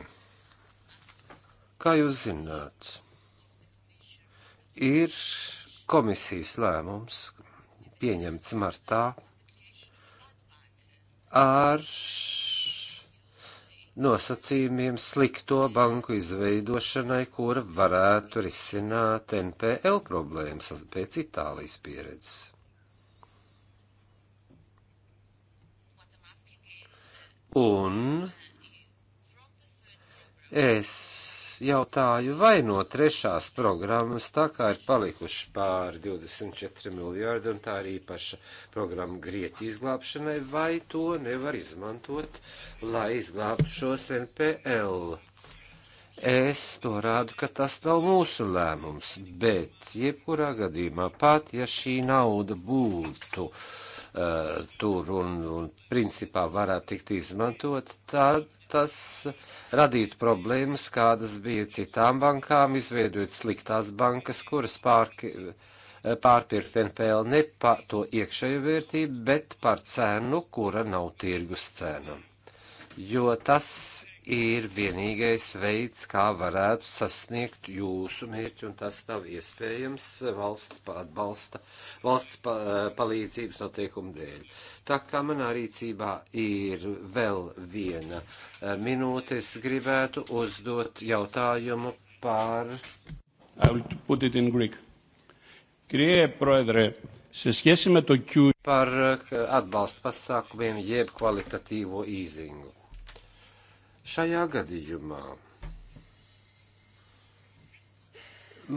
Kā jūs zināt, ir komisijas lēmums pieņemts martā ar nosacījumiem slikto banku izveidošanai, kura varētu risināt NPL problēmas pēc Itālijas pieredzes. Un es jautāju, vai no trešās programmas, tā kā ir palikuši pāri 24 miljārdi, un tā ir īpaša programma Grieķija izglābšanai, vai to nevar izmantot, lai izglābtu šos NPL. Es to rādu, ka tas nav mūsu lēmums, bet jebkurā gadījumā pat, ja šī nauda būtu uh, uh, tur un, un principā varētu tikt izmantot, tad tas radītu problēmas, kādas bija citām bankām, izveidot sliktās bankas, kuras pārki, eh, pārpirkt NPL ne par to iekšējo vērtību, bet par cenu, kura nav tirgus cena. Jo tas ir vienīgais veids, kā varētu sasniegt jūsu mērķi, un tas nav iespējams valsts atbalsta, valsts pa, palīdzības noteikumu dēļ. Tā kā manā rīcībā ir vēl viena eh, minūte, es gribētu uzdot jautājumu par. Kyrie Proedre, se σχέση με το Q... Par eh, atbalsta pasākumiem jeb kvalitatīvo īzingu. Šajā gadījumā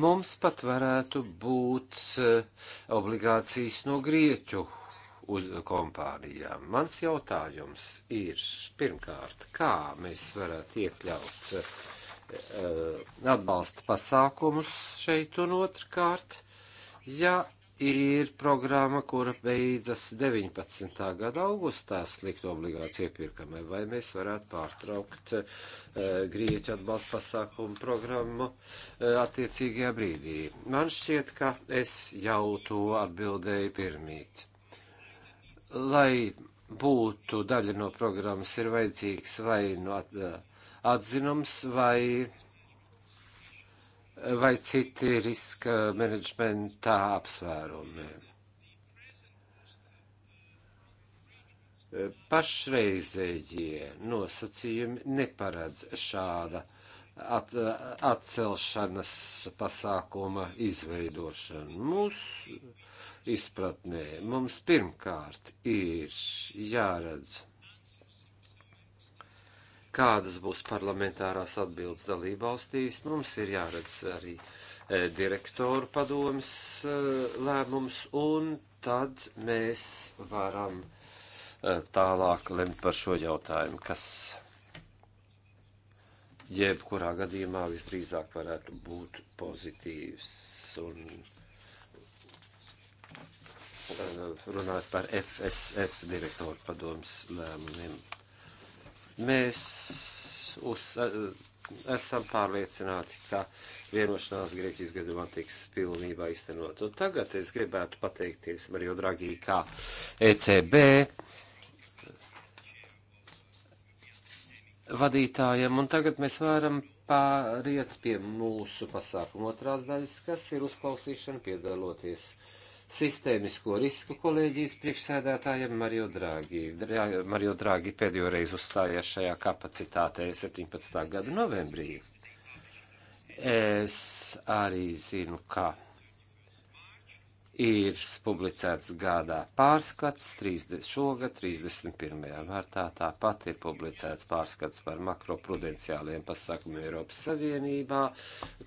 mums pat varētu būt eh, obligācijas no Grieķu uz kompānijām. Mans jautājums ir pirmkārt, kā mēs varētu iekļaut uh, atbalsta pasākumus šeit, un otrkārt, ja ir programma, kura beidzas 19. gada augustā slikt obligāciju iepirkamai, vai mēs varētu pārtraukt uh, Grieķu atbalsta pasākumu programmu uh, attiecīgajā brīdī. Man šķiet, ka es jau to atbildēju pirmīt. Lai būtu daļa no programmas, ir vajadzīgs vai nu no at, eh, atzinums, vai vai citi riska menedžmentā apsvērumi. Pašreizējie nosacījumi neparedz šāda at, atcelšanas pasākuma izveidošanu. Mūsu izpratnē mums pirmkārt ir jāredz kādas būs parlamentārās atbildes dalībvalstīs. Mums ir jāredz arī e, direktoru padomas e, lēmums, un tad mēs varam e, tālāk lemt par šo jautājumu, kas jebkurā gadījumā visdrīzāk varētu būt pozitīvs. Un runāt par FSF direktoru padomas lēmumiem. Mēs uz, esam pārliecināti, ka vienošanās Grieķijas gadījumā tiks pilnībā iztenot. Un tagad es gribētu pateikties Mario Dragī kā ECB vadītājiem, un tagad mēs varam pāriet pie mūsu pasākuma otrās daļas, kas ir uzklausīšana piedaloties uh, sistēmisko risku kolēģijas priekšsēdētājam Mario Draghi. Mario Draghi pēdējo reizi uzstājās šajā kapacitātē 17. gada novembrī. Es arī zinu, ka. Kā ir publicēts gadā pārskats 30, šogad 31. martā. Tāpat ir publicēts pārskats par makroprudenciāliem pasākumiem Eiropas Savienībā,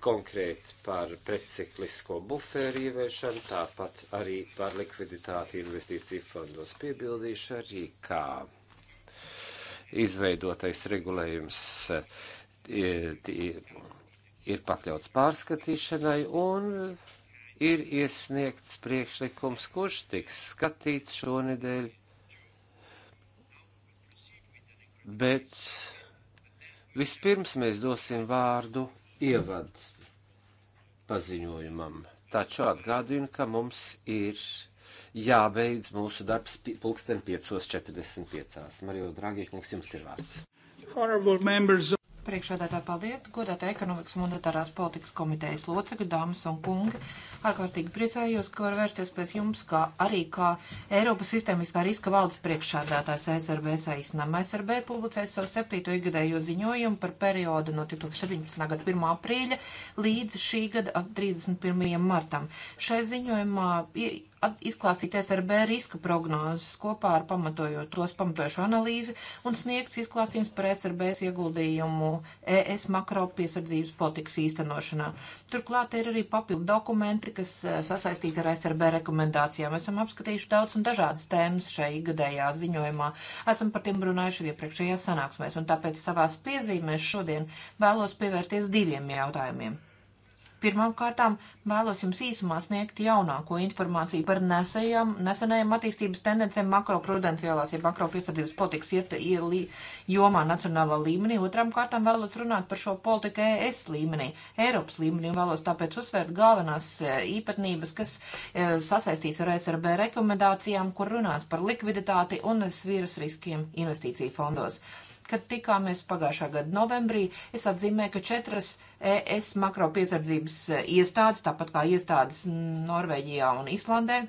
konkrēti par preciklisko buferu ieviešanu, tāpat arī par likviditāti investīciju fondos piebildīšu arī kā izveidotais regulējums. Eh, ir, ir pakļauts pārskatīšanai un ir iesniegts priekšlikums, kurš tiks skatīts šonedēļ, bet vispirms mēs dosim vārdu ievads paziņojumam. Taču atgādinu, ka mums ir jābeidz mūsu darbs pulksten 5.45. Marijo Dragi, kungs, jums ir vārds. Priekšādātā paldiet, godātā ekonomikas monetārās politikas komitejas locekļi, dāmas un kungi. Ārkārtīgi priecājos, ka var vērsties pēc jums, kā arī kā Eiropas sistēmiskā riska valdes priekšādātājs SRB saīsinām. SRB publicēs savu septīto ikgadējo ziņojumu par periodu no 2017. gada 1. aprīļa līdz šī gada 31. martam. Šai ziņojumā izklāstīt SRB riska prognozes kopā ar pamatojot tos pamatojušu analīzi un sniegts izklāstījums par SRBs ieguldījumu ES makro piesardzības politikas īstenošanā. Turklāt ir arī papildu dokumenti, kas sasaistīta ar SRB rekomendācijām. Esam apskatījuši daudz un dažādas tēmas šajā gadējā ziņojumā. Esam par tiem runājuši iepriekšējās sanāksmēs, un tāpēc savās piezīmēs šodien vēlos pievērsties diviem jautājumiem. Pirmkārtām vēlos jums īsumā sniegt jaunāko informāciju par nesajām, nesenajām attīstības tendencēm makroprudenciālās, ja makropiesardzības politikas iet, ielī, jomā nacionālā līmenī. Otram kārtām vēlos runāt par šo politiku ES līmenī, Eiropas līmenī, un vēlos tāpēc uzsvērt galvenās e, īpatnības, kas e, sasaistīs ar SRB rekomendācijām, kur runās par likviditāti un sviras riskiem investīciju fondos. Kad tikāmies pagājušā gada novembrī, es atzīmēju, ka četras ES makro piesardzības e, iestādes, tāpat kā iestādes Norvēģijā un Islandē,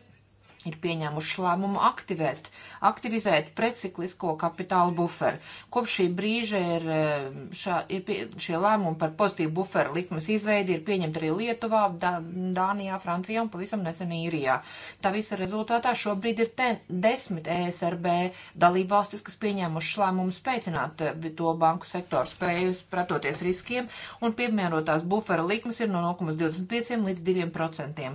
ir pieņēmuši lēmumu aktivēt, aktivizēt preciklisko kapitālu buferu. Kopš šī brīža ir, eh, šā, ir pie, šie lēmumi par pozitīvu buferu likmes izveidi ir pieņemti arī Lietuvā, Dā, Dānijā, Francijā un pavisam nesen Īrijā. Tā visa rezultātā šobrīd ir ten, desmit ESRB dalībvalstis, kas pieņēmuši lēmumu spēcināt eh, to banku sektoru spēju pratoties riskiem un piemērotās buferu likmes ir no 0,25 līdz 2%.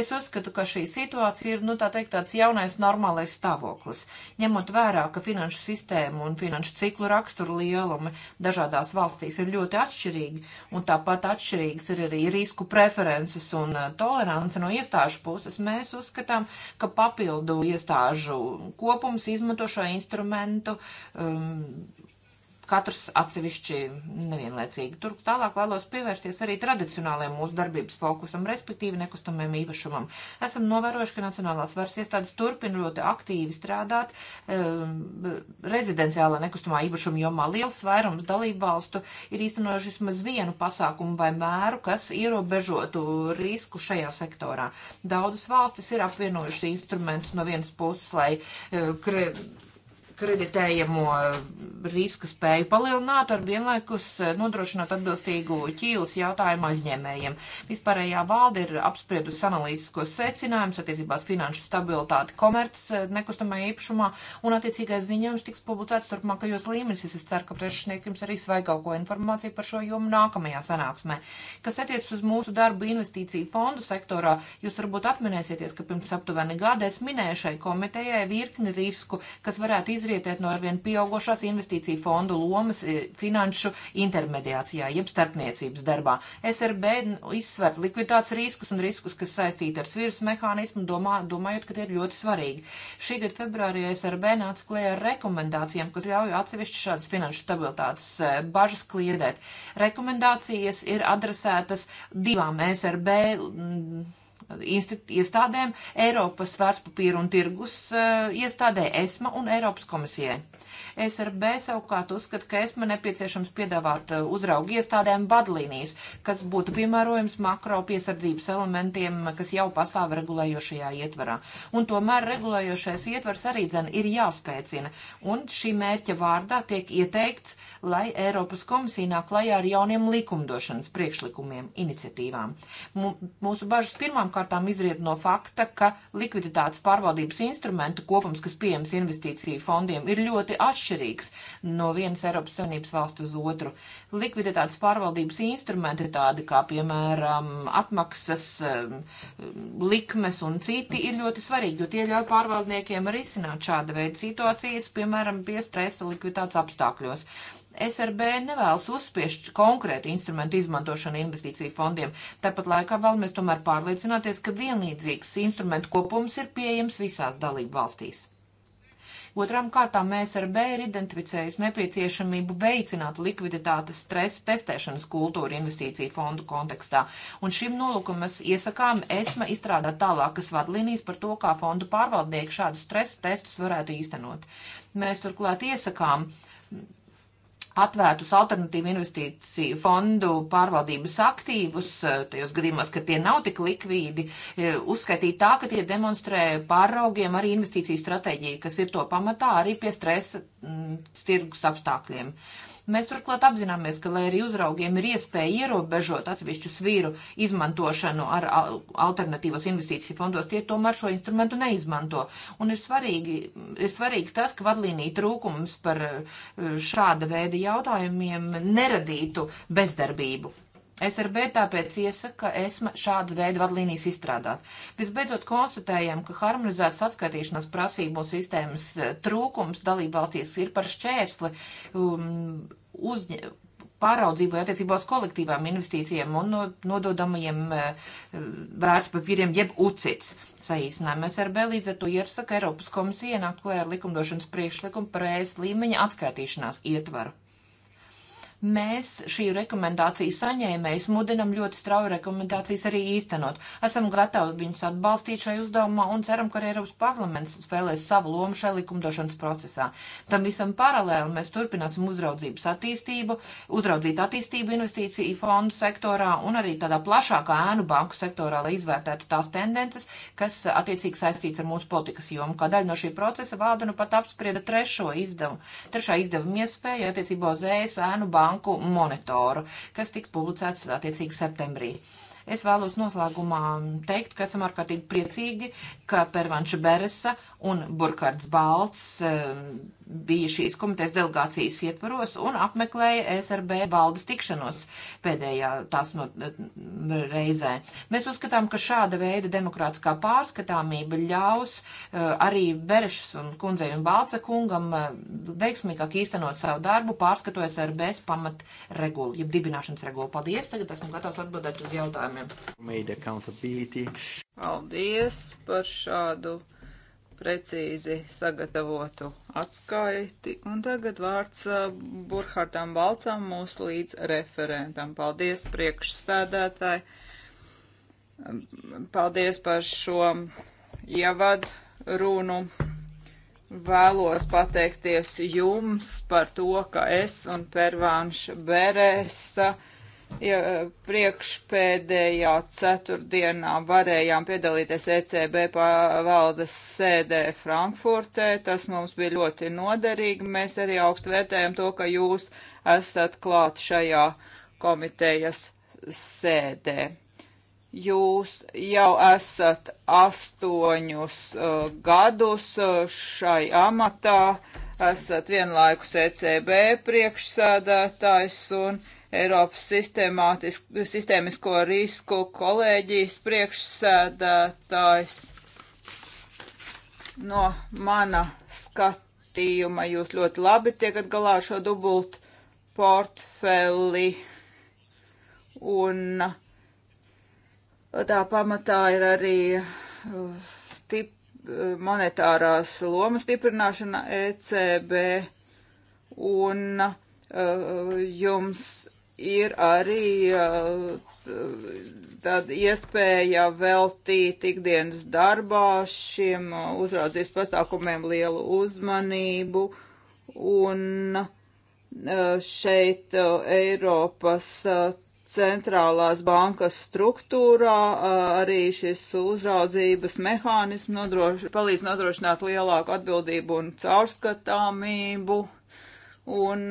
Es uzskatu, ka šī situācija ir, nu, tā teikt, tāds jaunais normālais stāvoklis. Ņemot vērā, ka finanšu sistēma un finanšu ciklu rakstura lielumi dažādās valstīs ir ļoti atšķirīgi, un tāpat atšķirīgas ir arī risku preferences un uh, tolerance no iestāžu puses, mēs uzskatām, ka papildu iestāžu kopums izmanto šo instrumentu um, katrs atsevišķi nevienlaicīgi. Tur tālāk vēlos pievērsties arī tradicionālajiem mūsu darbības fokusam, respektīvi nekustamiem īpašumam. Esam novērojuši, ka Nacionālās varas iestādes turpina ļoti aktīvi strādāt um, rezidenciālā nekustamā īpašuma jomā. Liels vairums dalību valstu ir īstenojuši vismaz vienu pasākumu vai mēru, kas ierobežotu risku šajā sektorā. Daudzas valstis ir apvienojušas instrumentus no vienas puses, lai uh, kre, kreditējamo eh, riska spēju palielināt, ar vienlaikus eh, nodrošināt atbilstīgu ķīles jautājumu aizņēmējiem. Vispārējā valde ir apspriedusi analītiskos secinājumus attiecībās finanšu stabilitāti komerc eh, nekustamajā īpašumā, un attiecīgais ziņojums tiks publicēts turpmākajos līmenis. Es ceru, ka priekšnieks jums arī svaigāko informāciju par šo jomu nākamajā sanāksmē. Kas attiec uz mūsu darbu investīciju fondu sektorā, jūs varbūt atminēsieties, ka pirms aptuveni gada es minēju šai komitejai virkni risku, kas varētu izriet izrietēt no arvien pieaugošās investīciju fondu lomas e, finanšu intermediācijā, jeb starpniecības darbā. SRB izsver likviditātes riskus un riskus, kas saistīti ar svirs mehānismu, domā, domājot, ka tie ir ļoti svarīgi. Šī gada februārī SRB nāca klējā ar rekomendācijām, kas ļauj atsevišķi šādas finanšu stabilitātes e, bažas kliedēt. Rekomendācijas ir adresētas divām SRB iestādēm, Eiropas vērtspapīru un tirgus eh, iestādē ESMA un Eiropas komisijai. SRB savukārt uzskata, ka esmu nepieciešams piedāvāt uh, uzraugu iestādēm vadlīnijas, kas būtu piemērojams makro piesardzības elementiem, kas jau pastāv regulējošajā ietvarā. Un tomēr regulējošais ietvars arī dzen ir jāspēcina. Un šī mērķa vārdā tiek ieteikts, lai Eiropas komisija nāk klajā ar jauniem likumdošanas priekšlikumiem, iniciatīvām. Mūsu bažas pirmām kārtām izriet no fakta, ka likviditātes pārvaldības instrumentu kopums, kas pieejams investīciju fondiem, ir ļoti atšķirīgs atšķirīgs no vienas Eiropas Savienības valsts uz otru. Likviditātes pārvaldības instrumenti tādi kā, piemēram, atmaksas um, likmes un citi ir ļoti svarīgi, jo tie ļauj pārvaldniekiem risināt šāda veida situācijas, piemēram, pie stresa likviditātes apstākļos. SRB nevēlas uzspiešt konkrētu instrumentu izmantošanu investīciju fondiem. Tāpat laikā vēlamies tomēr pārliecināties, ka vienlīdzīgs instrumentu kopums ir pieejams visās dalību valstīs. Otrām kārtām ESRB ir identificējusi nepieciešamību veicināt likviditātes stresa testēšanas kultūru investīciju fondu kontekstā, un šim nolūkam mēs iesakām ESMA izstrādāt tālākas vadlīnijas par to, kā fondu pārvaldnieki šādu stresa testus varētu īstenot. Mēs turklāt iesakām atvērtus alternatīvu investīciju fondu pārvaldības aktīvus, eh, tajos gadījumos, ka tie nav tik likvīdi, eh, uzskaitīt tā, ka tie demonstrē pāraugiem arī investīciju stratēģiju, kas ir to pamatā arī pie stresa Mm, tirgus apstākļiem. Mēs turklāt apzināmies, ka, lai arī uzraugiem ir iespēja ierobežot atsevišķu svīru izmantošanu ar alternatīvos investīciju fondos, tie tomēr šo instrumentu neizmanto. Un ir svarīgi, ir svarīgi tas, ka vadlīnija trūkums par eh, šāda veida jautājumiem neradītu bezdarbību. SRB tāpēc iesaka ESMA šādu veidu vadlīnijas izstrādāt. Visbeidzot, konstatējam, ka harmonizētas atskaitīšanās prasību sistēmas eh, trūkums dalībvalstīs ir par šķērsli um, uzņē, pāraudzībai attiecībā uz kolektīvām investīcijām un no, nododamajiem uh, vērtspapīriem, jeb UCITS saīsinājumā. SRB līdz ar to iesaka Eiropas komisija ienāk klē ar likumdošanas priekšlikumu par ES līmeņa atskaitīšanās ietvaru. Mēs šī rekomendāciju saņēmējs mudinam ļoti strauju rekomendācijas arī īstenot. Esam gatavi viņus atbalstīt šai uzdevumā un ceram, ka arī Eiropas parlaments spēlēs savu lomu šai likumdošanas procesā. Tam visam paralēli mēs turpināsim uzraudzības attīstību, uzraudzīt attīstību investīciju fondu sektorā un arī tādā plašākā ēnu banku sektorā, lai izvērtētu tās tendences, kas attiecīgi saistīts ar mūsu politikas jomu. Kā daļa no šī procesa vāda nu pat apsprieda trešo izdevumu, trešā izdevuma iespēja attiecībā uz ES ēnu banku banku monitoru, kas tiks publicēts attiecīgi septembrī. Es vēlos noslēgumā teikt, ka esam ārkārtīgi priecīgi, ka Pervanša Beresa un Burkards Balts eh, bija šīs komitejas delegācijas ietvaros un apmeklēja SRB valdes tikšanos pēdējā tās no, reizē. Mēs uzskatām, ka šāda veida demokrātiskā pārskatāmība ļaus uh, arī Berešas un kundzei un Balca kungam uh, veiksmīgāk īstenot savu darbu, pārskatot SRBs pamat regulu, jeb dibināšanas regulu. Paldies, tagad esmu gatavs atbildēt uz jautājumiem. Paldies par šādu precīzi sagatavotu atskaiti. Un tagad vārds uh, Burkhardam Balcam, mūsu līdz referentam. Paldies, priekšsēdētāji! Um, paldies par šo ievadu runu vēlos pateikties jums par to, ka es un Pervānš Berēsa ja, eh, priekšpēdējā ceturtdienā varējām piedalīties ECB valdes sēdē Frankfurtē. Tas mums bija ļoti noderīgi. Mēs arī augstu vērtējam to, ka jūs esat klāt šajā komitejas sēdē. Jūs jau esat astoņus uh, gadus uh, šai amatā, esat vienlaikus ECB priekšsēdētājs un uh, Eiropas sistēmisko risku kolēģijas priekšsēdētājs. No mana skatījuma jūs ļoti labi tiekat galā šo dubultu portfeli. Un tā pamatā ir arī uh, tip, uh, monetārās lomas stiprināšana ECB. Un uh, jums ir arī uh, tad iespēja veltīt ikdienas darbā šiem uh, uzraudzības pasākumiem lielu uzmanību un uh, šeit Eiropas centrālās bankas struktūrā arī šis uzraudzības mehānisms nodroš palīdz nodrošināt lielāku atbildību un caurskatāmību un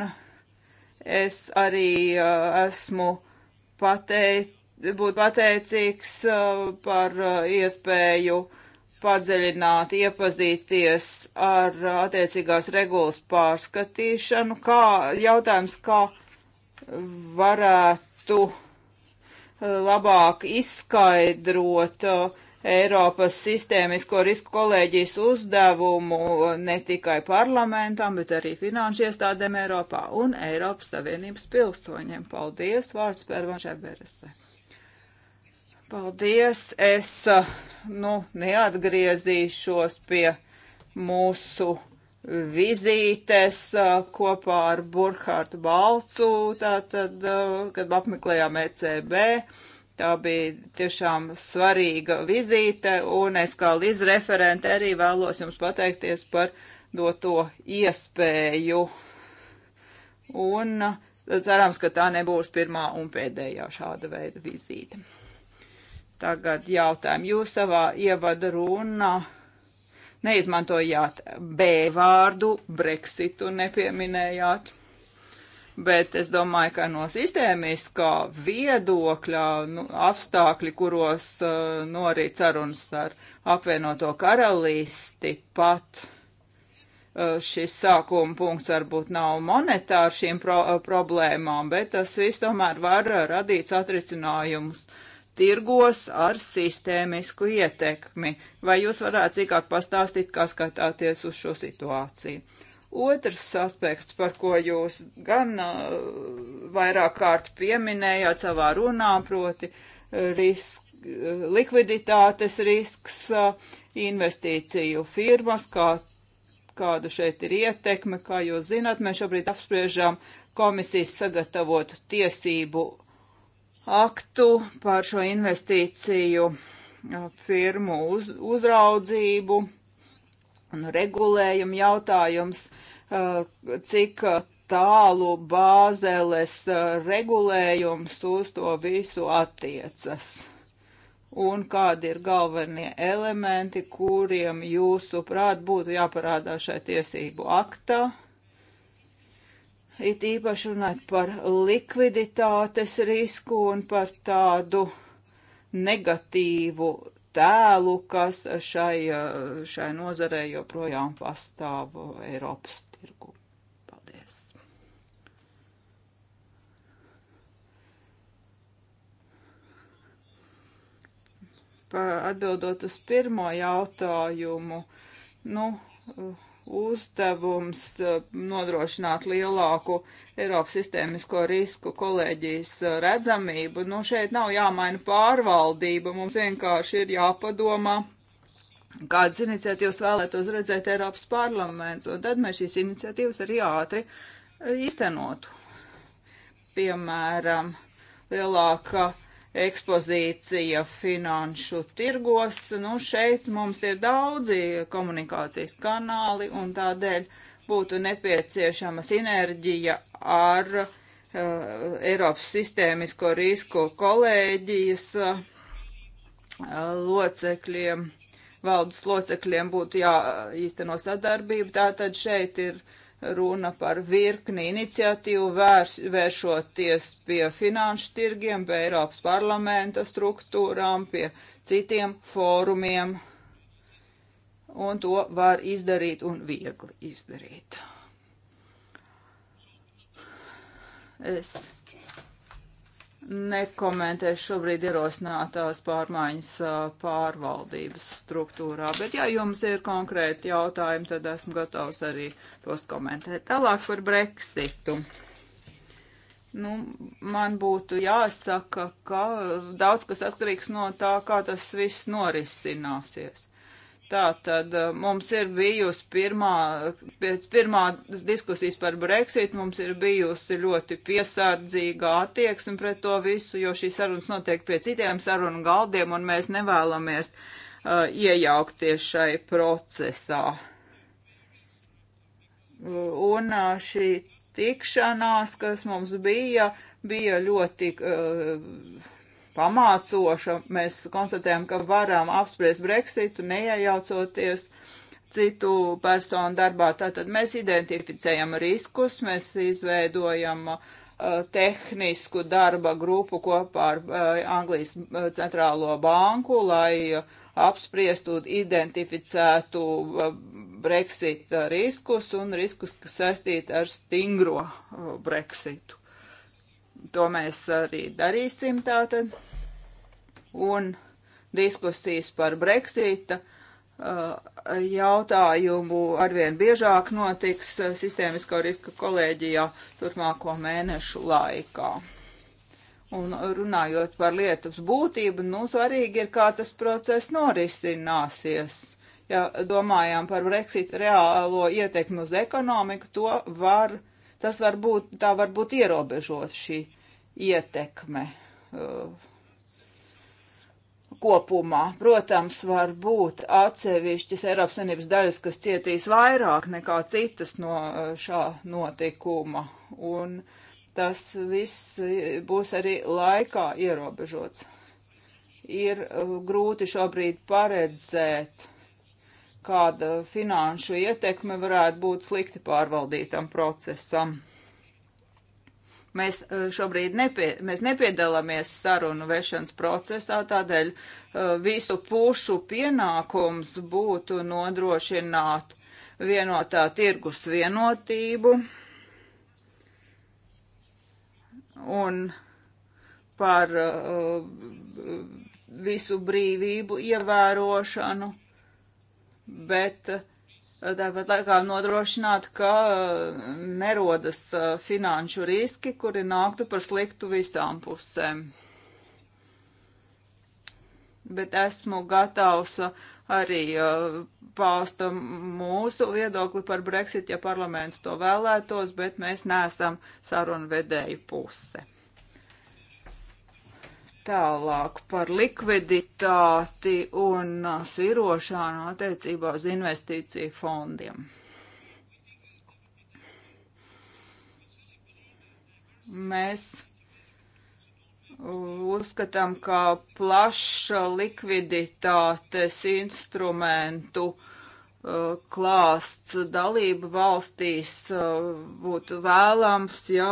Es arī uh, esmu pateicis būt pateicīgs par iespēju padziļināt, iepazīties ar attiecīgās regulas pārskatīšanu, kā jautājums, kā varētu labāk izskaidrot uh, Eiropas sistēmisko risku kolēģijas uzdevumu ne tikai parlamentam, bet arī finanšu iestādēm Eiropā un Eiropas Savienības pilsoņiem. Paldies, vārds Pērvanšē Berese. Paldies, es nu, neatgriezīšos pie mūsu vizītes kopā ar Burkhārtu Balcu, tātad, kad apmeklējām ECB Tā bija tiešām svarīga vizīte, un es kā līdz referente arī vēlos jums pateikties par doto iespēju. Un uh, cerams, ka tā nebūs pirmā un pēdējā šāda veida vizīte. Tagad jautājumu. Jūs savā ievada runā neizmantojāt B vārdu, Brexitu nepieminējāt bet es domāju, ka no sistēmiskā viedokļa nu, apstākļi, kuros uh, norīt nu, sarunas ar apvienoto karalisti, pat uh, šis sākuma punkts varbūt nav monetārs šīm pro uh, problēmām, bet tas viss tomēr var radīt satricinājumus tirgos ar sistēmisku ietekmi. Vai jūs varētu cīkāk pastāstīt, kā skatāties uz šo situāciju? Otrs aspekts, par ko jūs gan uh, vairāk kārt pieminējāt savā runā, proti uh, risk, uh, likviditātes risks, uh, investīciju firmas, kā, kādu šeit ir ietekme, kā jūs zināt, mēs šobrīd apspriežām komisijas sagatavotu tiesību aktu par šo investīciju uh, firmu uz, uzraudzību un nu, regulējumu jautājums, uh, cik uh, tālu bāzeles uh, regulējums uz to visu attiecas. Un kādi ir galvenie elementi, kuriem jūsuprāt būtu jāparādā šai tiesību aktā? It īpaši runāt par likviditātes risku un par tādu negatīvu tēlu, kas šai, šai nozarei joprojām pastāv Eiropas tirgu. Paldies! Pa, atbildot uz pirmo jautājumu, nu, uh, uzdevums eh, nodrošināt lielāku Eiropas sistēmisko risku kolēģijas eh, redzamību. Nu, šeit nav jāmaina pārvaldība, mums vienkārši ir jāpadomā, kādas iniciatīvas vēlētos redzēt Eiropas parlaments, un tad mēs šīs iniciatīvas arī ātri eh, īstenotu. Piemēram, lielāka ekspozīcija finanšu tirgos. Nu, šeit mums ir daudzi komunikācijas kanāli un tādēļ būtu nepieciešama sinerģija ar uh, Eiropas sistēmisko risku kolēģijas uh, locekļiem, valdes locekļiem būtu jāīsteno sadarbība. Tātad šeit ir uh, runa par virkni iniciatīvu vērs, vēršoties pie finanšu tirgiem, pie Eiropas parlamenta struktūrām, pie citiem fórumiem. Un to var izdarīt un viegli izdarīt. Es nekomentēs šobrīd ierosinātās pārmaiņas pārvaldības struktūrā, bet ja jums ir konkrēti jautājumi, tad esmu gatavs arī tos komentēt. Tālāk par Brexitu. Nu, man būtu jāsaka, ka daudz kas atkarīgs no tā, kā tas viss norisināsies. Tā tad eh, mums ir bijusi pirmā, pēc pirmās diskusijas par Brexit, mums ir bijusi ļoti piesardzīga attieksme pret to visu, jo šīs sarunas notiek pie citiem sarunu galdiem, un mēs nevēlamies uh, iejaukties šai procesā. Un uh, šī tikšanās, kas mums bija, bija ļoti. Uh, pamācoša. Mēs konstatējam, ka varam apspriest Brexitu, neiejaucoties citu personu darbā. Tātad mēs identificējam riskus, mēs izveidojam uh, tehnisku darba grupu kopā ar uh, Anglijas uh, centrālo banku, lai uh, apspriestu un identificētu uh, Brexit riskus un riskus, kas saistīti ar stingro uh, Brexitu to mēs arī darīsim tātad. Un diskusijas par Brexita uh, jautājumu arvien biežāk notiks uh, sistēmisko riska kolēģijā turpmāko mēnešu laikā. Un runājot par lietas būtību, nu svarīgi ir, kā tas process norisināsies. Ja domājām par Brexit reālo ietekmi uz ekonomiku, to var uh, Tas var būt, tā var būt ierobežot šī ietekme uh, kopumā. Protams, var būt atsevišķas Eiropas Savienības daļas, kas cietīs vairāk nekā citas no uh, šā notikuma. Un tas viss būs arī laikā ierobežots. Ir uh, grūti šobrīd paredzēt kāda finanšu ietekme varētu būt slikti pārvaldītam procesam. Mēs eh, šobrīd nepie, mēs nepiedalāmies sarunu vešanas procesā, tādēļ eh, visu pušu pienākums būtu nodrošināt vienotā tirgus vienotību un par uh, visu brīvību ievērošanu bet eh, tāpat laikā nodrošināt, ka eh, nerodas eh, finanšu riski, kuri nāktu par sliktu visām pusēm. Bet esmu gatavs arī paust mūsu viedokli par Brexit, ja parlaments to vēlētos, bet mēs neesam sarunvedēju puse. Tālāk par likviditāti un svirošanu attiecībā uz investīciju fondiem. Mēs uzskatām, ka plaša likviditātes instrumentu uh, klāsts dalību valstīs uh, būtu vēlams, ja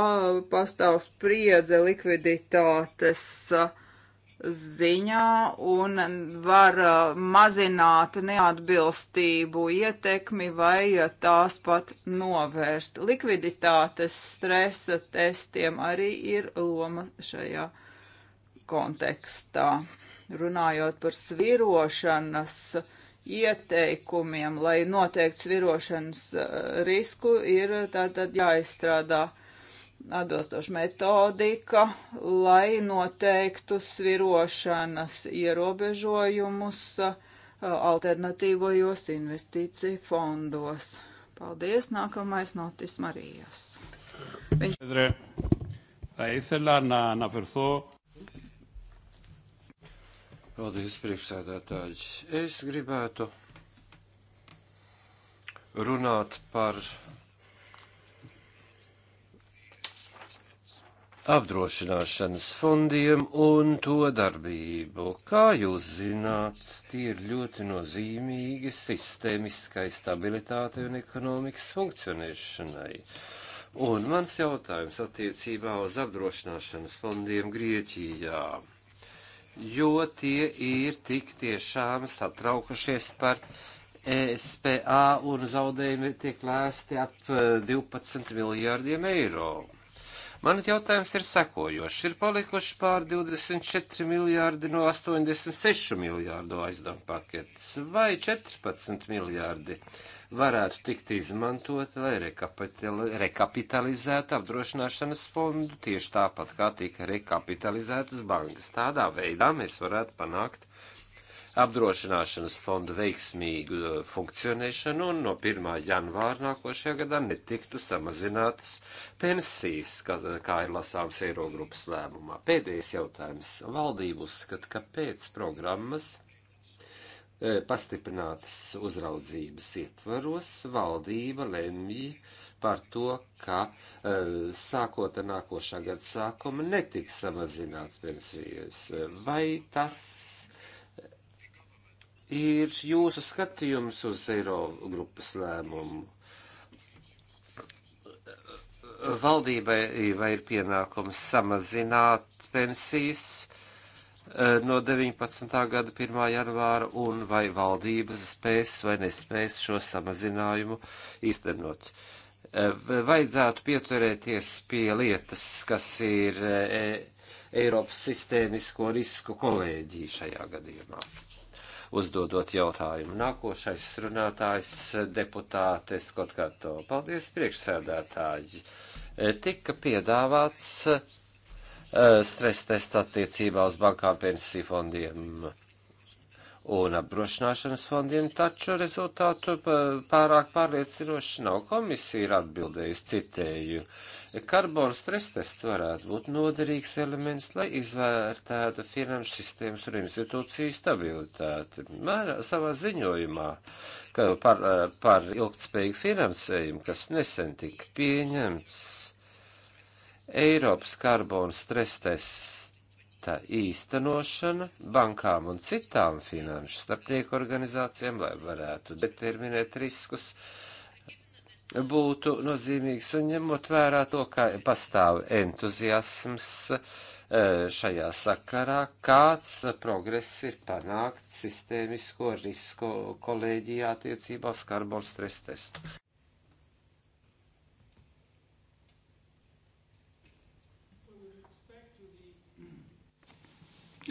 pastāv spriedze likviditātes uh, ziņā un var uh, mazināt neatbilstību ietekmi vai uh, tās pat novērst. Likviditātes stresa testiem arī ir loma šajā kontekstā. Runājot par svirošanas ieteikumiem, lai noteiktu svirošanas uh, risku, ir tātad jāizstrādā. Ja atbilstoša metodika, lai noteiktu svirošanas ierobežojumus uh, alternatīvojos investīciju fondos. Paldies, nākamais notis Marijas. Viņš... Eh, Paldies, priekšsēdētāji. Es gribētu runāt par apdrošināšanas fondiem un to darbību. Kā jūs zināt, tie ir ļoti nozīmīgi sistēmiskai stabilitātei un ekonomikas funkcionēšanai. Un mans jautājums attiecībā uz apdrošināšanas fondiem Grieķijā, jo tie ir tik tiešām satraukušies par e SPA un zaudējumi tiek lēsti ap 12 eh, miljārdiem eiro. Mans jautājums ir sekojošs. Ir palikuši pār 24 miljārdi no 86 miljārdu aizdomu paketes vai 14 miljārdi varētu tikt izmantot, lai rekapitalizētu apdrošināšanas fondu tieši tāpat, kā tika rekapitalizētas bankas. Tādā veidā mēs varētu panākt apdrošināšanas fondu veiksmīgu e, funkcionēšanu un no 1. janvāra nākošajā gadā netiktu samazinātas pensijas, kā, kā ir lasāms Eirogrupas lēmumā. Pēdējais jautājums. Valdība uzskata, ka pēc programmas e, pastiprinātas uzraudzības ietvaros valdība lemj par to, ka e, sākot ar nākošā gada sākumu netiks samazināts pensijas. Vai tas ir jūsu skatījums uz Eiro grupas lēmumu? Valdībai vai ir pienākums samazināt pensijas eh, no 19. gada 1. janvāra un vai valdības spēs vai nespēs šo samazinājumu īstenot? Eh, vajadzētu pieturēties pie lietas, kas ir eh, Eiropas sistēmisko risku kolēģija šajā gadījumā uzdodot jautājumu. Nākošais runātājs deputāte Skot Kato. Paldies, priekšsēdētāji. Tika piedāvāts eh, stresa testa attiecībā uz bankām pensiju fondiem un apdrošināšanas fondiem, taču rezultātu pārāk pārliecinoši nav. Komisija ir atbildējusi citēju. Karbona stresstests varētu būt noderīgs elements, lai izvērtētu finanšu sistēmas un institūciju stabilitāti. Mērā savā ziņojumā par, par ilgtspējīgu finansējumu, kas nesen tika pieņemts, Eiropas karbona stresstests projekta īstenošana bankām un citām finanšu starpnieku organizācijām, lai varētu determinēt riskus, būtu nozīmīgs un ņemot vērā to, ka pastāv entuziasms eh, šajā sakarā, kāds progress ir panākts sistēmisko risko kolēģijā attiecībā uz karbon stres testu.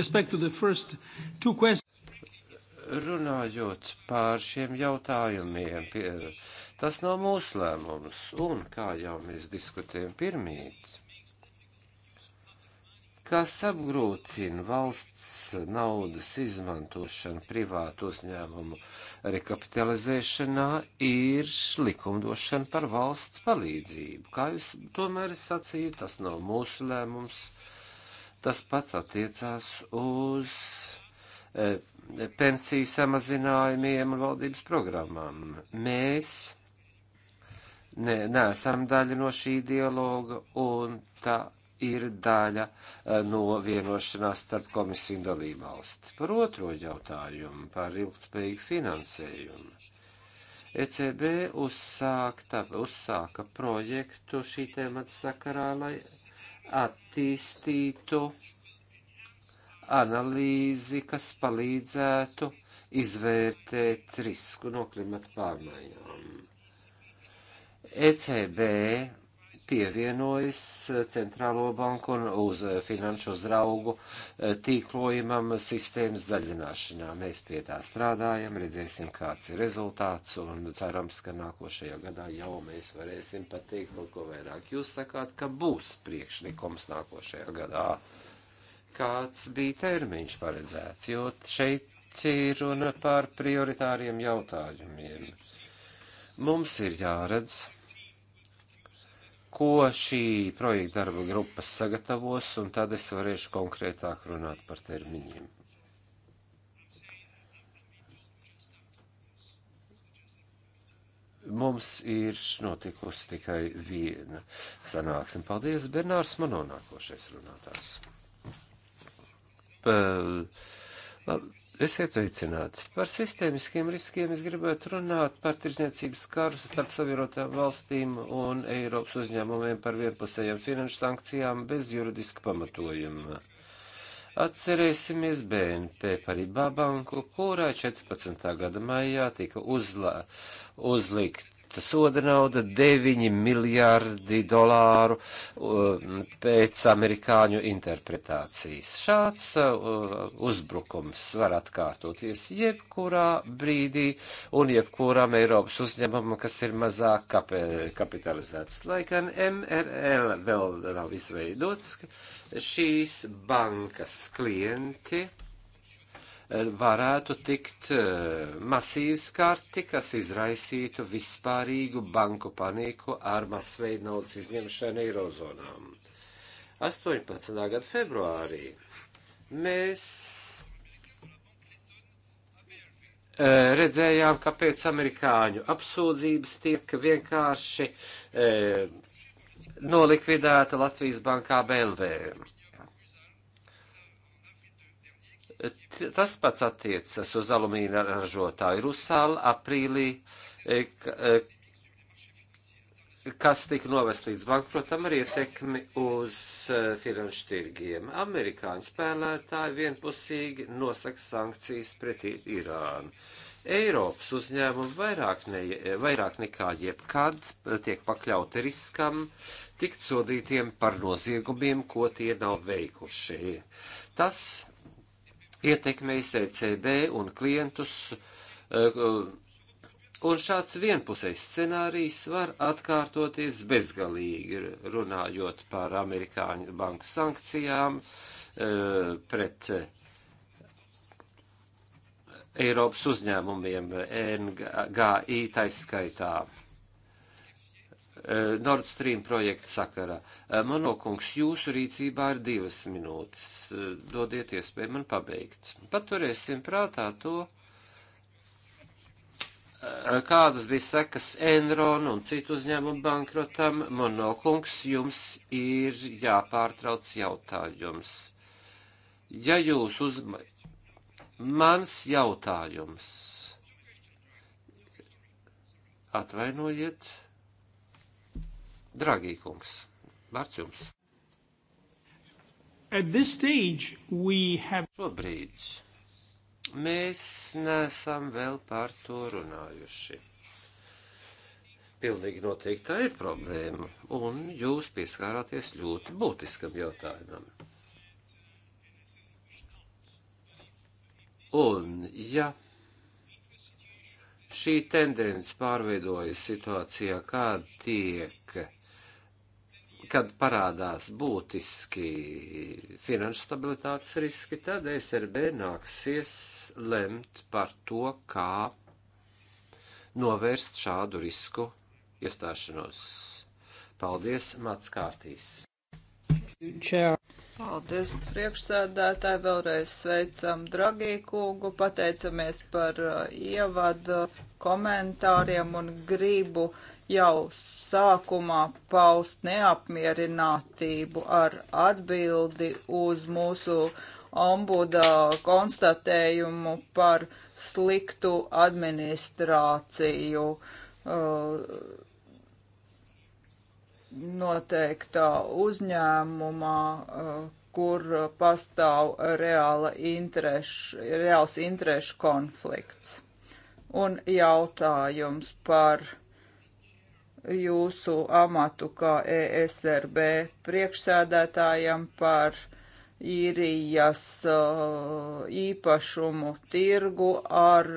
Runājot pār šiem jautājumiem, pie, tas nav mūsu lēmums, un kā jau mēs diskutējam pirmīt, kas apgrūtina valsts naudas izmantošanu privātu uzņēmumu rekapitalizēšanā, ir likumdošana par valsts palīdzību. Kā jūs tomēr sacījāt, tas nav mūsu lēmums Tas pats attiecās uz e, e, pensiju samazinājumiem un valdības programmām. Mēs ne, neesam daļa no šī dialoga, un tā ir daļa e, no vienošanās starp komisiju un dalībvalsti. Par otro jautājumu, par ilgtspējīgu finansējumu. ECB uzsākta, uzsāka projektu šī tēmata sakarā, lai attīstītu analīzi, kas palīdzētu izvērtēt risku no klimata pārmaiņām. ECB pievienojas centrālo banku un uz finanšu uzraugu eh, tīklojumam sistēmas zaļināšanā. Mēs pie tā strādājam, redzēsim, kāds ir rezultāts un cerams, ka nākošajā gadā jau mēs varēsim pateikt kaut ko vairāk. Jūs sakāt, ka būs priekšlikums nākošajā gadā. Kāds bija termiņš paredzēts, jo šeit ir runa par prioritāriem jautājumiem. Mums ir jāredz ko šī projekta darba grupa sagatavos, un tad es varēšu konkrētāk runāt par termiņiem. Mums ir notikusi tikai viena sanāksme. Paldies, Bernārs, man nonākošais runātājs. P Labi. Esiet sveicināti. Par sistēmiskiem riskiem es gribētu runāt par tirzniecības karu starp savienotām valstīm un Eiropas uzņēmumiem par vienpusējām finanšu sankcijām bez juridiska pamatojuma. Atcerēsimies BNP Paribā banku, kurā 14. gada maijā tika uzla, uzlikt soda nauda 9 miljārdi dolāru um, pēc amerikāņu interpretācijas. Šāds uh, uzbrukums var atkārtoties jebkurā brīdī un jebkuram Eiropas uzņēmumam, kas ir mazāk kap kapitalizēts. Lai gan MRL vēl nav izveidots, šīs bankas klienti varētu tikt eh, masīvi skarti, kas izraisītu vispārīgu banku paniku ar masveidu naudas izņemšanu eirozonām. 18. gada februārī mēs eh, redzējām, kāpēc amerikāņu apsūdzības tiek vienkārši eh, nolikvidēta Latvijas bankā Belvēm Tas pats attiecas uz alumīna ražotāju Rusālu aprīlī, e, e, kas tika novest līdz bankrotam ar ietekmi uz e, finanšu tirgiem. Amerikāņu spēlētāji vienpusīgi nosaka sankcijas pret Irānu. Eiropas uzņēmumi vairāk, ne, vairāk nekā jebkad tiek pakļauti riskam tikt sodītiem par noziegumiem, ko tie nav veikuši. Tas ietekmējis ECB un klientus. E, e, un šāds vienpusējs scenārijs var atkārtoties bezgalīgi, runājot par amerikāņu banku sankcijām e, pret Eiropas uzņēmumiem, NGI taiskaitā. Eh, Nord Stream projekta sakarā. Eh, Monokungs, jūsu rīcībā ir divas minūtes. Eh, Dodiet iespēju man pabeigt. Paturēsim prātā to, kādas bija sekas Enron un citu uzņēmumu bankrotam. Monokungs, jums ir jāpārtrauc jautājums. Ja jūs uz... Mans jautājums. Atvainojiet. Dragī kungs, vārds jums. Have... Šobrīd mēs nesam vēl par to runājuši. Pilnīgi noteikti tā ir problēma, un jūs pieskārāties ļoti būtiskam jautājumam. Un, ja šī tendence pārveidojas situācijā, kāda tiek kad parādās būtiski finanšu stabilitātes riski, tad SRB nāksies lemt par to, kā novērst šādu risku iestāšanos. Paldies, Mats Kārtīs! Čau. Paldies, priekšsēdētāji, vēlreiz sveicam Dragī kungu, pateicamies par uh, ievadu komentāriem un gribu uh, jau sākumā paust neapmierinātību ar atbildi uz mūsu ombuda konstatējumu par sliktu administrāciju uh, noteiktā uzņēmumā, uh, kur pastāv reāla intereš, reāls interešu konflikts. Un jautājums par uh, jūsu amatu kā ESRB priekšsēdētājam par īrijas uh, īpašumu tirgu ar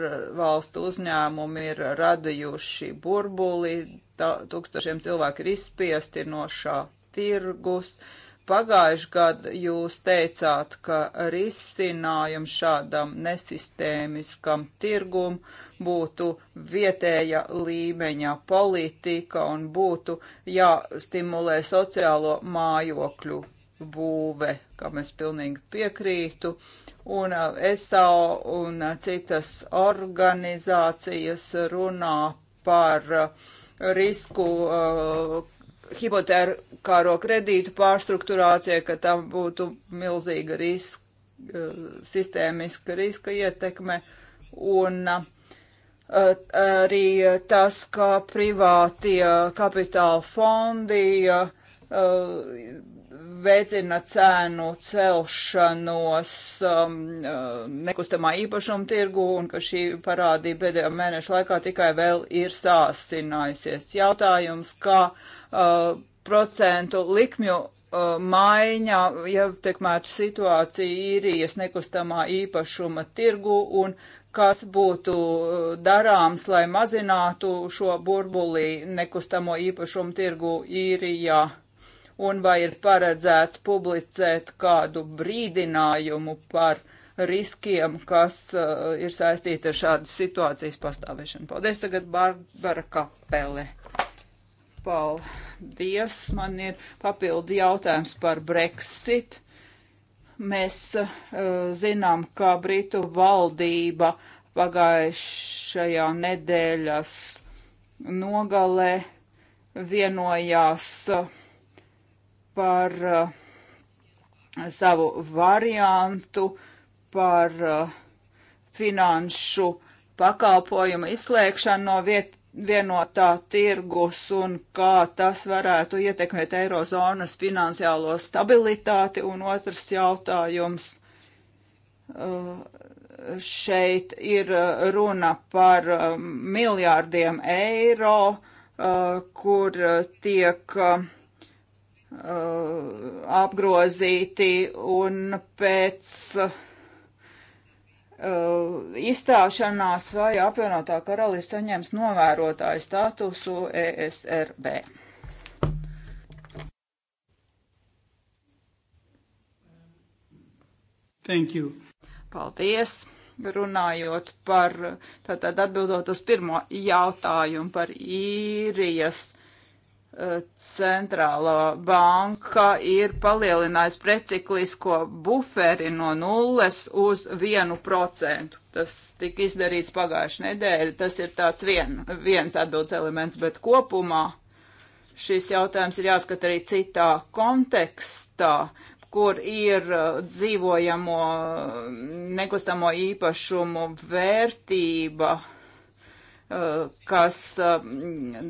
valstu uzņēmumu ir radījuši burbuli, tā, tūkstošiem cilvēku ir izspiesti no šā tirgus. Uh, pagājuši gadu jūs teicāt, ka risinājums šādam nesistēmiskam tirgum būtu vietēja līmeņa politika un būtu jāstimulē sociālo mājokļu būve, kam es pilnīgi piekrītu, un uh, SAO un uh, citas organizācijas runā par uh, risku uh, hipotekāro kredītu pārstruktūrācija, ka tam būtu milzīga riska, eh, sistēmiska riska ietekme, un eh, arī tas, ka privātie kapitāla fondi eh, veicina cēnu celšanos um, um, nekustamā īpašuma tirgu un ka šī parādība pēdējo mēnešu laikā tikai vēl ir sāsinājusies. Jautājums, kā uh, procentu likmju uh, maiņa ietekmētu ja situāciju īrijas nekustamā īpašuma tirgu un kas būtu uh, darāms, lai mazinātu šo burbulī nekustamo īpašumu tirgu īrijā. Ja un vai ir paredzēts publicēt kādu brīdinājumu par riskiem, kas uh, ir saistīti ar šādas situācijas pastāvēšanu. Paldies tagad Barbara Kapele. Paldies. Man ir papildu jautājums par Brexit. Mēs uh, zinām, ka Britu valdība pagājušajā nedēļas nogalē vienojās uh, par uh, savu variantu, par uh, finanšu pakalpojumu izslēgšanu no viet, vienotā tirgus un kā tas varētu ietekmēt eirozonas finansiālo stabilitāti. Un otrs jautājums eh, šeit ir runa par miljārdiem eiro, kur tiek Uh, apgrozīti un pēc uh, izstāšanās vai apvienotā karalis saņems novērotāju statusu ESRB. Thank you. Paldies. Runājot par, tātad atbildot uz pirmo jautājumu par īrijas centrālā banka ir palielinājusi preciklisko buferi no nulles uz vienu procentu. Tas tika izdarīts pagājušajā nedēļā. Tas ir tāds vien, viens atbildes elements, bet kopumā šis jautājums ir jāskat arī citā kontekstā, kur ir uh, dzīvojamo nekustamo īpašumu vērtība. Uh, Eh, kas eh,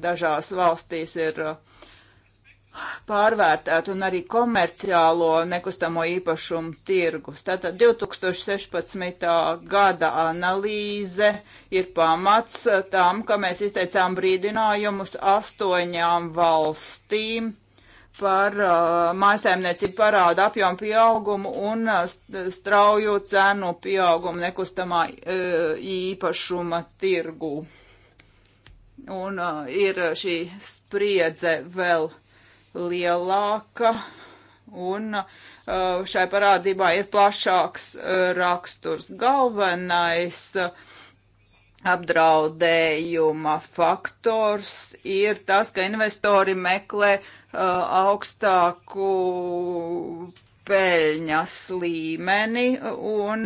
dažās valstīs ir eh, pārvērtēt un arī komerciālo nekustamo īpašumu tirgus. Tātad 2016. gada analīze ir pamats tam, ka mēs izteicām brīdinājumus astoņām valstīm par uh, mājasēmniecību parādu apjomu pieaugumu un st strauju cenu pieaugumu nekustamā uh, īpašuma tirgū un uh, ir uh, šī spriedze vēl lielāka, un uh, šai parādībā ir plašāks uh, raksturs. Galvenais uh, apdraudējuma faktors ir tas, ka investori meklē uh, augstāku peļņas līmeni, un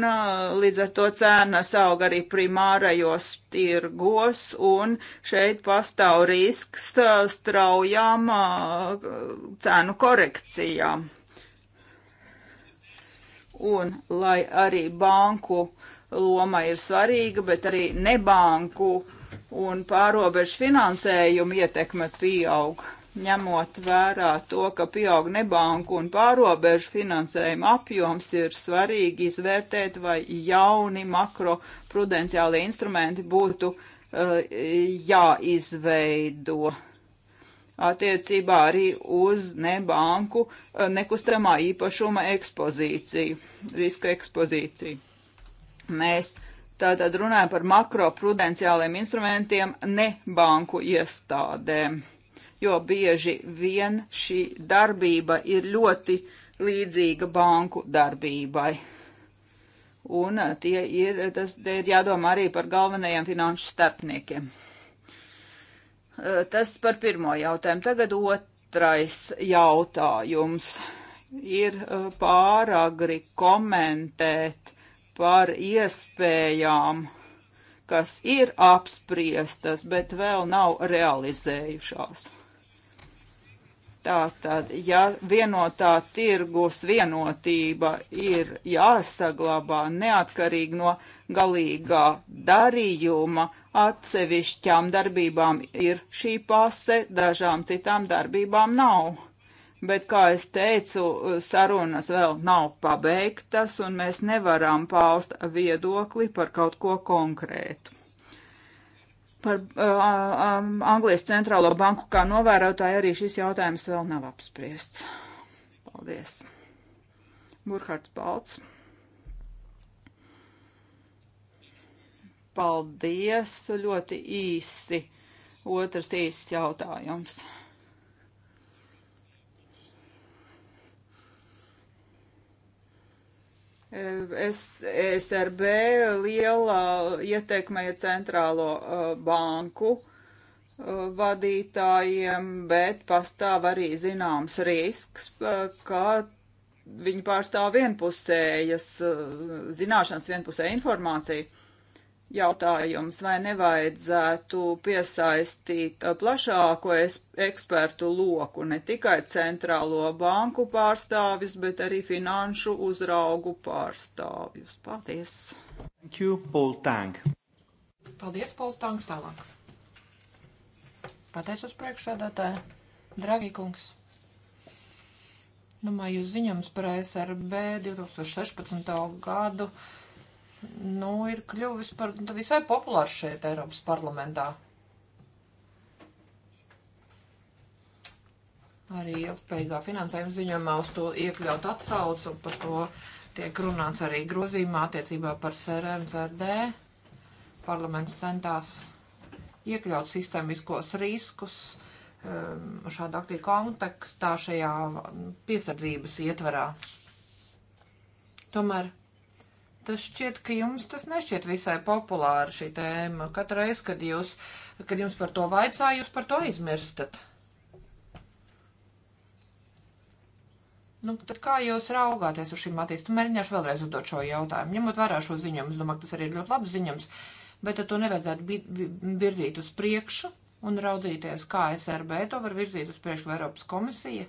līdz ar to cenas aug arī primārajos tirgos, un šeit pastāv risks straujām cenu korekcijām. Un lai arī banku loma ir svarīga, bet arī nebanku un pārobežu finansējumu ietekme pieauga ņemot vērā to, ka pieaug nebanku un pārobežu finansējuma apjoms, ir svarīgi izvērtēt, vai jauni makroprudenciāli instrumenti būtu uh, jāizveido attiecībā arī uz nebanku uh, nekustamā īpašuma ekspozīciju, riska ekspozīciju. Mēs tātad runājam par makroprudenciāliem instrumentiem nebanku iestādēm jo bieži vien šī darbība ir ļoti līdzīga banku darbībai. Un eh, tie ir, tas, tie ir jādomā arī par galvenajiem finanšu starpniekiem. Eh, tas par pirmo jautājumu. Tagad otrais jautājums. Ir eh, pāragri komentēt par iespējām, kas ir apspriestas, bet vēl nav realizējušās. Tātad, ja vienotā tirgus vienotība ir jāsaglabā neatkarīgi no galīgā darījuma, atsevišķām darbībām ir šī pase, dažām citām darbībām nav. Bet, kā es teicu, sarunas vēl nav pabeigtas, un mēs nevaram paust viedokli par kaut ko konkrētu par uh, um, Anglijas centrālo banku kā novērotāju arī šis jautājums vēl nav apspriests. Paldies. Burkhards Balts. Paldies, ļoti īsi. Otrs īsts jautājums. SRB lielā ietekme ir centrālo uh, banku uh, vadītājiem, bet pastāv arī zināms risks, uh, ka viņi pārstāv vienpusējas zināšanas, vienpusēja informāciju jautājums, vai nevajadzētu piesaistīt uh, plašāko ekspertu loku, ne tikai centrālo banku pārstāvjus, bet arī finanšu uzraugu pārstāvjus. Paldies! Thank you, Paul Tang. Paldies, Pauls Tangs, tālāk. Pateicos priekšādātāji, dragi kungs. Domāju, nu, jūs ziņams par SRB 2016. gadu nu, ir kļuvis par visai populārs šeit Eiropas parlamentā. Arī ilgspējīgā finansējuma ziņojumā uz to iekļaut atsaucu un par to tiek runāts arī grozījumā attiecībā par SRM CRD. Parlaments centās iekļaut sistēmiskos riskus um, šāda aktīva kontekstā šajā piesardzības ietvarā. Tomēr Tas šķiet, ka jums tas nešķiet visai populāra šī tēma. Katru reizi, kad, jūs, kad jums par to vaicā, jūs par to aizmirstat. Nu, tad kā jūs raugāties uz šīm attīstībām? Nu, Mēģināšu vēlreiz uzdot šo jautājumu. Ņemot vērā šo ziņojumu, es domāju, ka tas arī ir ļoti labs ziņojums, bet to nevajadzētu virzīt uz priekšu un raudzīties, kā SRB to var virzīt uz priekšu vai Eiropas komisija.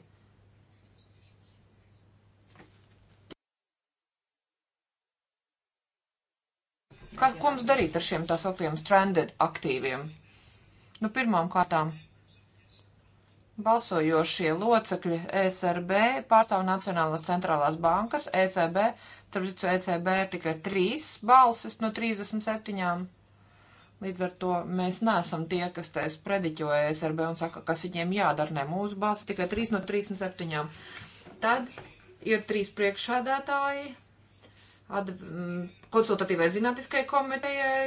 Kā, ko mums darīt ar šiem tā sauktiem stranded aktīviem? Nu, pirmām kārtām balsojošie locekļi ESRB pārstāv Nacionālās centrālās bankas, ECB, tāpēc e ECB ir tikai trīs balsis no 37. Līdz ar to mēs neesam tie, kas te sprediķoja ESRB un saka, kas viņiem jādara. Nē, mūsu balss ir tikai 3 no 37. Tad ir trīs priekšādātāji, ad, konsultatīvai zinātniskai komitejai,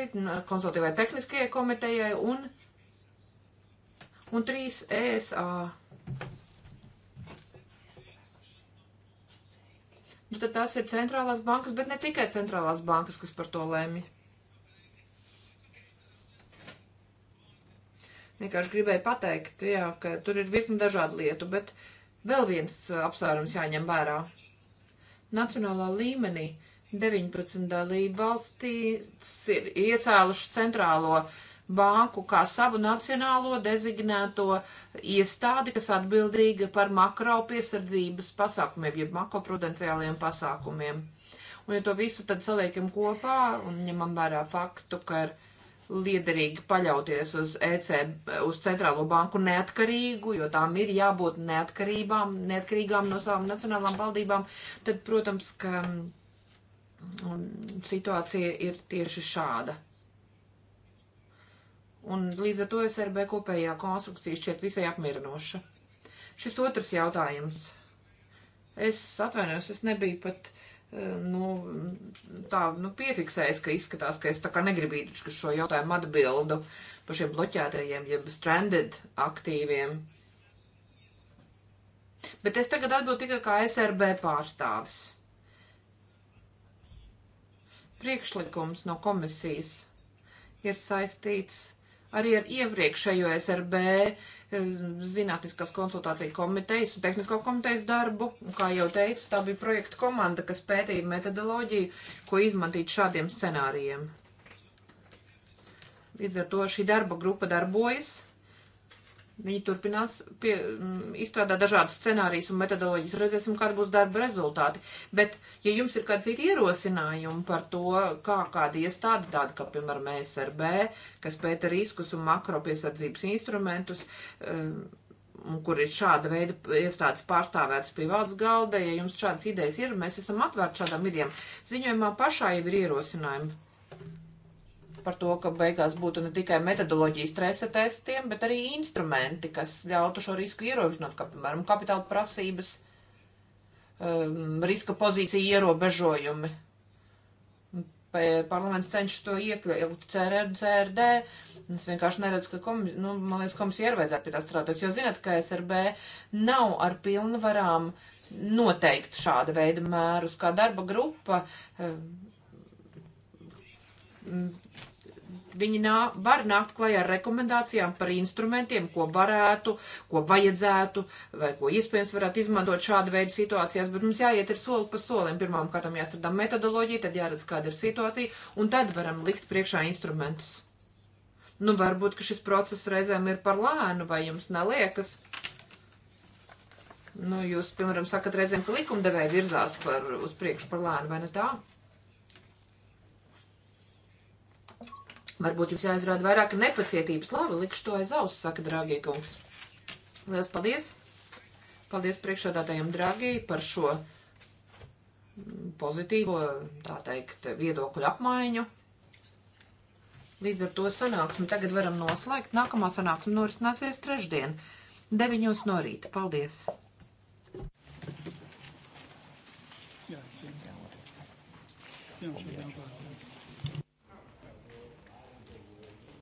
konsultatīvai tehniskajai komitejai un, un trīs ESA. Nu, tad tās ir centrālās bankas, bet ne tikai centrālās bankas, kas par to lēmja. Vienkārši gribēju pateikt, jā, ka tur ir virkni dažādu lietu, bet vēl viens uh, apsvērums jāņem vērā. Nacionālā līmenī uh, 19 dalībvalstis ir iecēluši centrālo banku kā savu nacionālo dezignēto iestādi, kas atbildīga par makro piesardzības pasākumiem, jeb makroprudenciāliem pasākumiem. Un, ja to visu tad saliekam kopā un ņemam vērā faktu, ka ir liederīgi paļauties uz ECB, uz centrālo banku neatkarīgu, jo tām ir jābūt neatkarībām, neatkarīgām no savām nacionālām valdībām, tad, protams, ka situācija ir tieši šāda. Un līdz ar to SRB kopējā konstrukcija šķiet visai apmierinoša. Šis otrs jautājums. Es atvainojos, es nebiju pat eh, nu, tā nu, piefiksējis, ka izskatās, ka es tā kā negribītu šo jautājumu atbildu par šiem bloķētajiem, jeb stranded aktīviem. Bet es tagad atbildu tikai kā SRB pārstāvis priekšlikums no komisijas ir saistīts arī ar iepriekšējo SRB eh, zinātniskās konsultāciju komitejas un tehnisko komitejas darbu. Un, kā jau teicu, tā bija projekta komanda, kas pētīja metodoloģiju, ko izmantīt šādiem scenārijiem. Līdz ar to šī darba grupa darbojas Viņi turpinās pie, m, izstrādāt dažādus scenārijus un metodoloģijas. Redzēsim, kāda būs darba rezultāti. Bet, ja jums ir kāds cits ierosinājumi par to, kā kāda iestāde, tāda kā, piemēram, e SRB, kas pēta riskus un makropiesardzības instrumentus, um, kur ir šāda veida iestādes pārstāvētas pie valsts galda, ja jums šādas idejas ir, mēs esam atvērti šādām idejām. Ziņojumā pašā jau ir ierosinājumi par to, ka beigās būtu ne tikai metodoloģija stresa testiem, bet arī instrumenti, kas ļautu šo risku ierobežot, kā piemēram kapitāla prasības, um, riska pozīcija ierobežojumi. Parlaments cenšas to iekļaut CRD, CRD. Es vienkārši neredzu, ka komis, nu, man liekas, komisija ir vajadzētu pie tā strādāt, jo zinat, ka SRB nav ar pilnvarām noteikt šāda veida mērus, kā darba grupa um, Viņi nā, var nākt klajā ar rekomendācijām par instrumentiem, ko varētu, ko vajadzētu, vai ko iespējams varētu izmantot šāda veida situācijās, bet mums jāiet ar soli pa solim. Pirmām kārtām jāstrādā metodoloģija, tad jāredz, kāda ir situācija, un tad varam likt priekšā instrumentus. Nu, varbūt, ka šis process reizēm ir par lēnu, vai jums neliekas. Nu, jūs, piemēram, sakat reizēm, ka likumdevēja virzās par, uz priekšu par lēnu, vai ne tā? Varbūt jums jāizrāda vairāk nepacietības. Labi, likšu to aiz auss, saka Drāgie kungs. Lielas paldies! Paldies priekšādātājiem Drāgī par šo mm, pozitīvo, tā teikt, viedokļu apmaiņu. Līdz ar to sanāksmi tagad varam noslēgt. Nākamā sanāksme norisināsies trešdien, 9 no rīta. Paldies! Jā, cien. Jā, cien. Jā, cien.